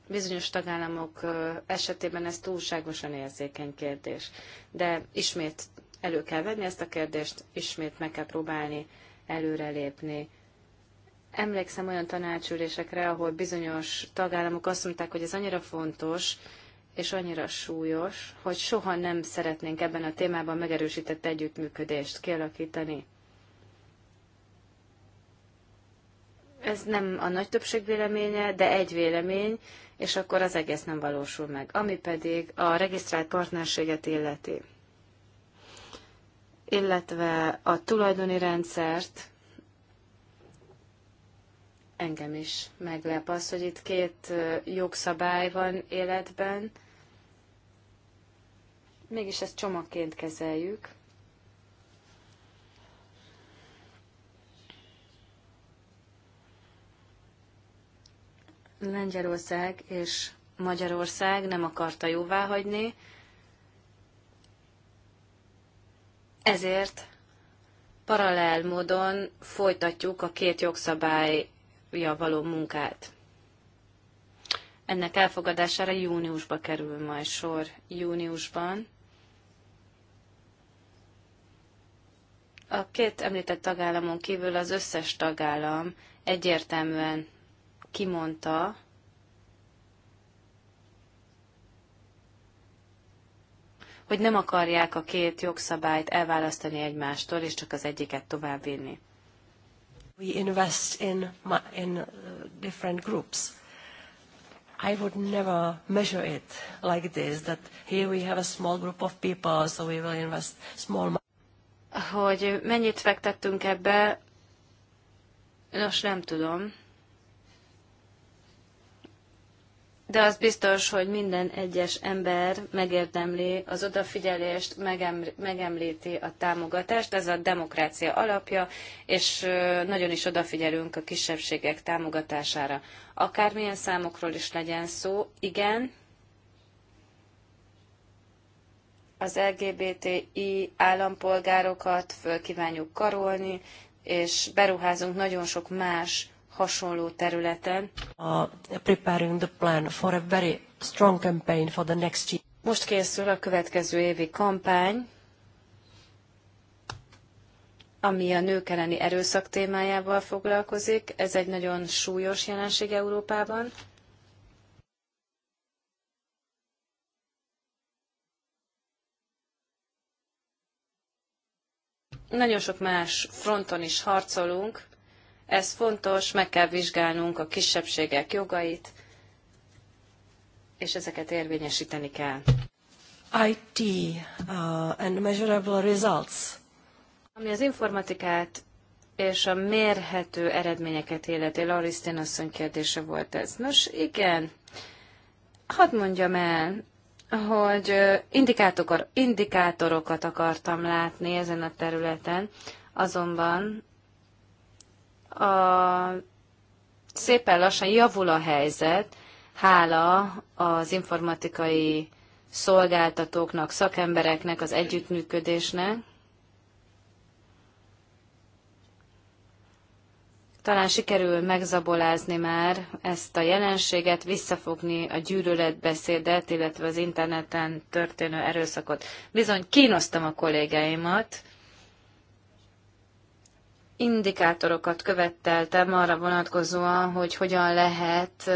Bizonyos tagállamok esetében ez túlságosan érzékeny kérdés, de ismét elő kell venni ezt a kérdést, ismét meg kell próbálni előrelépni. Emlékszem olyan tanácsülésekre, ahol bizonyos tagállamok azt mondták, hogy ez annyira fontos, és annyira súlyos, hogy soha nem szeretnénk ebben a témában megerősített együttműködést kialakítani. Ez nem a nagy többség véleménye, de egy vélemény, és akkor az egész nem valósul meg, ami pedig a regisztrált partnerséget illeti illetve a tulajdoni rendszert. Engem is meglep az, hogy itt két jogszabály van életben, mégis ezt csomagként kezeljük. Lengyelország és Magyarország nem akarta jóvá hagyni, Ezért paralel módon folytatjuk a két jogszabályja való munkát. Ennek elfogadására júniusba kerül majd sor. Júniusban a két említett tagállamon kívül az összes tagállam egyértelműen kimondta, hogy nem akarják a két jogszabályt elválasztani egymástól, és csak az egyiket továbbvinni. We invest in, in uh, different groups. I would never measure it like this, that here we have a small group of people, so we will invest small money. Hogy mennyit fektettünk ebbe, nos nem tudom. de az biztos, hogy minden egyes ember megérdemli az odafigyelést, megemlíti a támogatást, ez a demokrácia alapja, és nagyon is odafigyelünk a kisebbségek támogatására. Akármilyen számokról is legyen szó, igen, az LGBTI állampolgárokat föl kívánjuk karolni, és beruházunk nagyon sok más hasonló területen. preparing the plan for a very strong campaign for the next year. Most készül a következő évi kampány, ami a nők elleni erőszak témájával foglalkozik. Ez egy nagyon súlyos jelenség Európában. Nagyon sok más fronton is harcolunk, ez fontos, meg kell vizsgálnunk a kisebbségek jogait, és ezeket érvényesíteni kell. IT uh, and measurable results. Ami az informatikát és a mérhető eredményeket életi, Laurisztén asszony kérdése volt ez. Nos, igen, hadd mondjam el, hogy indikátorokat akartam látni ezen a területen, azonban a, szépen lassan javul a helyzet, hála az informatikai szolgáltatóknak, szakembereknek, az együttműködésnek. Talán sikerül megzabolázni már ezt a jelenséget, visszafogni a gyűlöletbeszédet, illetve az interneten történő erőszakot. Bizony kínoztam a kollégáimat, indikátorokat követeltem arra vonatkozóan, hogy hogyan lehet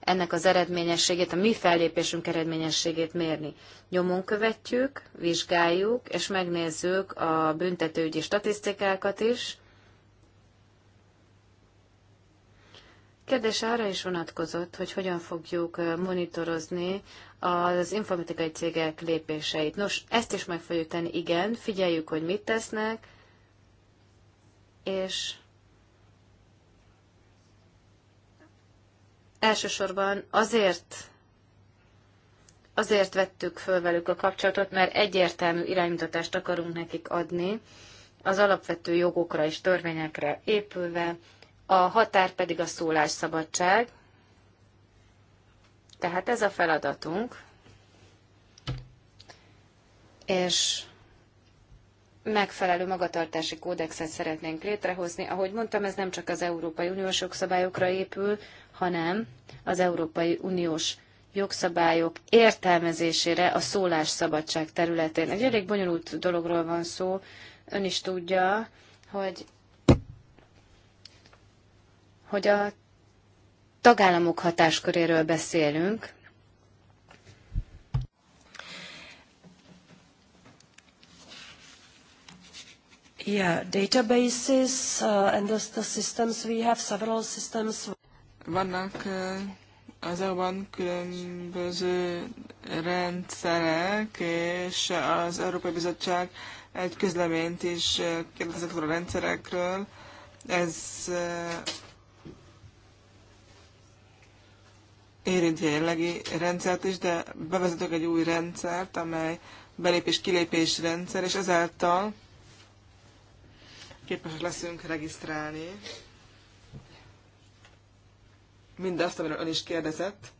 ennek az eredményességét, a mi fellépésünk eredményességét mérni. Nyomon követjük, vizsgáljuk, és megnézzük a büntetőügyi statisztikákat is. Kérdés arra is vonatkozott, hogy hogyan fogjuk monitorozni az informatikai cégek lépéseit. Nos, ezt is meg fogjuk tenni, igen, figyeljük, hogy mit tesznek, és elsősorban azért azért vettük föl velük a kapcsolatot, mert egyértelmű iránymutatást akarunk nekik adni, az alapvető jogokra és törvényekre épülve, a határ pedig a szólásszabadság. Tehát ez a feladatunk, és megfelelő magatartási kódexet szeretnénk létrehozni. Ahogy mondtam, ez nem csak az Európai Uniós jogszabályokra épül, hanem az Európai Uniós jogszabályok értelmezésére a szólásszabadság területén. Egy elég bonyolult dologról van szó, ön is tudja, hogy, hogy a tagállamok hatásköréről beszélünk, Yeah, databases uh, and the, the systems we have several systems. Vannak uh, az EU-ban különböző rendszerek, és az Európai Bizottság egy közleményt is uh, kérdez a rendszerekről. Ez uh, érinti a jelenlegi rendszert is, de bevezetök egy új rendszert, amely belépés-kilépés rendszer, és ezáltal képesek leszünk regisztrálni mindazt, amiről ön is kérdezett,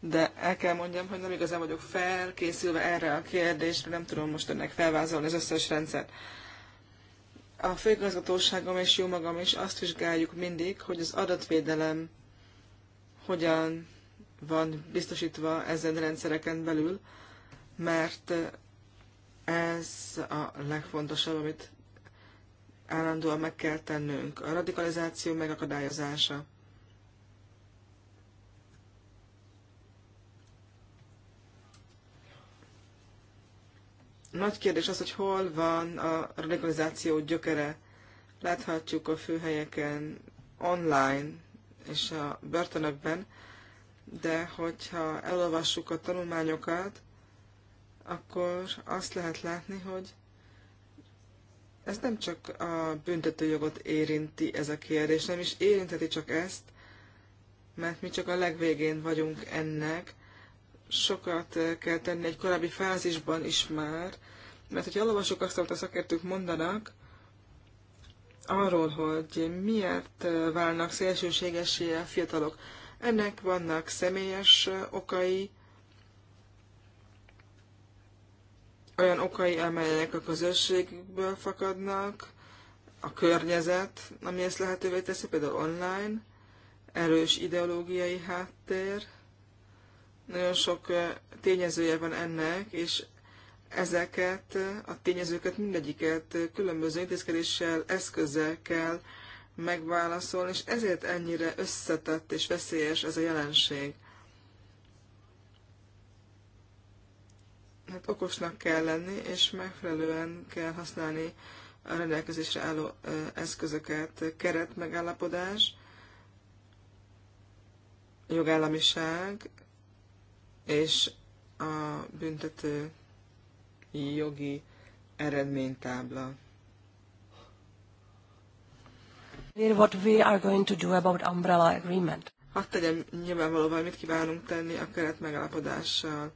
de el kell mondjam, hogy nem igazán vagyok felkészülve erre a kérdésre, nem tudom most önnek felvázolni az összes rendszert. A főigazgatóságom és jó magam is azt vizsgáljuk mindig, hogy az adatvédelem hogyan van biztosítva ezen rendszereken belül, mert ez a legfontosabb, amit állandóan meg kell tennünk. A radikalizáció megakadályozása. Nagy kérdés az, hogy hol van a radikalizáció gyökere. Láthatjuk a főhelyeken online és a börtönökben, de hogyha elolvassuk a tanulmányokat, akkor azt lehet látni, hogy ez nem csak a büntetőjogot érinti ez a kérdés, nem is érintheti csak ezt, mert mi csak a legvégén vagyunk ennek. Sokat eh, kell tenni egy korábbi fázisban is már, mert hogyha olvasjuk azt, amit a szakértők mondanak, arról, hogy miért eh, válnak szélsőségesé a fiatalok, ennek vannak személyes eh, okai, olyan okai, amelyek a közösségből fakadnak, a környezet, ami ezt lehetővé teszi, például online, erős ideológiai háttér, nagyon sok tényezője van ennek, és ezeket a tényezőket mindegyiket különböző intézkedéssel, eszközzel kell megválaszolni, és ezért ennyire összetett és veszélyes ez a jelenség. hát okosnak kell lenni, és megfelelően kell használni a rendelkezésre álló eszközöket. Keret megállapodás, jogállamiság és a büntető jogi eredménytábla. What we are going to do about umbrella agreement. Hadd tegyem nyilvánvalóvá, mit kívánunk tenni a keret megállapodással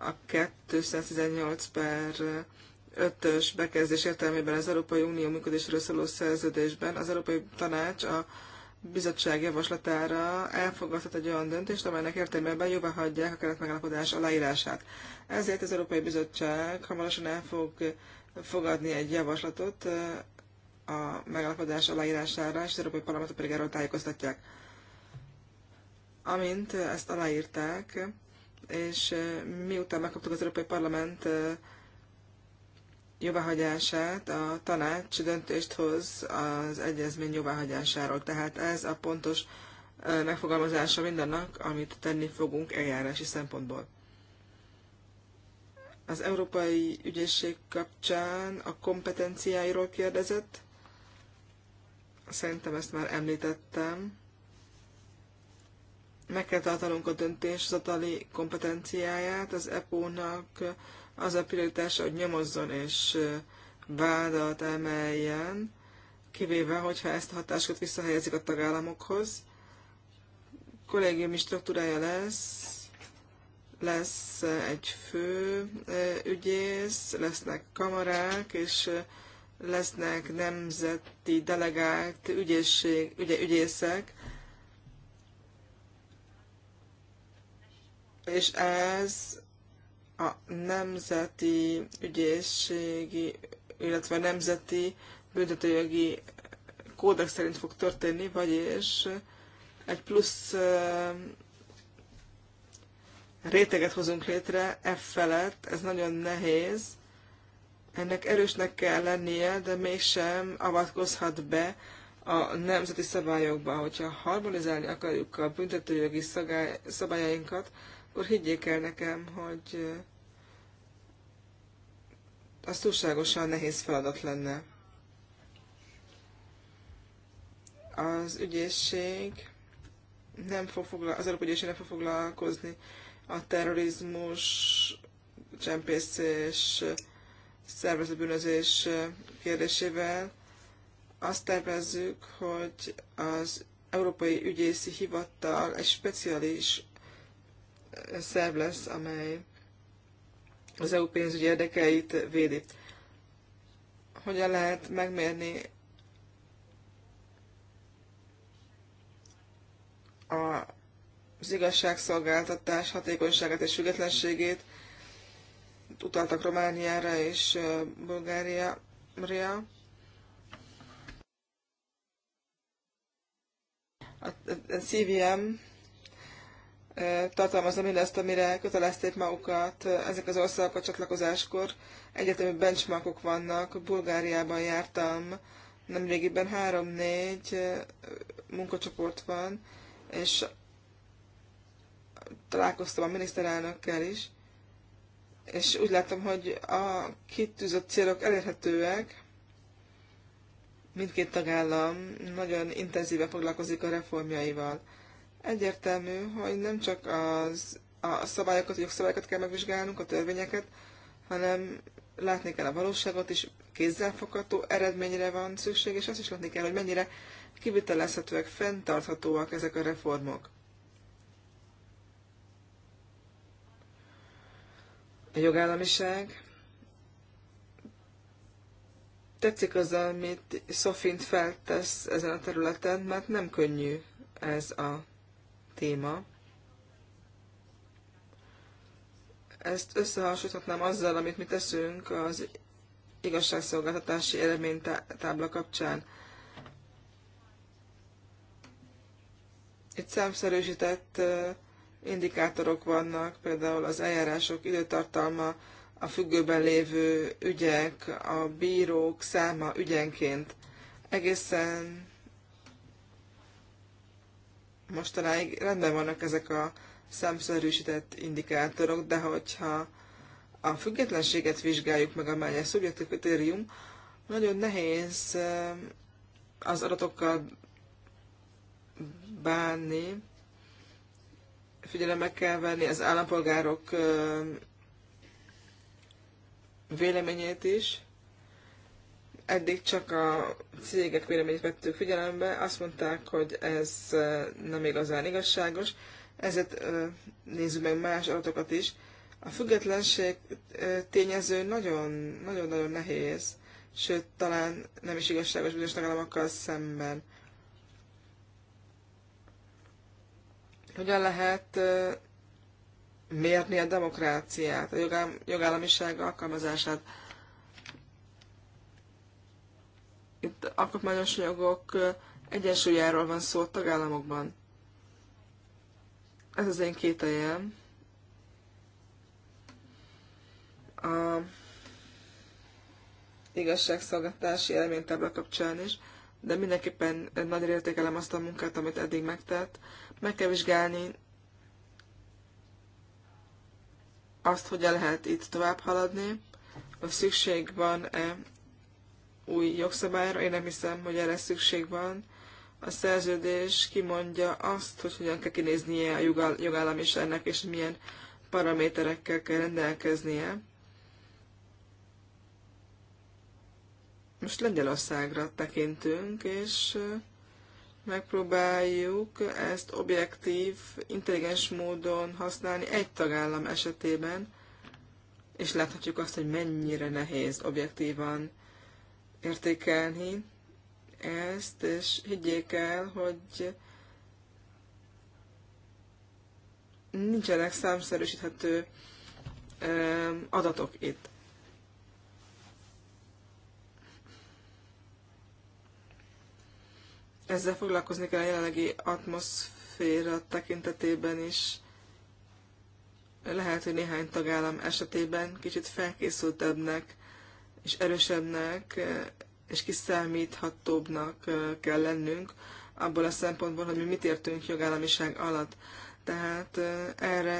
a 218 per 5-ös bekezdés értelmében az Európai Unió működésről szóló szerződésben az Európai Tanács a bizottság javaslatára elfogadhat egy olyan döntést, amelynek értelmében jóvá hagyják a keretmegállapodás aláírását. Ezért az Európai Bizottság hamarosan el fog fogadni egy javaslatot eh, a megállapodás aláírására, és az Európai Parlamentet pedig erről tájékoztatják. Amint ezt aláírták, és miután megkaptuk az Európai Parlament jóváhagyását, a tanács döntést hoz az egyezmény jóváhagyásáról. Tehát ez a pontos megfogalmazása mindannak, amit tenni fogunk eljárási szempontból. Az Európai Ügyészség kapcsán a kompetenciáiról kérdezett. Szerintem ezt már említettem meg kell tartanunk a döntéshozatali kompetenciáját, az EPO-nak az a prioritása, hogy nyomozzon és vádat emeljen, kivéve, hogyha ezt a hatáskot visszahelyezik a tagállamokhoz. Kollégiumi struktúrája lesz, lesz egy fő ügyész, lesznek kamarák, és lesznek nemzeti delegált ügyészség, ügy, ügyészek, és ez a nemzeti ügyészségi, illetve a nemzeti büntetőjogi kódex szerint fog történni, vagyis egy plusz eh, réteget hozunk létre, e felett, ez nagyon nehéz. Ennek erősnek kell lennie, de mégsem avatkozhat be a nemzeti szabályokba. Hogyha harmonizálni akarjuk a büntetőjogi szabályainkat, akkor higgyék el nekem, hogy az túlságosan nehéz feladat lenne. Az ügyészség nem fog foglal, az Ügyészség nem fog foglalkozni a terrorizmus, csempész és bűnözés kérdésével. Azt tervezzük, hogy az Európai Ügyészi Hivatal egy speciális szerv lesz, amely az EU pénzügyi érdekeit védi. Hogyan lehet megmérni a, az igazságszolgáltatás hatékonyságát és függetlenségét. Utaltak Romániára és Bulgáriára. A CVM tartalmazza mindazt, amire kötelezték magukat ezek az országok a csatlakozáskor. Egyetemi benchmarkok vannak, Bulgáriában jártam, nemrégiben 3-4 munkacsoport van, és találkoztam a miniszterelnökkel is, és úgy láttam, hogy a kitűzött célok elérhetőek, mindkét tagállam nagyon intenzíve foglalkozik a reformjaival. Egyértelmű, hogy nem csak az, a szabályokat, a jogszabályokat kell megvizsgálnunk, a törvényeket, hanem látni kell a valóságot is, kézzelfogható eredményre van szükség, és azt is látni kell, hogy mennyire kivitelezhetőek, fenntarthatóak ezek a reformok. A jogállamiság. Tetszik az, amit Sofint feltesz ezen a területen, mert nem könnyű ez a téma. Ezt összehasonlíthatnám azzal, amit mi teszünk az igazságszolgáltatási tábla kapcsán. Itt számszerűsített indikátorok vannak, például az eljárások időtartalma, a függőben lévő ügyek, a bírók száma ügyenként. Egészen mostanáig rendben vannak ezek a számszerűsített indikátorok, de hogyha a függetlenséget vizsgáljuk meg, amely a szubjektív kritérium, nagyon nehéz eh, az adatokkal bánni, figyelembe kell venni az állampolgárok eh, véleményét is, eddig csak a cégek véleményét vettük figyelembe, azt mondták, hogy ez nem igazán igazságos, ezért nézzük meg más adatokat is. A függetlenség tényező nagyon-nagyon nehéz, sőt, talán nem is igazságos bizonyos tagállamokkal szemben. Hogyan lehet mérni a demokráciát, a jogállamiság alkalmazását? itt alkotmányos jogok egyensúlyáról van szó a tagállamokban. Ez az én kételjem. A igazságszolgáltási eleménytábla kapcsán is, de mindenképpen nagy értékelem azt a munkát, amit eddig megtett. Meg kell vizsgálni azt, hogy el lehet itt tovább haladni, hogy szükség van-e új jogszabályra, én nem hiszem, hogy erre szükség van. A szerződés kimondja azt, hogy hogyan kell kinéznie a jogállamiságnak, és milyen paraméterekkel kell rendelkeznie. Most Lengyelországra tekintünk, és megpróbáljuk ezt objektív, intelligens módon használni egy tagállam esetében, és láthatjuk azt, hogy mennyire nehéz objektívan értékelni ezt, és higgyék el, hogy nincsenek számszerűsíthető adatok itt. Ezzel foglalkozni kell a jelenlegi atmoszféra tekintetében is. Lehet, hogy néhány tagállam esetében kicsit felkészültebbnek és erősebbnek és kiszámíthatóbbnak kell lennünk abból a szempontból, hogy mi mit értünk jogállamiság alatt. Tehát erre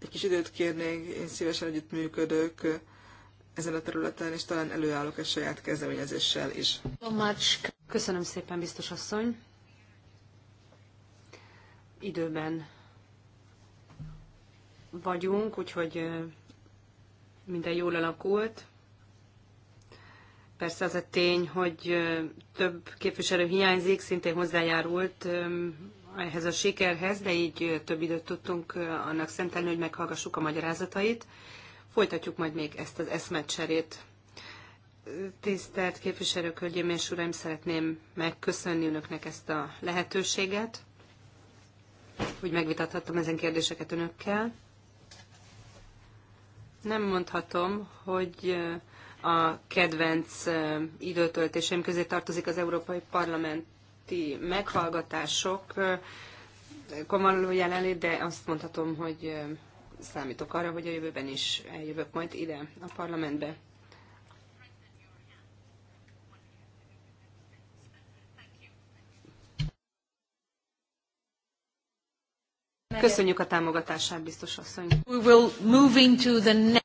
egy kis időt kérnék, én szívesen együttműködök ezen a területen, és talán előállok egy saját kezdeményezéssel is. Köszönöm szépen, biztos asszony. Időben vagyunk, úgyhogy minden jól alakult. Persze az a tény, hogy több képviselő hiányzik, szintén hozzájárult ehhez a sikerhez, de így több időt tudtunk annak szentelni, hogy meghallgassuk a magyarázatait. Folytatjuk majd még ezt az eszmecserét. Tisztelt képviselők, hölgyeim és uraim, szeretném megköszönni önöknek ezt a lehetőséget, hogy megvitathattam ezen kérdéseket önökkel. Nem mondhatom, hogy a kedvenc időtöltéseim közé tartozik az Európai Parlamenti meghallgatások, komoly jelenlét, de azt mondhatom, hogy számítok arra, hogy a jövőben is eljövök majd ide a parlamentbe. Köszönjük a támogatását, biztos asszony. We will move into the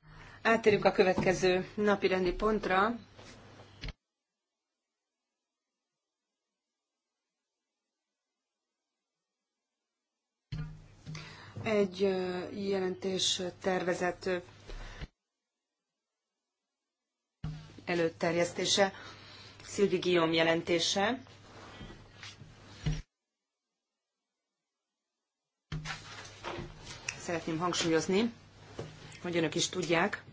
Átérünk a következő napi rendi pontra. Egy jelentés tervezett előterjesztése, Szilvi Guillaume jelentése. Szeretném hangsúlyozni, hogy önök is tudják,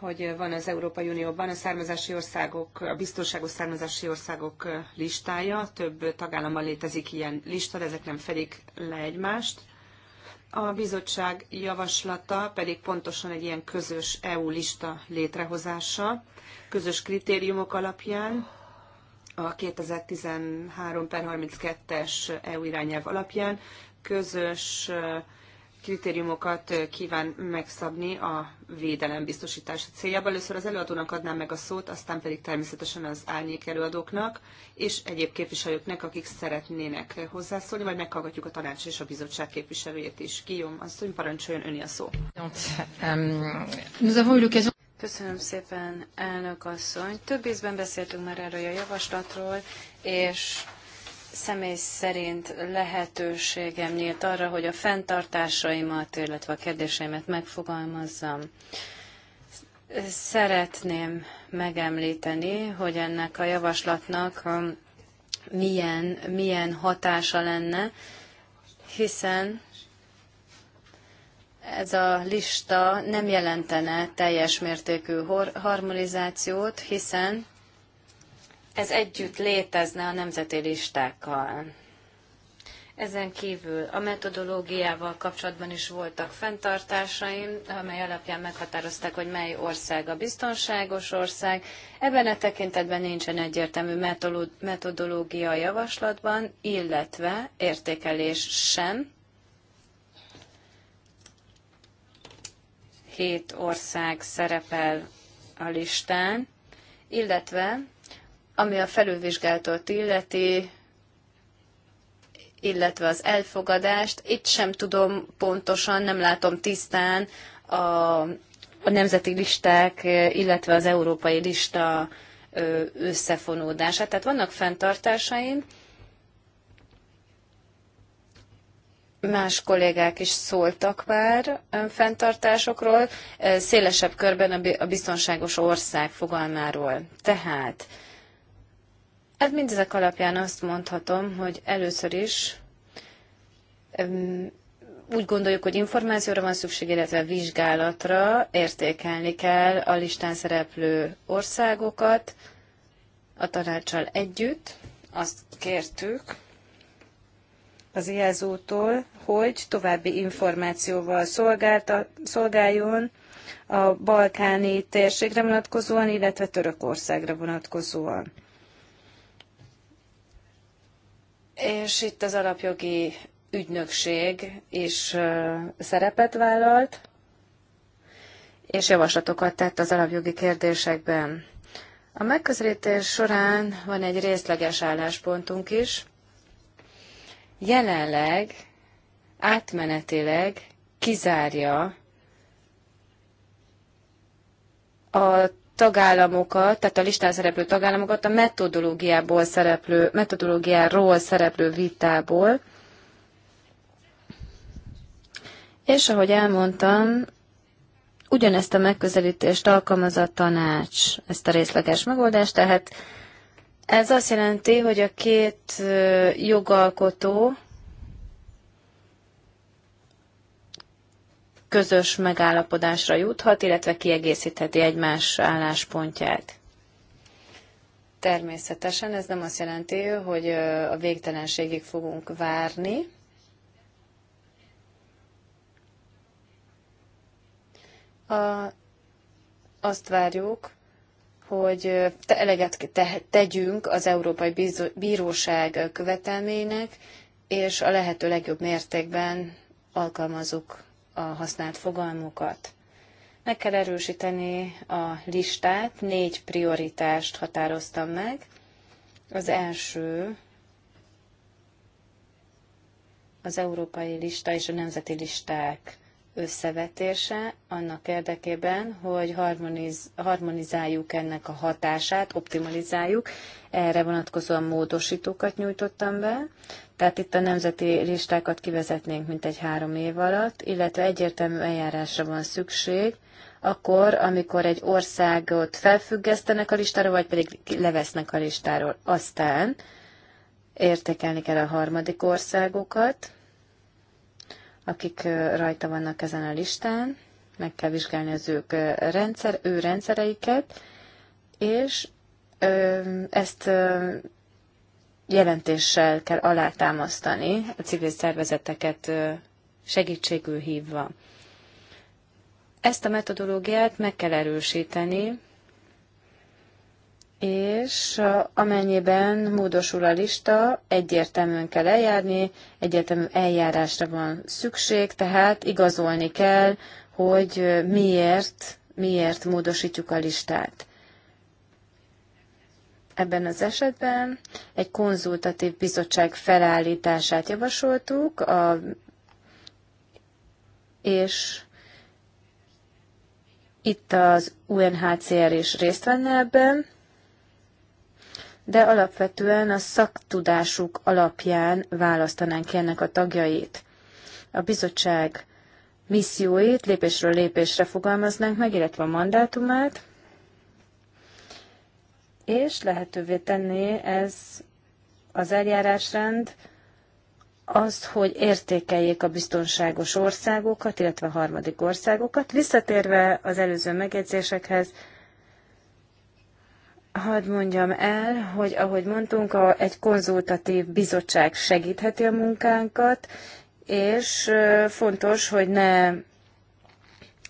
hogy van az Európai Unióban a származási országok, a biztonságos származási országok listája, több tagállamban létezik ilyen lista, de ezek nem fedik le egymást. A bizottság javaslata pedig pontosan egy ilyen közös EU lista létrehozása, közös kritériumok alapján, a 2013 per 32-es EU irányelv alapján, közös kritériumokat kíván megszabni a védelem biztosítása céljából. Először az előadónak adnám meg a szót, aztán pedig természetesen az árnyék előadóknak és egyéb képviselőknek, akik szeretnének hozzászólni, vagy meghallgatjuk a tanács és a bizottság képviselőjét is. Guillaume, asszony, parancsoljon öni a szó. Köszönöm szépen, elnök asszony. Több részben beszéltünk már erről a javaslatról, és személy szerint lehetőségem nyílt arra, hogy a fenntartásaimat, illetve a kérdéseimet megfogalmazzam. Szeretném megemlíteni, hogy ennek a javaslatnak um, milyen, milyen hatása lenne, hiszen ez a lista nem jelentene teljes mértékű harmonizációt, hiszen ez együtt létezne a nemzeti listákkal. Ezen kívül a metodológiával kapcsolatban is voltak fenntartásaim, amely alapján meghatározták, hogy mely ország a biztonságos ország. Ebben a tekintetben nincsen egyértelmű metodológia a javaslatban, illetve értékelés sem. Hét ország szerepel a listán, illetve ami a felülvizsgáltat illeti, illetve az elfogadást, itt sem tudom pontosan, nem látom tisztán a, a nemzeti listák, illetve az európai lista összefonódását. Tehát vannak fenntartásaim, más kollégák is szóltak már fenntartásokról, szélesebb körben a biztonságos ország fogalmáról. Tehát Hát mindezek alapján azt mondhatom, hogy először is úgy gondoljuk, hogy információra van szükség, illetve vizsgálatra értékelni kell a listán szereplő országokat a tanácssal együtt. Azt kértük az IAZU-tól, e hogy további információval szolgáljon a balkáni térségre vonatkozóan, illetve Törökországra vonatkozóan. és itt az alapjogi ügynökség is szerepet vállalt, és javaslatokat tett az alapjogi kérdésekben. A megközelítés során van egy részleges álláspontunk is. Jelenleg átmenetileg kizárja a tagállamokat, tehát a listán szereplő tagállamokat a metodológiából szereplő, metodológiáról szereplő vitából. És ahogy elmondtam, ugyanezt a megközelítést alkalmaz a tanács, ezt a részleges megoldást, tehát ez azt jelenti, hogy a két jogalkotó közös megállapodásra juthat, illetve kiegészítheti egymás álláspontját. Természetesen ez nem azt jelenti, hogy a végtelenségig fogunk várni. A, azt várjuk, hogy eleget te, tegyünk az Európai Bíróság követelménynek, és a lehető legjobb mértékben alkalmazunk a használt fogalmukat. Meg kell erősíteni a listát, négy prioritást határoztam meg. Az első az európai lista és a nemzeti listák összevetése annak érdekében, hogy harmoniz, harmonizáljuk ennek a hatását, optimalizáljuk. Erre vonatkozóan módosítókat nyújtottam be. Tehát itt a nemzeti listákat kivezetnénk mint egy három év alatt, illetve egyértelmű eljárásra van szükség, akkor, amikor egy országot felfüggesztenek a listáról, vagy pedig levesznek a listáról. Aztán értékelni kell a harmadik országokat, akik rajta vannak ezen a listán, meg kell vizsgálni az ők rendszer, ő rendszereiket, és ezt jelentéssel kell alátámasztani, a civil szervezeteket segítségül hívva. Ezt a metodológiát meg kell erősíteni, és amennyiben módosul a lista, egyértelműen kell eljárni, egyértelmű eljárásra van szükség, tehát igazolni kell, hogy miért, miért módosítjuk a listát. Ebben az esetben egy konzultatív bizottság felállítását javasoltuk, a, és itt az UNHCR is részt venne ebben, de alapvetően a szaktudásuk alapján választanánk ki ennek a tagjait. A bizottság misszióit lépésről lépésre fogalmaznánk meg, illetve a mandátumát, és lehetővé tenni ez az eljárásrend azt, hogy értékeljék a biztonságos országokat, illetve a harmadik országokat. Visszatérve az előző megjegyzésekhez, hadd mondjam el, hogy ahogy mondtunk, a, egy konzultatív bizottság segítheti a munkánkat, és fontos, hogy ne,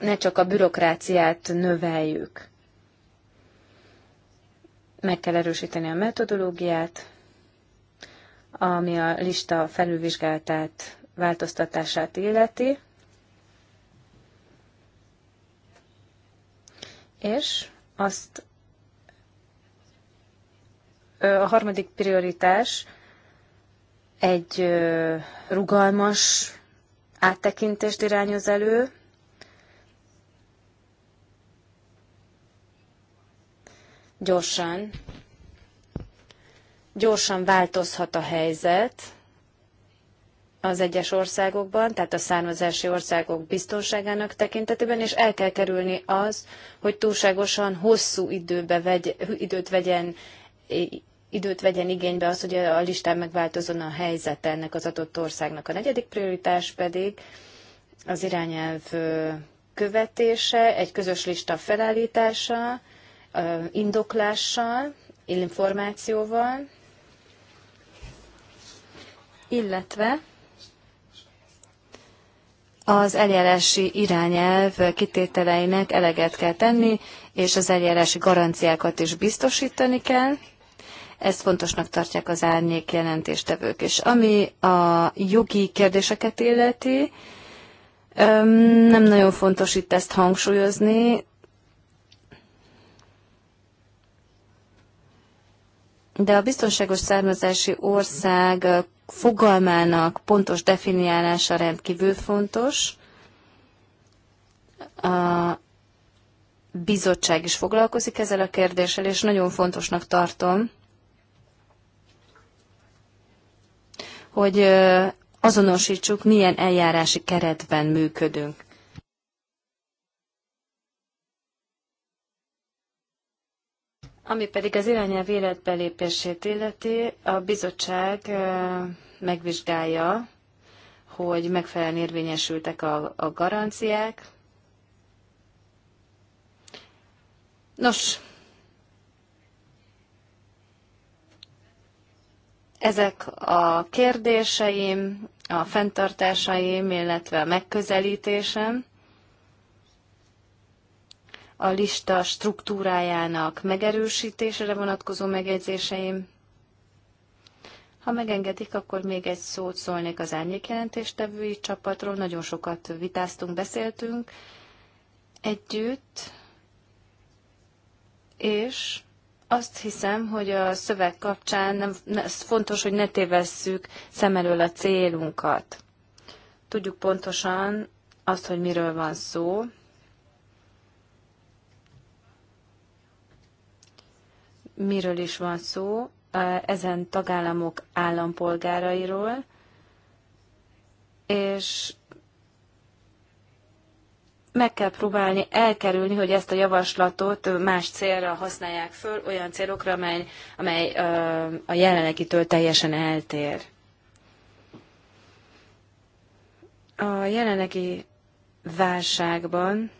ne csak a bürokráciát növeljük. Meg kell erősíteni a metodológiát, ami a lista felülvizsgálatát, változtatását illeti, és azt a harmadik prioritás egy rugalmas áttekintést irányoz elő, gyorsan, gyorsan változhat a helyzet az egyes országokban, tehát a származási országok biztonságának tekintetében, és el kell kerülni az, hogy túlságosan hosszú időbe vegy, időt vegyen időt vegyen igénybe az, hogy a listán megváltozon a helyzet ennek az adott országnak. A negyedik prioritás pedig az irányelv követése, egy közös lista felállítása, indoklással, információval, illetve az eljárási irányelv kitételeinek eleget kell tenni, és az eljárási garanciákat is biztosítani kell. Ezt fontosnak tartják az árnyék jelentéstevők is. Ami a jogi kérdéseket illeti, nem nagyon fontos itt ezt hangsúlyozni, de a biztonságos származási ország fogalmának pontos definiálása rendkívül fontos. A bizottság is foglalkozik ezzel a kérdéssel, és nagyon fontosnak tartom, hogy azonosítsuk, milyen eljárási keretben működünk. Ami pedig az irányelv életbelépését illeti, a bizottság megvizsgálja, hogy megfelelően érvényesültek a, a garanciák. Nos, ezek a kérdéseim, a fenntartásaim, illetve a megközelítésem a lista struktúrájának megerősítésére vonatkozó megjegyzéseim. Ha megengedik, akkor még egy szót szólnék az árnyékjelentéstevői csapatról. Nagyon sokat vitáztunk, beszéltünk együtt, és azt hiszem, hogy a szöveg kapcsán nem, ez fontos, hogy ne tévesszük szem elől a célunkat. Tudjuk pontosan azt, hogy miről van szó, miről is van szó, ezen tagállamok állampolgárairól, és meg kell próbálni elkerülni, hogy ezt a javaslatot más célra használják föl, olyan célokra, amely, amely a jelenlegitől teljesen eltér. A jelenlegi válságban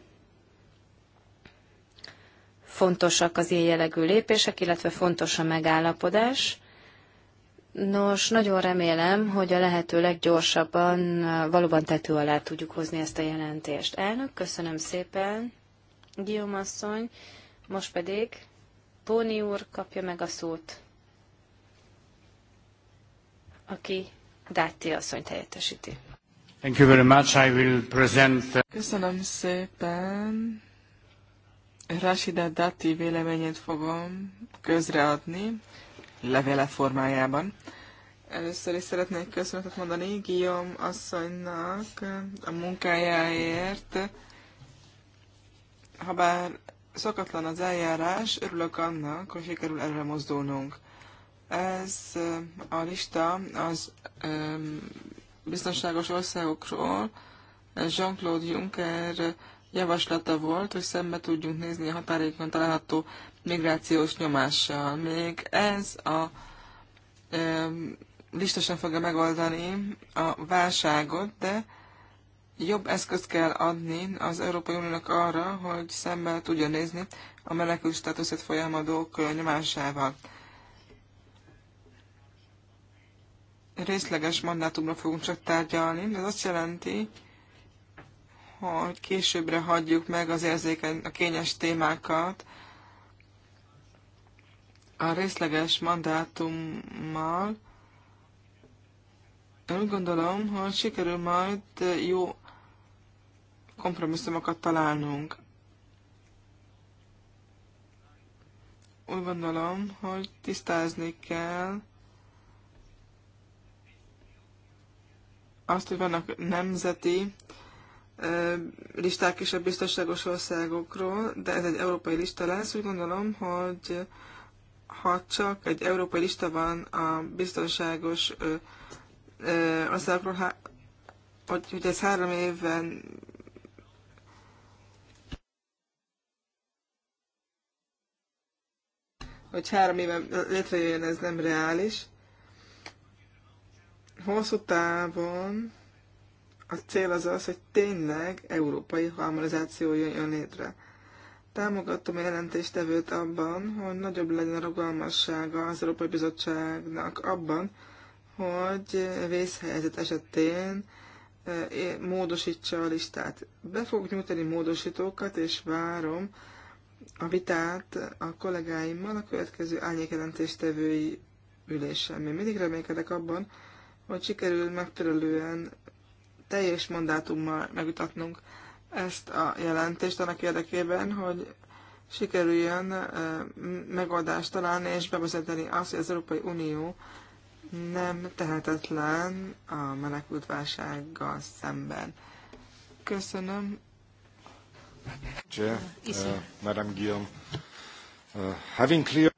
fontosak az ilyen jellegű lépések, illetve fontos a megállapodás. Nos, nagyon remélem, hogy a lehető leggyorsabban uh, valóban tető alá tudjuk hozni ezt a jelentést. Elnök, köszönöm szépen, Guillaume asszony. Most pedig Póni úr kapja meg a szót, aki Dátti asszonyt helyettesíti. Thank you very much. I will present... Köszönöm szépen. Rashida Dati véleményét fogom közreadni levele formájában. Először is szeretnék köszönetet mondani Gijom asszonynak a munkájáért. Habár szokatlan az eljárás, örülök annak, hogy sikerül erre mozdulnunk. Ez eh, a lista az eh, biztonságos országokról Jean-Claude Juncker javaslata volt, hogy szembe tudjunk nézni a határainkon található migrációs nyomással. Még ez a e, lista sem fogja megoldani a válságot, de jobb eszközt kell adni az Európai Uniónak arra, hogy szembe tudjon nézni a menekült státuszét folyamadók nyomásával. Részleges mandátumra fogunk csak tárgyalni, de ez azt jelenti, hogy későbbre hagyjuk meg az érzékeny, a kényes témákat a részleges mandátummal. Én úgy gondolom, hogy sikerül majd jó kompromisszumokat találnunk. Úgy gondolom, hogy tisztázni kell azt, hogy vannak nemzeti listák is a biztonságos országokról, de ez egy európai lista lesz. Úgy gondolom, hogy ha csak egy európai lista van a biztonságos országokról, hogy, hogy ez három évben hogy három éven létrejöjjön, ez nem reális. Hosszú távon a cél az az, hogy tényleg európai harmonizáció jön létre. Támogatom a jelentéstevőt abban, hogy nagyobb legyen a rugalmassága az Európai Bizottságnak abban, hogy vészhelyzet esetén e, módosítsa a listát. Be fogok nyújtani módosítókat, és várom a vitát a kollégáimmal a következő árnyékjelentéstevői ülésen. Még mindig reménykedek abban, hogy sikerül megfelelően teljes mandátummal megütatnunk ezt a jelentést annak érdekében, hogy sikerüljön megoldást találni és bevezetni azt, hogy az Európai Unió nem tehetetlen a menekült válsággal szemben. Köszönöm. Uh, Madam Guillaume, uh, having clear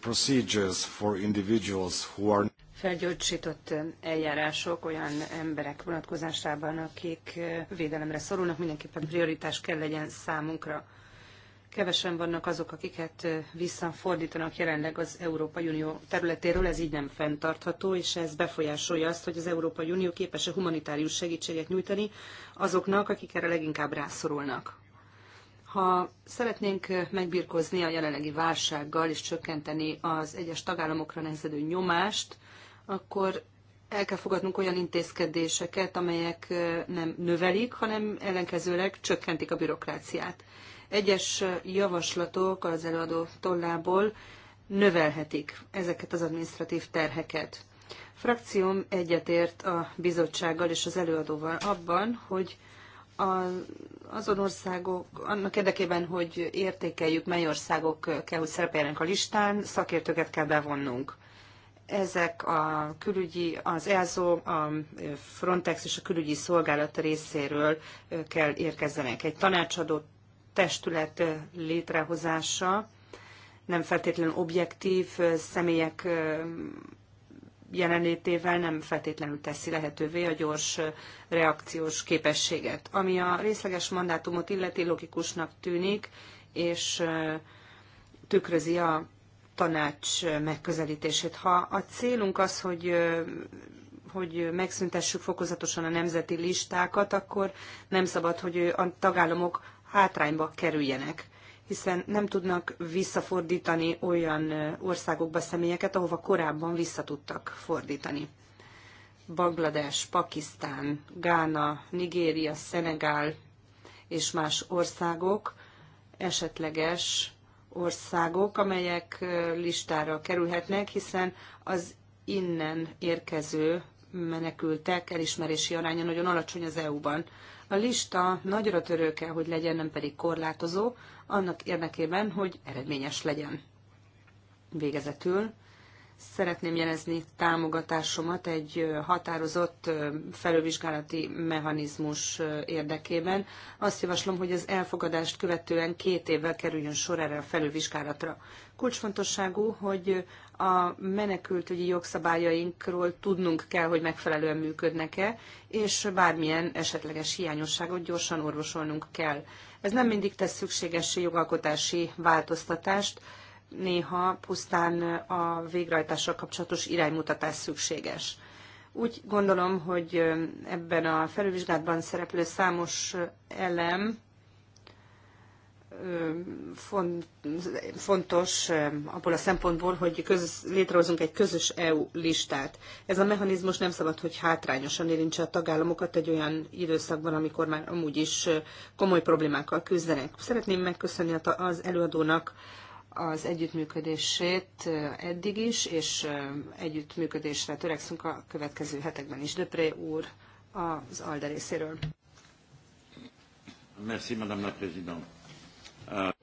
procedures for individuals who are felgyorsított eljárások olyan emberek vonatkozásában, akik védelemre szorulnak, mindenképpen prioritás kell legyen számunkra. Kevesen vannak azok, akiket visszafordítanak jelenleg az Európai Unió területéről, ez így nem fenntartható, és ez befolyásolja azt, hogy az Európai Unió képes-e humanitárius segítséget nyújtani azoknak, akik erre leginkább rászorulnak. Ha szeretnénk megbirkózni a jelenlegi válsággal és csökkenteni az egyes tagállamokra nehezedő nyomást, akkor el kell fogadnunk olyan intézkedéseket, amelyek nem növelik, hanem ellenkezőleg csökkentik a bürokráciát. Egyes javaslatok az előadó tollából növelhetik ezeket az administratív terheket. Frakcióm egyetért a bizottsággal és az előadóval abban, hogy azon országok, annak érdekében, hogy értékeljük, mely országok kell, hogy szerepeljenek a listán, szakértőket kell bevonnunk ezek a külügyi, az ELZO, a Frontex és a külügyi szolgálat részéről kell érkezzenek. Egy tanácsadó testület létrehozása nem feltétlenül objektív személyek jelenlétével nem feltétlenül teszi lehetővé a gyors reakciós képességet. Ami a részleges mandátumot illeti logikusnak tűnik és tükrözi a tanács megközelítését. Ha a célunk az, hogy hogy megszüntessük fokozatosan a nemzeti listákat, akkor nem szabad, hogy a tagállamok hátrányba kerüljenek, hiszen nem tudnak visszafordítani olyan országokba személyeket, ahova korábban vissza tudtak fordítani. Banglades, Pakisztán, Gána, Nigéria, Szenegál és más országok esetleges országok, amelyek listára kerülhetnek, hiszen az innen érkező menekültek elismerési aránya nagyon alacsony az EU-ban. A lista nagyra törő kell, hogy legyen, nem pedig korlátozó, annak érdekében, hogy eredményes legyen. Végezetül szeretném jelezni támogatásomat egy határozott felülvizsgálati mechanizmus érdekében. Azt javaslom, hogy az elfogadást követően két évvel kerüljön sor erre a felülvizsgálatra. Kulcsfontosságú, hogy a menekültügyi jogszabályainkról tudnunk kell, hogy megfelelően működnek-e, és bármilyen esetleges hiányosságot gyorsan orvosolnunk kell. Ez nem mindig tesz szükségessé jogalkotási változtatást, néha pusztán a végrehajtással kapcsolatos iránymutatás szükséges. Úgy gondolom, hogy ebben a felülvizsgálatban szereplő számos elem fontos abból a szempontból, hogy köz, létrehozunk egy közös EU listát. Ez a mechanizmus nem szabad, hogy hátrányosan érintse a tagállamokat egy olyan időszakban, amikor már amúgy is komoly problémákkal küzdenek. Szeretném megköszönni az előadónak az együttműködését eddig is, és együttműködésre törekszünk a következő hetekben is. Döpré úr az ALDE részéről. Merci, Madame la Présidente.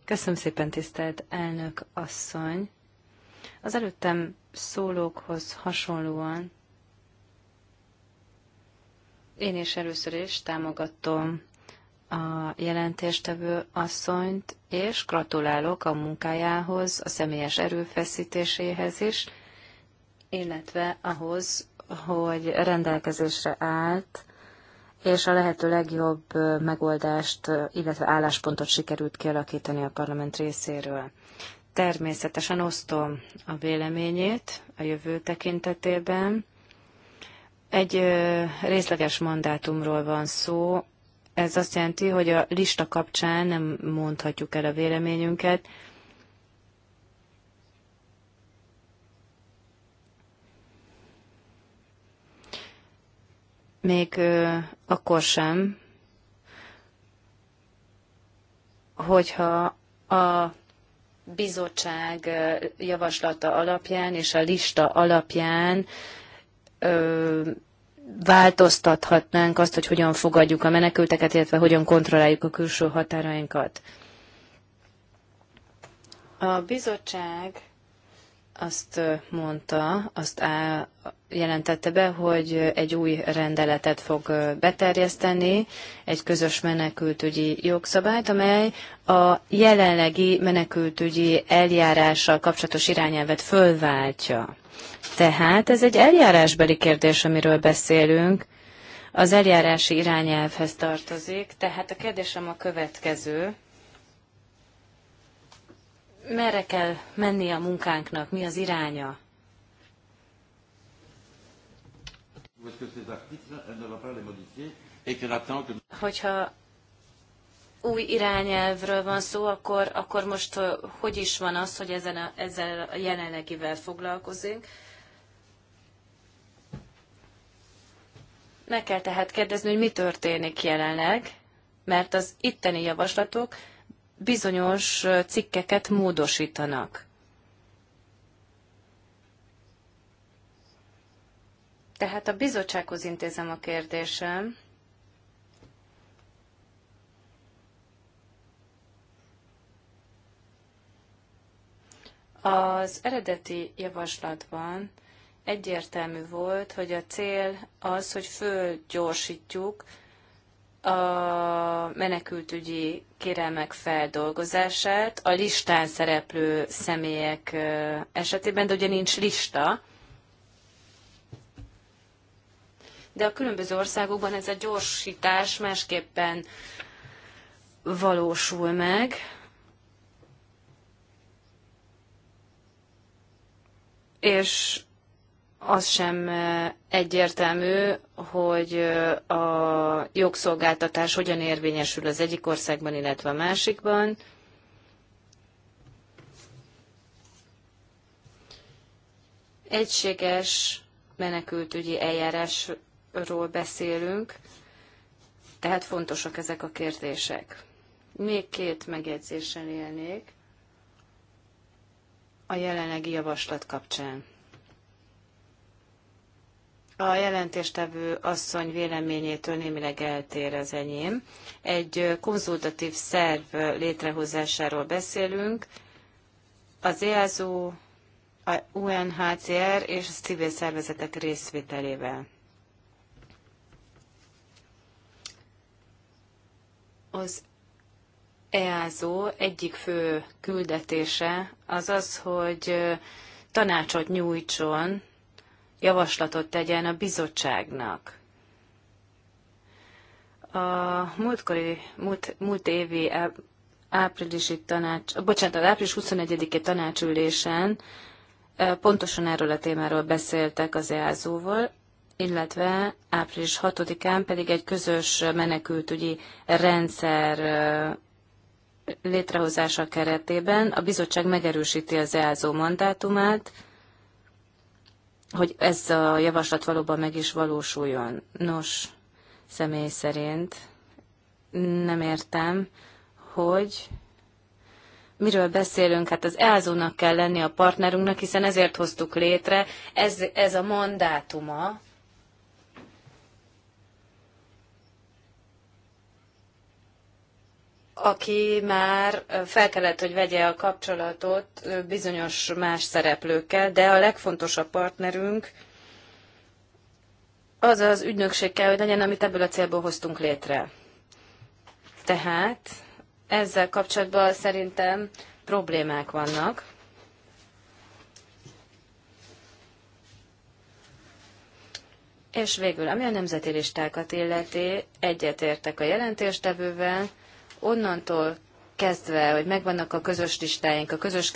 Köszönöm szépen, tisztelt elnök asszony. Az előttem szólókhoz hasonlóan én is először is támogatom a jelentéstevő asszonyt, és gratulálok a munkájához, a személyes erőfeszítéséhez is, illetve ahhoz, hogy rendelkezésre állt, és a lehető legjobb megoldást, illetve álláspontot sikerült kialakítani a parlament részéről. Természetesen osztom a véleményét a jövő tekintetében. Egy részleges mandátumról van szó, ez azt jelenti, hogy a lista kapcsán nem mondhatjuk el a véleményünket. Még akkor sem, hogyha a bizottság javaslata alapján és a lista alapján ö, változtathatnánk azt, hogy hogyan fogadjuk a menekülteket, illetve hogyan kontrolláljuk a külső határainkat. A bizottság azt mondta, azt á, jelentette be, hogy egy új rendeletet fog beterjeszteni, egy közös menekültügyi jogszabályt, amely a jelenlegi menekültügyi eljárással kapcsolatos irányelvet fölváltja. Tehát ez egy eljárásbeli kérdés, amiről beszélünk, az eljárási irányelvhez tartozik, tehát a kérdésem a következő. Merre kell menni a munkánknak? Mi az iránya? Hogyha új irányelvről van szó, akkor, akkor most hogy is van az, hogy ezen a, ezzel a jelenlegivel foglalkozunk? Meg kell tehát kérdezni, hogy mi történik jelenleg, mert az itteni javaslatok bizonyos cikkeket módosítanak. Tehát a bizottsághoz intézem a kérdésem. Az eredeti javaslatban egyértelmű volt, hogy a cél az, hogy fölgyorsítjuk a menekültügyi kérelmek feldolgozását a listán szereplő személyek esetében, de ugye nincs lista, de a különböző országokban ez a gyorsítás másképpen valósul meg. És az sem eh, egyértelmű, hogy eh, a jogszolgáltatás hogyan érvényesül az egyik országban, illetve a másikban. Egységes menekültügyi eljárás ról beszélünk, tehát fontosak ezek a kérdések. Még két megjegyzéssel élnék a jelenlegi javaslat kapcsán. A jelentéstevő asszony véleményétől némileg eltér az enyém. Egy konzultatív szerv létrehozásáról beszélünk. Az EASO, a UNHCR és a civil szervezetek részvételével. Az EASO egyik fő küldetése az az, hogy tanácsot nyújtson, javaslatot tegyen a bizottságnak. A múltkori, múlt, múlt évi áprilisi tanács, bocsánat, az április 21-i tanácsülésen pontosan erről a témáról beszéltek az EASO-val, illetve április 6-án pedig egy közös menekültügyi rendszer létrehozása keretében a bizottság megerősíti az EASO mandátumát, hogy ez a javaslat valóban meg is valósuljon. Nos, személy szerint nem értem, hogy miről beszélünk, hát az easo kell lenni a partnerünknek, hiszen ezért hoztuk létre, ez, ez a mandátuma, aki már fel kellett, hogy vegye a kapcsolatot bizonyos más szereplőkkel, de a legfontosabb partnerünk az az ügynökség kell, hogy legyen, amit ebből a célból hoztunk létre. Tehát ezzel kapcsolatban szerintem problémák vannak. És végül, ami a nemzeti listákat illeti, egyetértek a jelentéstevővel, onnantól kezdve, hogy megvannak a közös listáink, a közös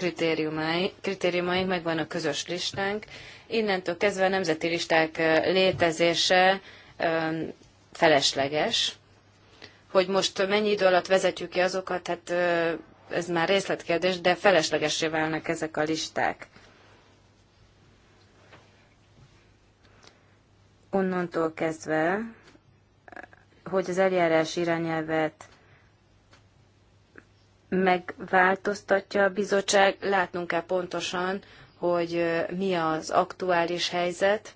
kritériumaink, megvan a közös listánk, innentől kezdve a nemzeti listák létezése felesleges. Hogy most mennyi idő alatt vezetjük ki azokat, hát ez már részletkérdés, de feleslegesé válnak ezek a listák. Onnantól kezdve, hogy az eljárás irányelvet megváltoztatja a bizottság. Látnunk kell pontosan, hogy mi az aktuális helyzet.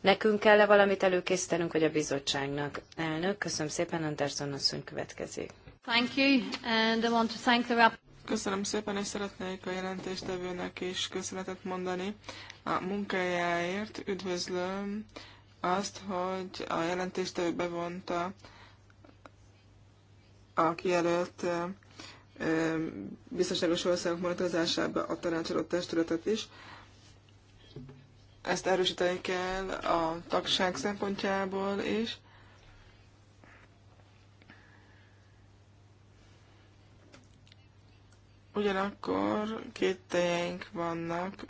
Nekünk kell-e valamit előkészítenünk, hogy a bizottságnak? Elnök, köszönöm szépen, Anderson asszony következik. Thank you, and I want to thank the Köszönöm szépen, és szeretnék a jelentéstevőnek is köszönetet mondani a munkájáért. Üdvözlöm azt, hogy a jelentéstevő bevonta a kijelölt biztonságos országok monitorozásába a tanácsadó testületet is. Ezt erősíteni kell a tagság szempontjából is. Ugyanakkor két tejeink vannak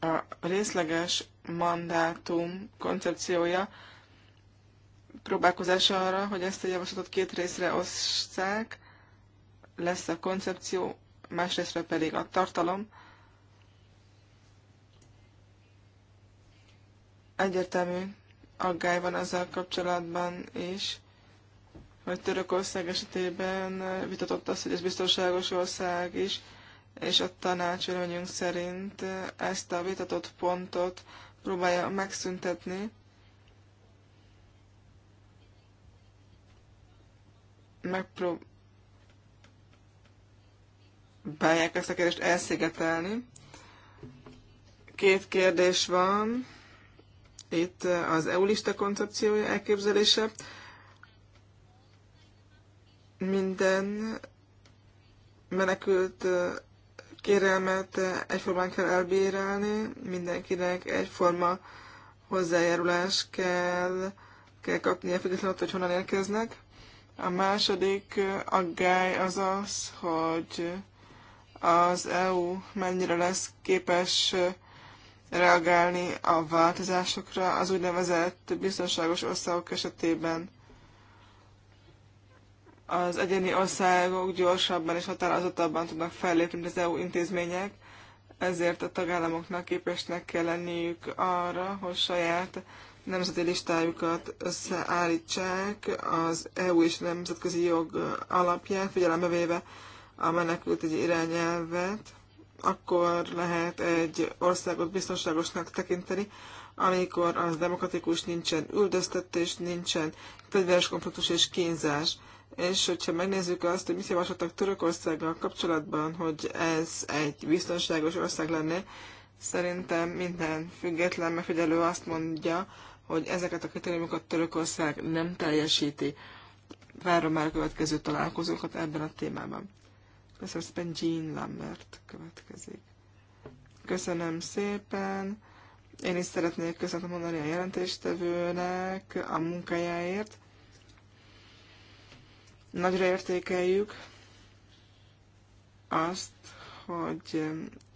a részleges mandátum koncepciója próbálkozása arra, hogy ezt a javaslatot két részre osszák, lesz a koncepció, másrésztről pedig a tartalom. Egyértelmű aggály van azzal kapcsolatban is, hogy Törökország esetében vitatott az, hogy ez biztonságos ország is, és a tanács szerint ezt a vitatott pontot próbálja megszüntetni, megpróbálják ezt a kérdést elszigetelni. Két kérdés van. Itt az EU-lista koncepciója elképzelése. Minden menekült kérelmet egyformán kell elbírálni, mindenkinek egyforma hozzájárulás kell, kell kapnia, függetlenül attól, hogy honnan érkeznek. A második aggály az az, hogy az EU mennyire lesz képes reagálni a változásokra az úgynevezett biztonságos országok esetében. Az egyéni országok gyorsabban és határozottabban tudnak fellépni, mint az EU intézmények, ezért a tagállamoknak képesnek kell lenniük arra, hogy saját nemzeti listájukat összeállítsák az EU és nemzetközi jog alapján, figyelembe véve a egy irányelvet, akkor lehet egy országot biztonságosnak tekinteni, amikor az demokratikus nincsen üldöztetés, nincsen fegyveres konfliktus és kínzás. És hogyha megnézzük azt, hogy mit javasoltak Törökországgal kapcsolatban, hogy ez egy biztonságos ország lenne, szerintem minden független megfigyelő azt mondja, hogy ezeket a kritériumokat Törökország nem teljesíti. Várom már a következő találkozókat ebben a témában. Köszönöm szépen, Jean Lambert következik. Köszönöm szépen. Én is szeretnék köszönetet mondani a jelentéstevőnek a munkájáért. Nagyra értékeljük azt, hogy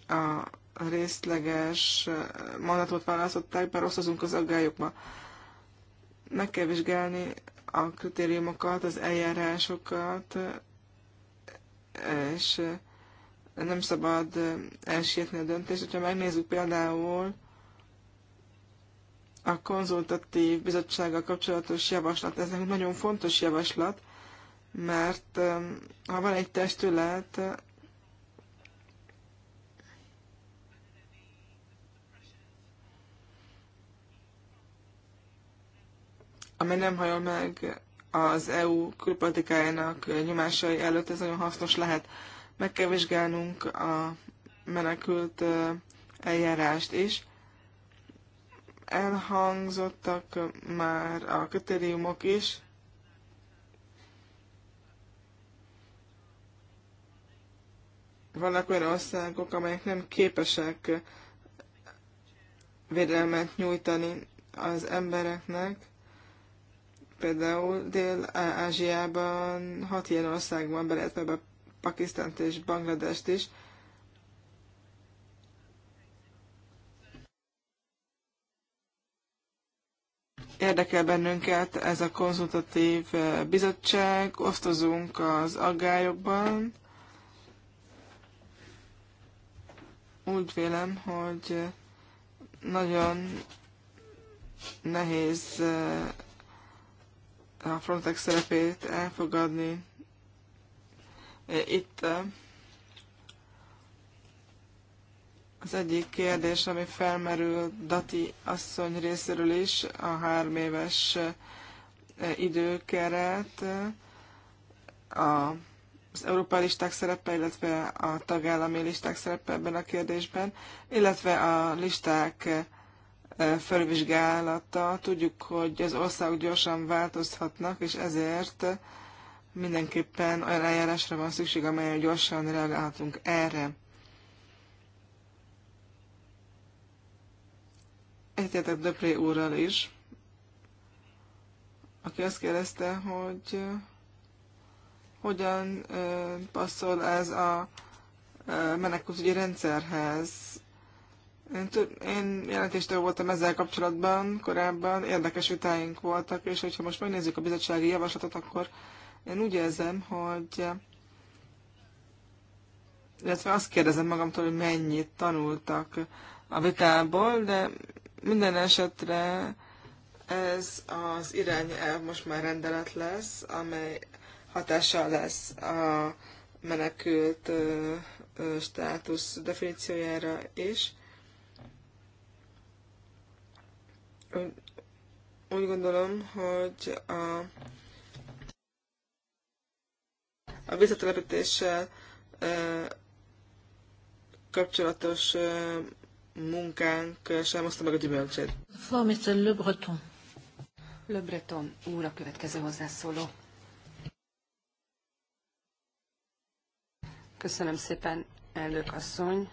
a részleges mandatot választották, bár osztozunk az aggályokba. Meg kell vizsgálni a kritériumokat, az eljárásokat, és nem szabad elsietni a döntést. Hogyha megnézzük például a konzultatív bizottsággal kapcsolatos javaslat, ez nagyon fontos javaslat, mert ha van egy testület, amely nem hajol meg az EU külpolitikájának nyomásai előtt, ez nagyon hasznos lehet. Meg kell vizsgálnunk a menekült eljárást is. Elhangzottak már a kritériumok is. Vannak olyan országok, amelyek nem képesek védelmet nyújtani az embereknek, Például Dél-Ázsiában hat ilyen ország van, beleértve be Pakisztánt és Bangladest is. Érdekel bennünket ez a konzultatív eh, bizottság, osztozunk az aggályokban. Úgy vélem, hogy nagyon nehéz eh, a Frontex szerepét elfogadni. Itt az egyik kérdés, ami felmerül Dati asszony részéről is, a három éves időkeret, a, az európai listák szerepe, illetve a tagállami listák szerepe ebben a kérdésben, illetve a listák felvizsgálata. Tudjuk, hogy az országok gyorsan változhatnak, és ezért mindenképpen olyan eljárásra van szükség, amelyen gyorsan reagálhatunk erre. Egyetek Döpré úrral is, aki azt kérdezte, hogy hogyan passzol ez a menekültügyi rendszerhez. Én, tud, én jelentéstől voltam ezzel kapcsolatban korábban, érdekes vitáink voltak, és hogyha most megnézzük a bizottsági javaslatot, akkor én úgy érzem, hogy illetve azt kérdezem magamtól, hogy mennyit tanultak a vitából, de minden esetre ez az irányelv most már rendelet lesz, amely hatással lesz a menekült státusz definíciójára is. úgy, gondolom, hogy a, a visszatelepítéssel e, kapcsolatos e, munkánk sem hozta meg a gyümölcsét. Flamice Le Breton. Le Breton úr a következő hozzászóló. Köszönöm szépen, elnök asszony.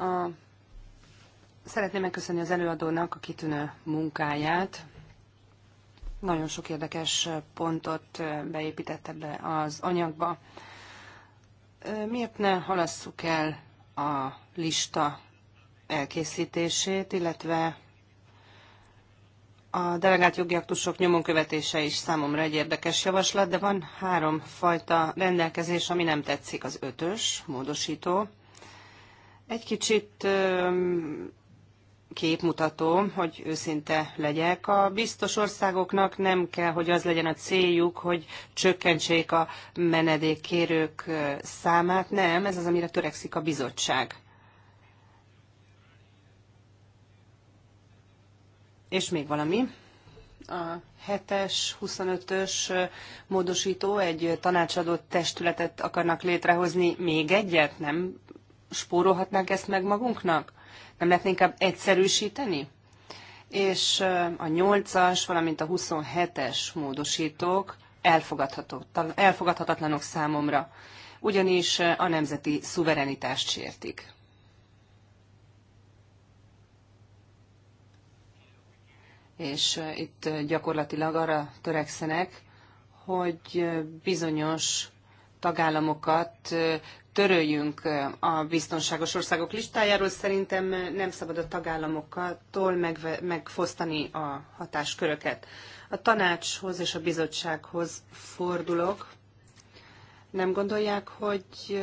A... Szeretném megköszönni az előadónak a kitűnő munkáját. Nagyon sok érdekes pontot beépített ebbe az anyagba. Miért ne halasszuk el a lista elkészítését, illetve a delegált jogi aktusok nyomon követése is számomra egy érdekes javaslat, de van három fajta rendelkezés, ami nem tetszik. Az ötös módosító, egy kicsit képmutató, hogy őszinte legyek. A biztos országoknak nem kell, hogy az legyen a céljuk, hogy csökkentsék a menedékkérők számát. Nem, ez az, amire törekszik a bizottság. És még valami. A 7-es, 25-ös módosító egy tanácsadó testületet akarnak létrehozni. Még egyet? Nem spórolhatnánk ezt meg magunknak? Nem lehet inkább egyszerűsíteni? És a 8-as, valamint a 27-es módosítók elfogadhatatlanok számomra, ugyanis a nemzeti szuverenitást sértik. És itt gyakorlatilag arra törekszenek, hogy bizonyos tagállamokat töröljünk a biztonságos országok listájáról. Szerintem nem szabad a tagállamoktól megfosztani a hatásköröket. A tanácshoz és a bizottsághoz fordulok. Nem gondolják, hogy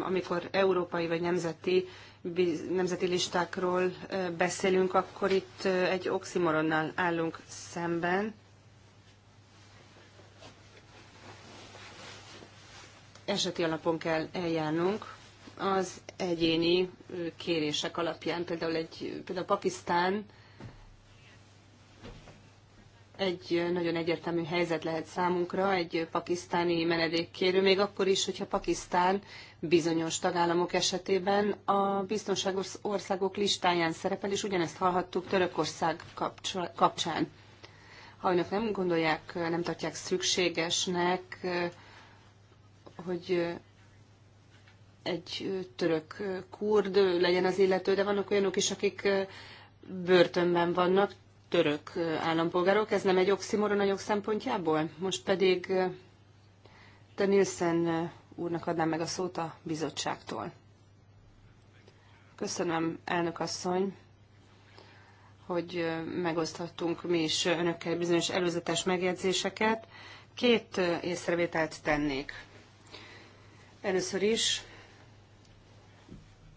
amikor európai vagy nemzeti, nemzeti listákról beszélünk, akkor itt egy oximoronnal állunk szemben eseti alapon kell eljárnunk az egyéni kérések alapján. Például, egy, például Pakisztán egy nagyon egyértelmű helyzet lehet számunkra, egy pakisztáni menedékkérő, még akkor is, hogyha Pakisztán bizonyos tagállamok esetében a biztonságos országok listáján szerepel, és ugyanezt hallhattuk Törökország kapcsán. Ha önök nem gondolják, nem tartják szükségesnek hogy egy török kurd legyen az illető, de vannak olyanok is, akik börtönben vannak, török állampolgárok. Ez nem egy oximoron a jog szempontjából? Most pedig de Nielsen úrnak adnám meg a szót a bizottságtól. Köszönöm, elnök asszony, hogy megoszthattunk mi is önökkel bizonyos előzetes megjegyzéseket. Két észrevételt tennék. Először is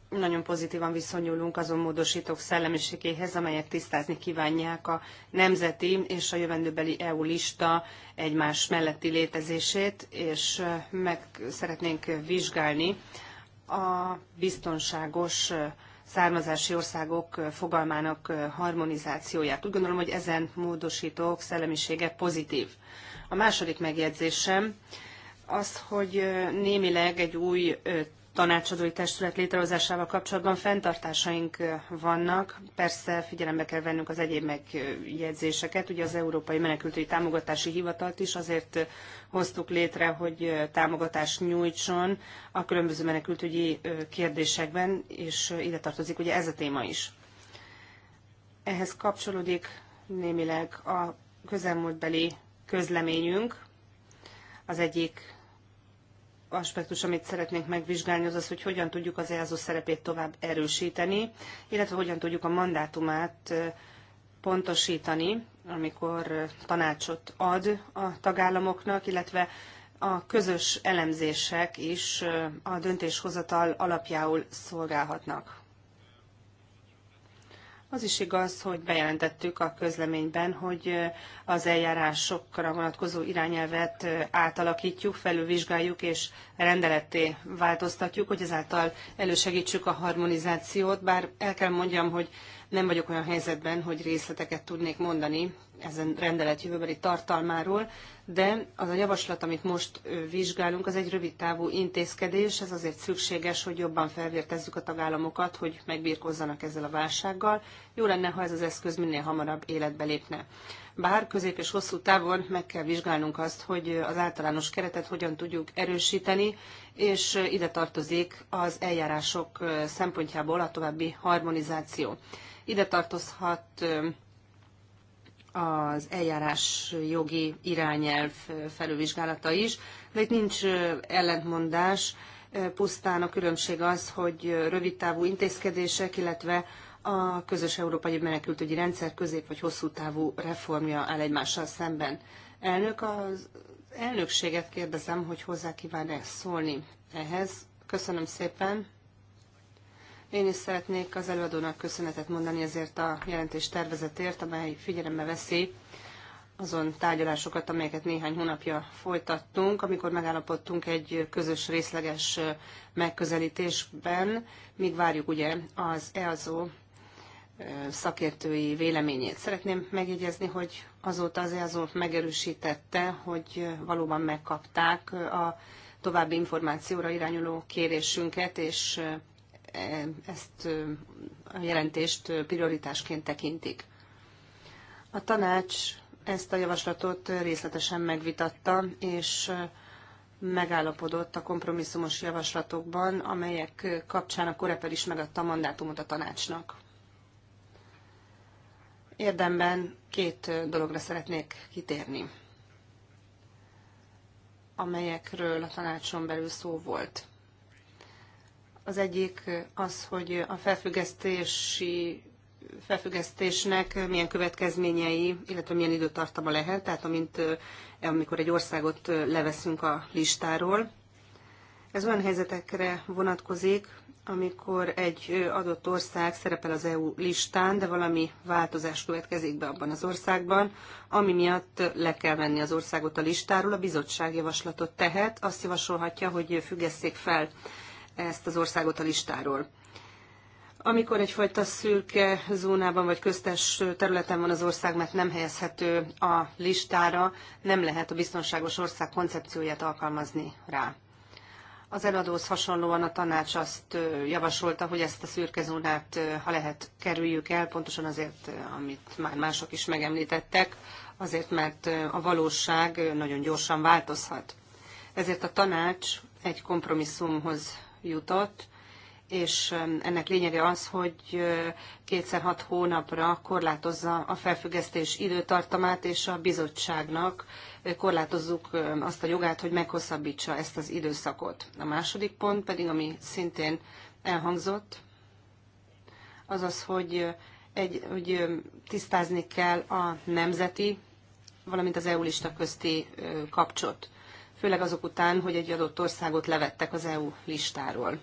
nagyon pozitívan viszonyulunk azon módosítók szellemiségéhez, amelyek tisztázni kívánják a nemzeti és a jövendőbeli EU lista egymás melletti létezését, és meg szeretnénk vizsgálni a biztonságos származási országok fogalmának harmonizációját. Úgy gondolom, hogy ezen módosítók szellemisége pozitív. A második megjegyzésem, az, hogy némileg egy új tanácsadói testület létrehozásával kapcsolatban fenntartásaink vannak. Persze figyelembe kell vennünk az egyéb megjegyzéseket. Ugye az Európai Menekültügyi Támogatási Hivatalt is azért hoztuk létre, hogy támogatást nyújtson a különböző menekültügyi kérdésekben, és ide tartozik ugye ez a téma is. Ehhez kapcsolódik némileg a közelmúltbeli közleményünk, az egyik aspektus, amit szeretnénk megvizsgálni, az az, hogy hogyan tudjuk az EASO szerepét tovább erősíteni, illetve hogyan tudjuk a mandátumát pontosítani, amikor tanácsot ad a tagállamoknak, illetve a közös elemzések is a döntéshozatal alapjául szolgálhatnak. Az is igaz, hogy bejelentettük a közleményben, hogy az eljárásokra vonatkozó irányelvet átalakítjuk, felülvizsgáljuk és rendeletté változtatjuk, hogy ezáltal elősegítsük a harmonizációt, bár el kell mondjam, hogy nem vagyok olyan helyzetben, hogy részleteket tudnék mondani ezen rendelet jövőbeli tartalmáról, de az a javaslat, amit most vizsgálunk, az egy rövid távú intézkedés, ez azért szükséges, hogy jobban felvértezzük a tagállamokat, hogy megbírkozzanak ezzel a válsággal. Jó lenne, ha ez az eszköz minél hamarabb életbe lépne. Bár közép és hosszú távon meg kell vizsgálnunk azt, hogy az általános keretet hogyan tudjuk erősíteni, és ide tartozik az eljárások szempontjából a további harmonizáció. Ide tartozhat az eljárás jogi irányelv felülvizsgálata is, de itt nincs ellentmondás, pusztán a különbség az, hogy rövidtávú intézkedések, illetve a közös európai menekültügyi rendszer közép- vagy hosszú távú reformja áll egymással szemben. Elnök, az elnökséget kérdezem, hogy hozzá kíván-e szólni ehhez. Köszönöm szépen. Én is szeretnék az előadónak köszönetet mondani ezért a jelentés tervezetért, amely figyelembe veszi azon tárgyalásokat, amelyeket néhány hónapja folytattunk, amikor megállapodtunk egy közös részleges megközelítésben, míg várjuk ugye az EASO szakértői véleményét. Szeretném megjegyezni, hogy azóta az EASO megerősítette, hogy valóban megkapták a további információra irányuló kérésünket, és Eh, ezt eh, a jelentést eh, prioritásként tekintik. A tanács ezt a javaslatot részletesen megvitatta, és megállapodott a kompromisszumos javaslatokban, amelyek kapcsán a Korepel is megadta a mandátumot a tanácsnak. Érdemben két dologra szeretnék kitérni, amelyekről a tanácson belül szó volt. Az egyik az, hogy a felfüggesztési felfüggesztésnek milyen következményei, illetve milyen időtartama lehet, tehát amint, eh, amikor egy országot eh, leveszünk a listáról. Ez olyan helyzetekre vonatkozik, amikor egy eh, adott ország szerepel az EU listán, de valami változás következik be abban az országban, ami miatt le kell venni az országot a listáról. A bizottság javaslatot tehet, azt javasolhatja, hogy függesszék fel ezt az országot a listáról. Amikor egyfajta szürke zónában vagy köztes területen van az ország, mert nem helyezhető a listára, nem lehet a biztonságos ország koncepcióját alkalmazni rá. Az eladóhoz hasonlóan a tanács azt javasolta, hogy ezt a szürke zónát, ha lehet, kerüljük el, pontosan azért, amit már mások is megemlítettek, azért, mert a valóság nagyon gyorsan változhat. Ezért a tanács egy kompromisszumhoz jutott, és um, ennek lényege az, hogy uh, kétszer hat hónapra korlátozza a felfüggesztés időtartamát, és a bizottságnak uh, korlátozzuk um, azt a jogát, hogy meghosszabbítsa ezt az időszakot. A második pont pedig, ami szintén elhangzott, az az, hogy, uh, egy, hogy um, tisztázni kell a nemzeti, valamint az EU lista közti kapcsot főleg azok után, hogy egy adott országot levettek az EU listáról.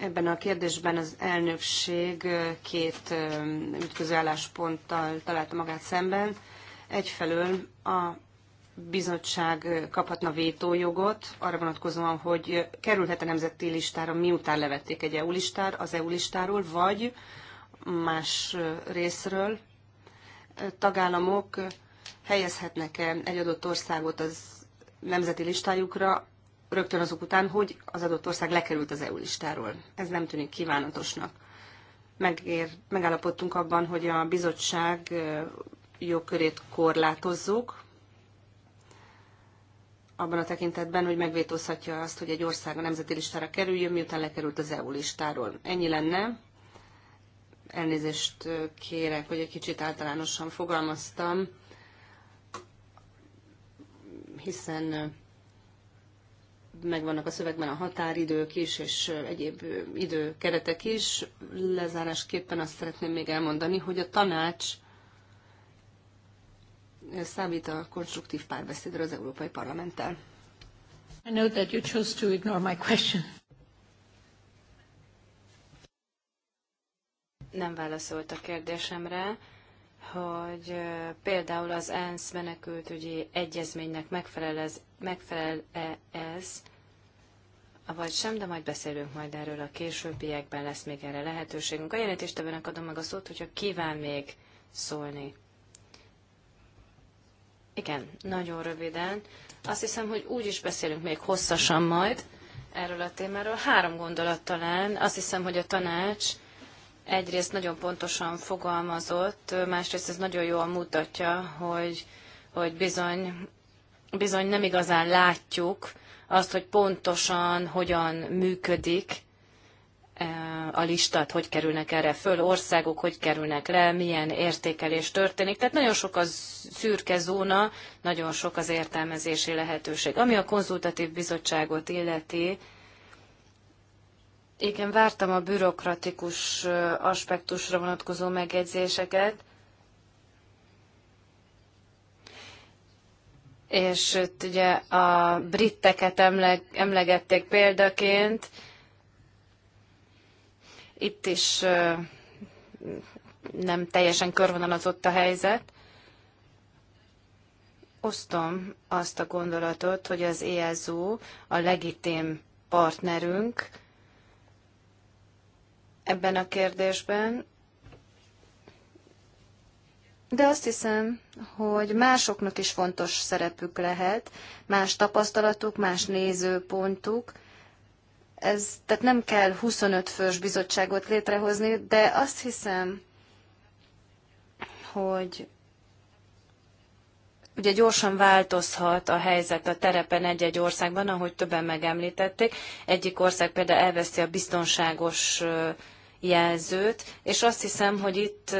Ebben a kérdésben az elnökség két ütköző állásponttal találta magát szemben. Egyfelől a bizottság kaphatna vétójogot arra vonatkozóan, hogy kerülhet a nemzeti listára, miután levették egy EU listár, az EU listáról, vagy más részről tagállamok helyezhetnek-e egy adott országot az nemzeti listájukra, rögtön azok után, hogy az adott ország lekerült az EU listáról. Ez nem tűnik kívánatosnak. Megér, megállapodtunk abban, hogy a bizottság jogkörét korlátozzuk, abban a tekintetben, hogy megvétózhatja azt, hogy egy ország a nemzeti listára kerüljön, miután lekerült az EU listáról. Ennyi lenne. Elnézést kérek, hogy egy kicsit általánosan fogalmaztam hiszen megvannak a szövegben a határidők is, és egyéb időkeretek is. Lezárásképpen azt szeretném még elmondani, hogy a tanács számít a konstruktív párbeszédre az Európai Parlamenttel. I know that you chose to ignore my question. Nem válaszolt a kérdésemre hogy például az ENSZ menekültügyi egyezménynek megfelel ez, megfelel -e ez, vagy sem, de majd beszélünk majd erről a későbbiekben, lesz még erre lehetőségünk. A jelentéstevőnek adom meg a szót, hogyha kíván még szólni. Igen, nagyon röviden. Azt hiszem, hogy úgy is beszélünk még hosszasan majd erről a témáról. Három gondolat talán. Azt hiszem, hogy a tanács egyrészt nagyon pontosan fogalmazott, másrészt ez nagyon jól mutatja, hogy, hogy bizony, bizony nem igazán látjuk azt, hogy pontosan hogyan működik eh, a listát, hogy kerülnek erre föl, országok hogy kerülnek le, milyen értékelés történik. Tehát nagyon sok az szürke zóna, nagyon sok az értelmezési lehetőség. Ami a konzultatív bizottságot illeti, igen, vártam a bürokratikus aspektusra vonatkozó megjegyzéseket, és itt ugye a britteket emleg, emlegették példaként. Itt is nem teljesen körvonalazott a helyzet. Osztom azt a gondolatot, hogy az ESU a legitim partnerünk, ebben a kérdésben, de azt hiszem, hogy másoknak is fontos szerepük lehet, más tapasztalatuk, más nézőpontuk. Ez, tehát nem kell 25 fős bizottságot létrehozni, de azt hiszem, hogy ugye gyorsan változhat a helyzet a terepen egy-egy országban, ahogy többen megemlítették. Egyik ország például elveszi a biztonságos jelzőt, és azt hiszem, hogy itt,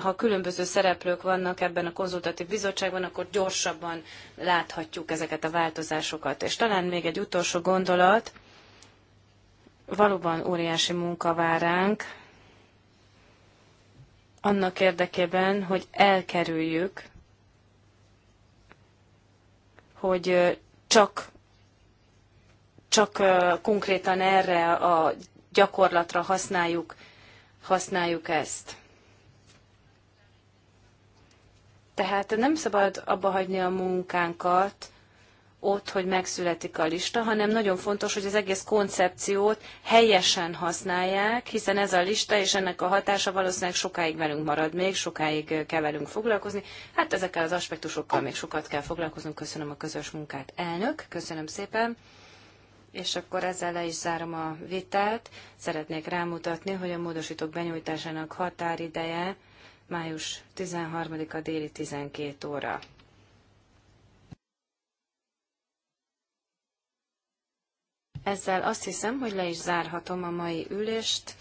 ha különböző szereplők vannak ebben a konzultatív bizottságban, akkor gyorsabban láthatjuk ezeket a változásokat. És talán még egy utolsó gondolat, valóban óriási munka vár ránk, annak érdekében, hogy elkerüljük, hogy csak csak konkrétan erre a gyakorlatra használjuk, használjuk ezt. Tehát nem szabad abba hagyni a munkánkat, ott, hogy megszületik a lista, hanem nagyon fontos, hogy az egész koncepciót helyesen használják, hiszen ez a lista és ennek a hatása valószínűleg sokáig velünk marad még, sokáig kell velünk foglalkozni. Hát ezekkel az aspektusokkal még sokat kell foglalkoznunk. Köszönöm a közös munkát, elnök. Köszönöm szépen és akkor ezzel le is zárom a vitát. Szeretnék rámutatni, hogy a módosítók benyújtásának határideje május 13-a déli 12 óra. Ezzel azt hiszem, hogy le is zárhatom a mai ülést.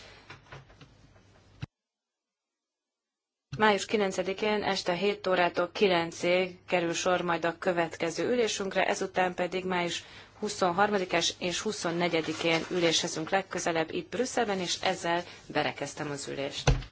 Május 9-én este 7 órától 9-ig kerül sor majd a következő ülésünkre, ezután pedig május 23-es és 24-én ülésezünk legközelebb itt Brüsszelben, és ezzel berekeztem az ülést.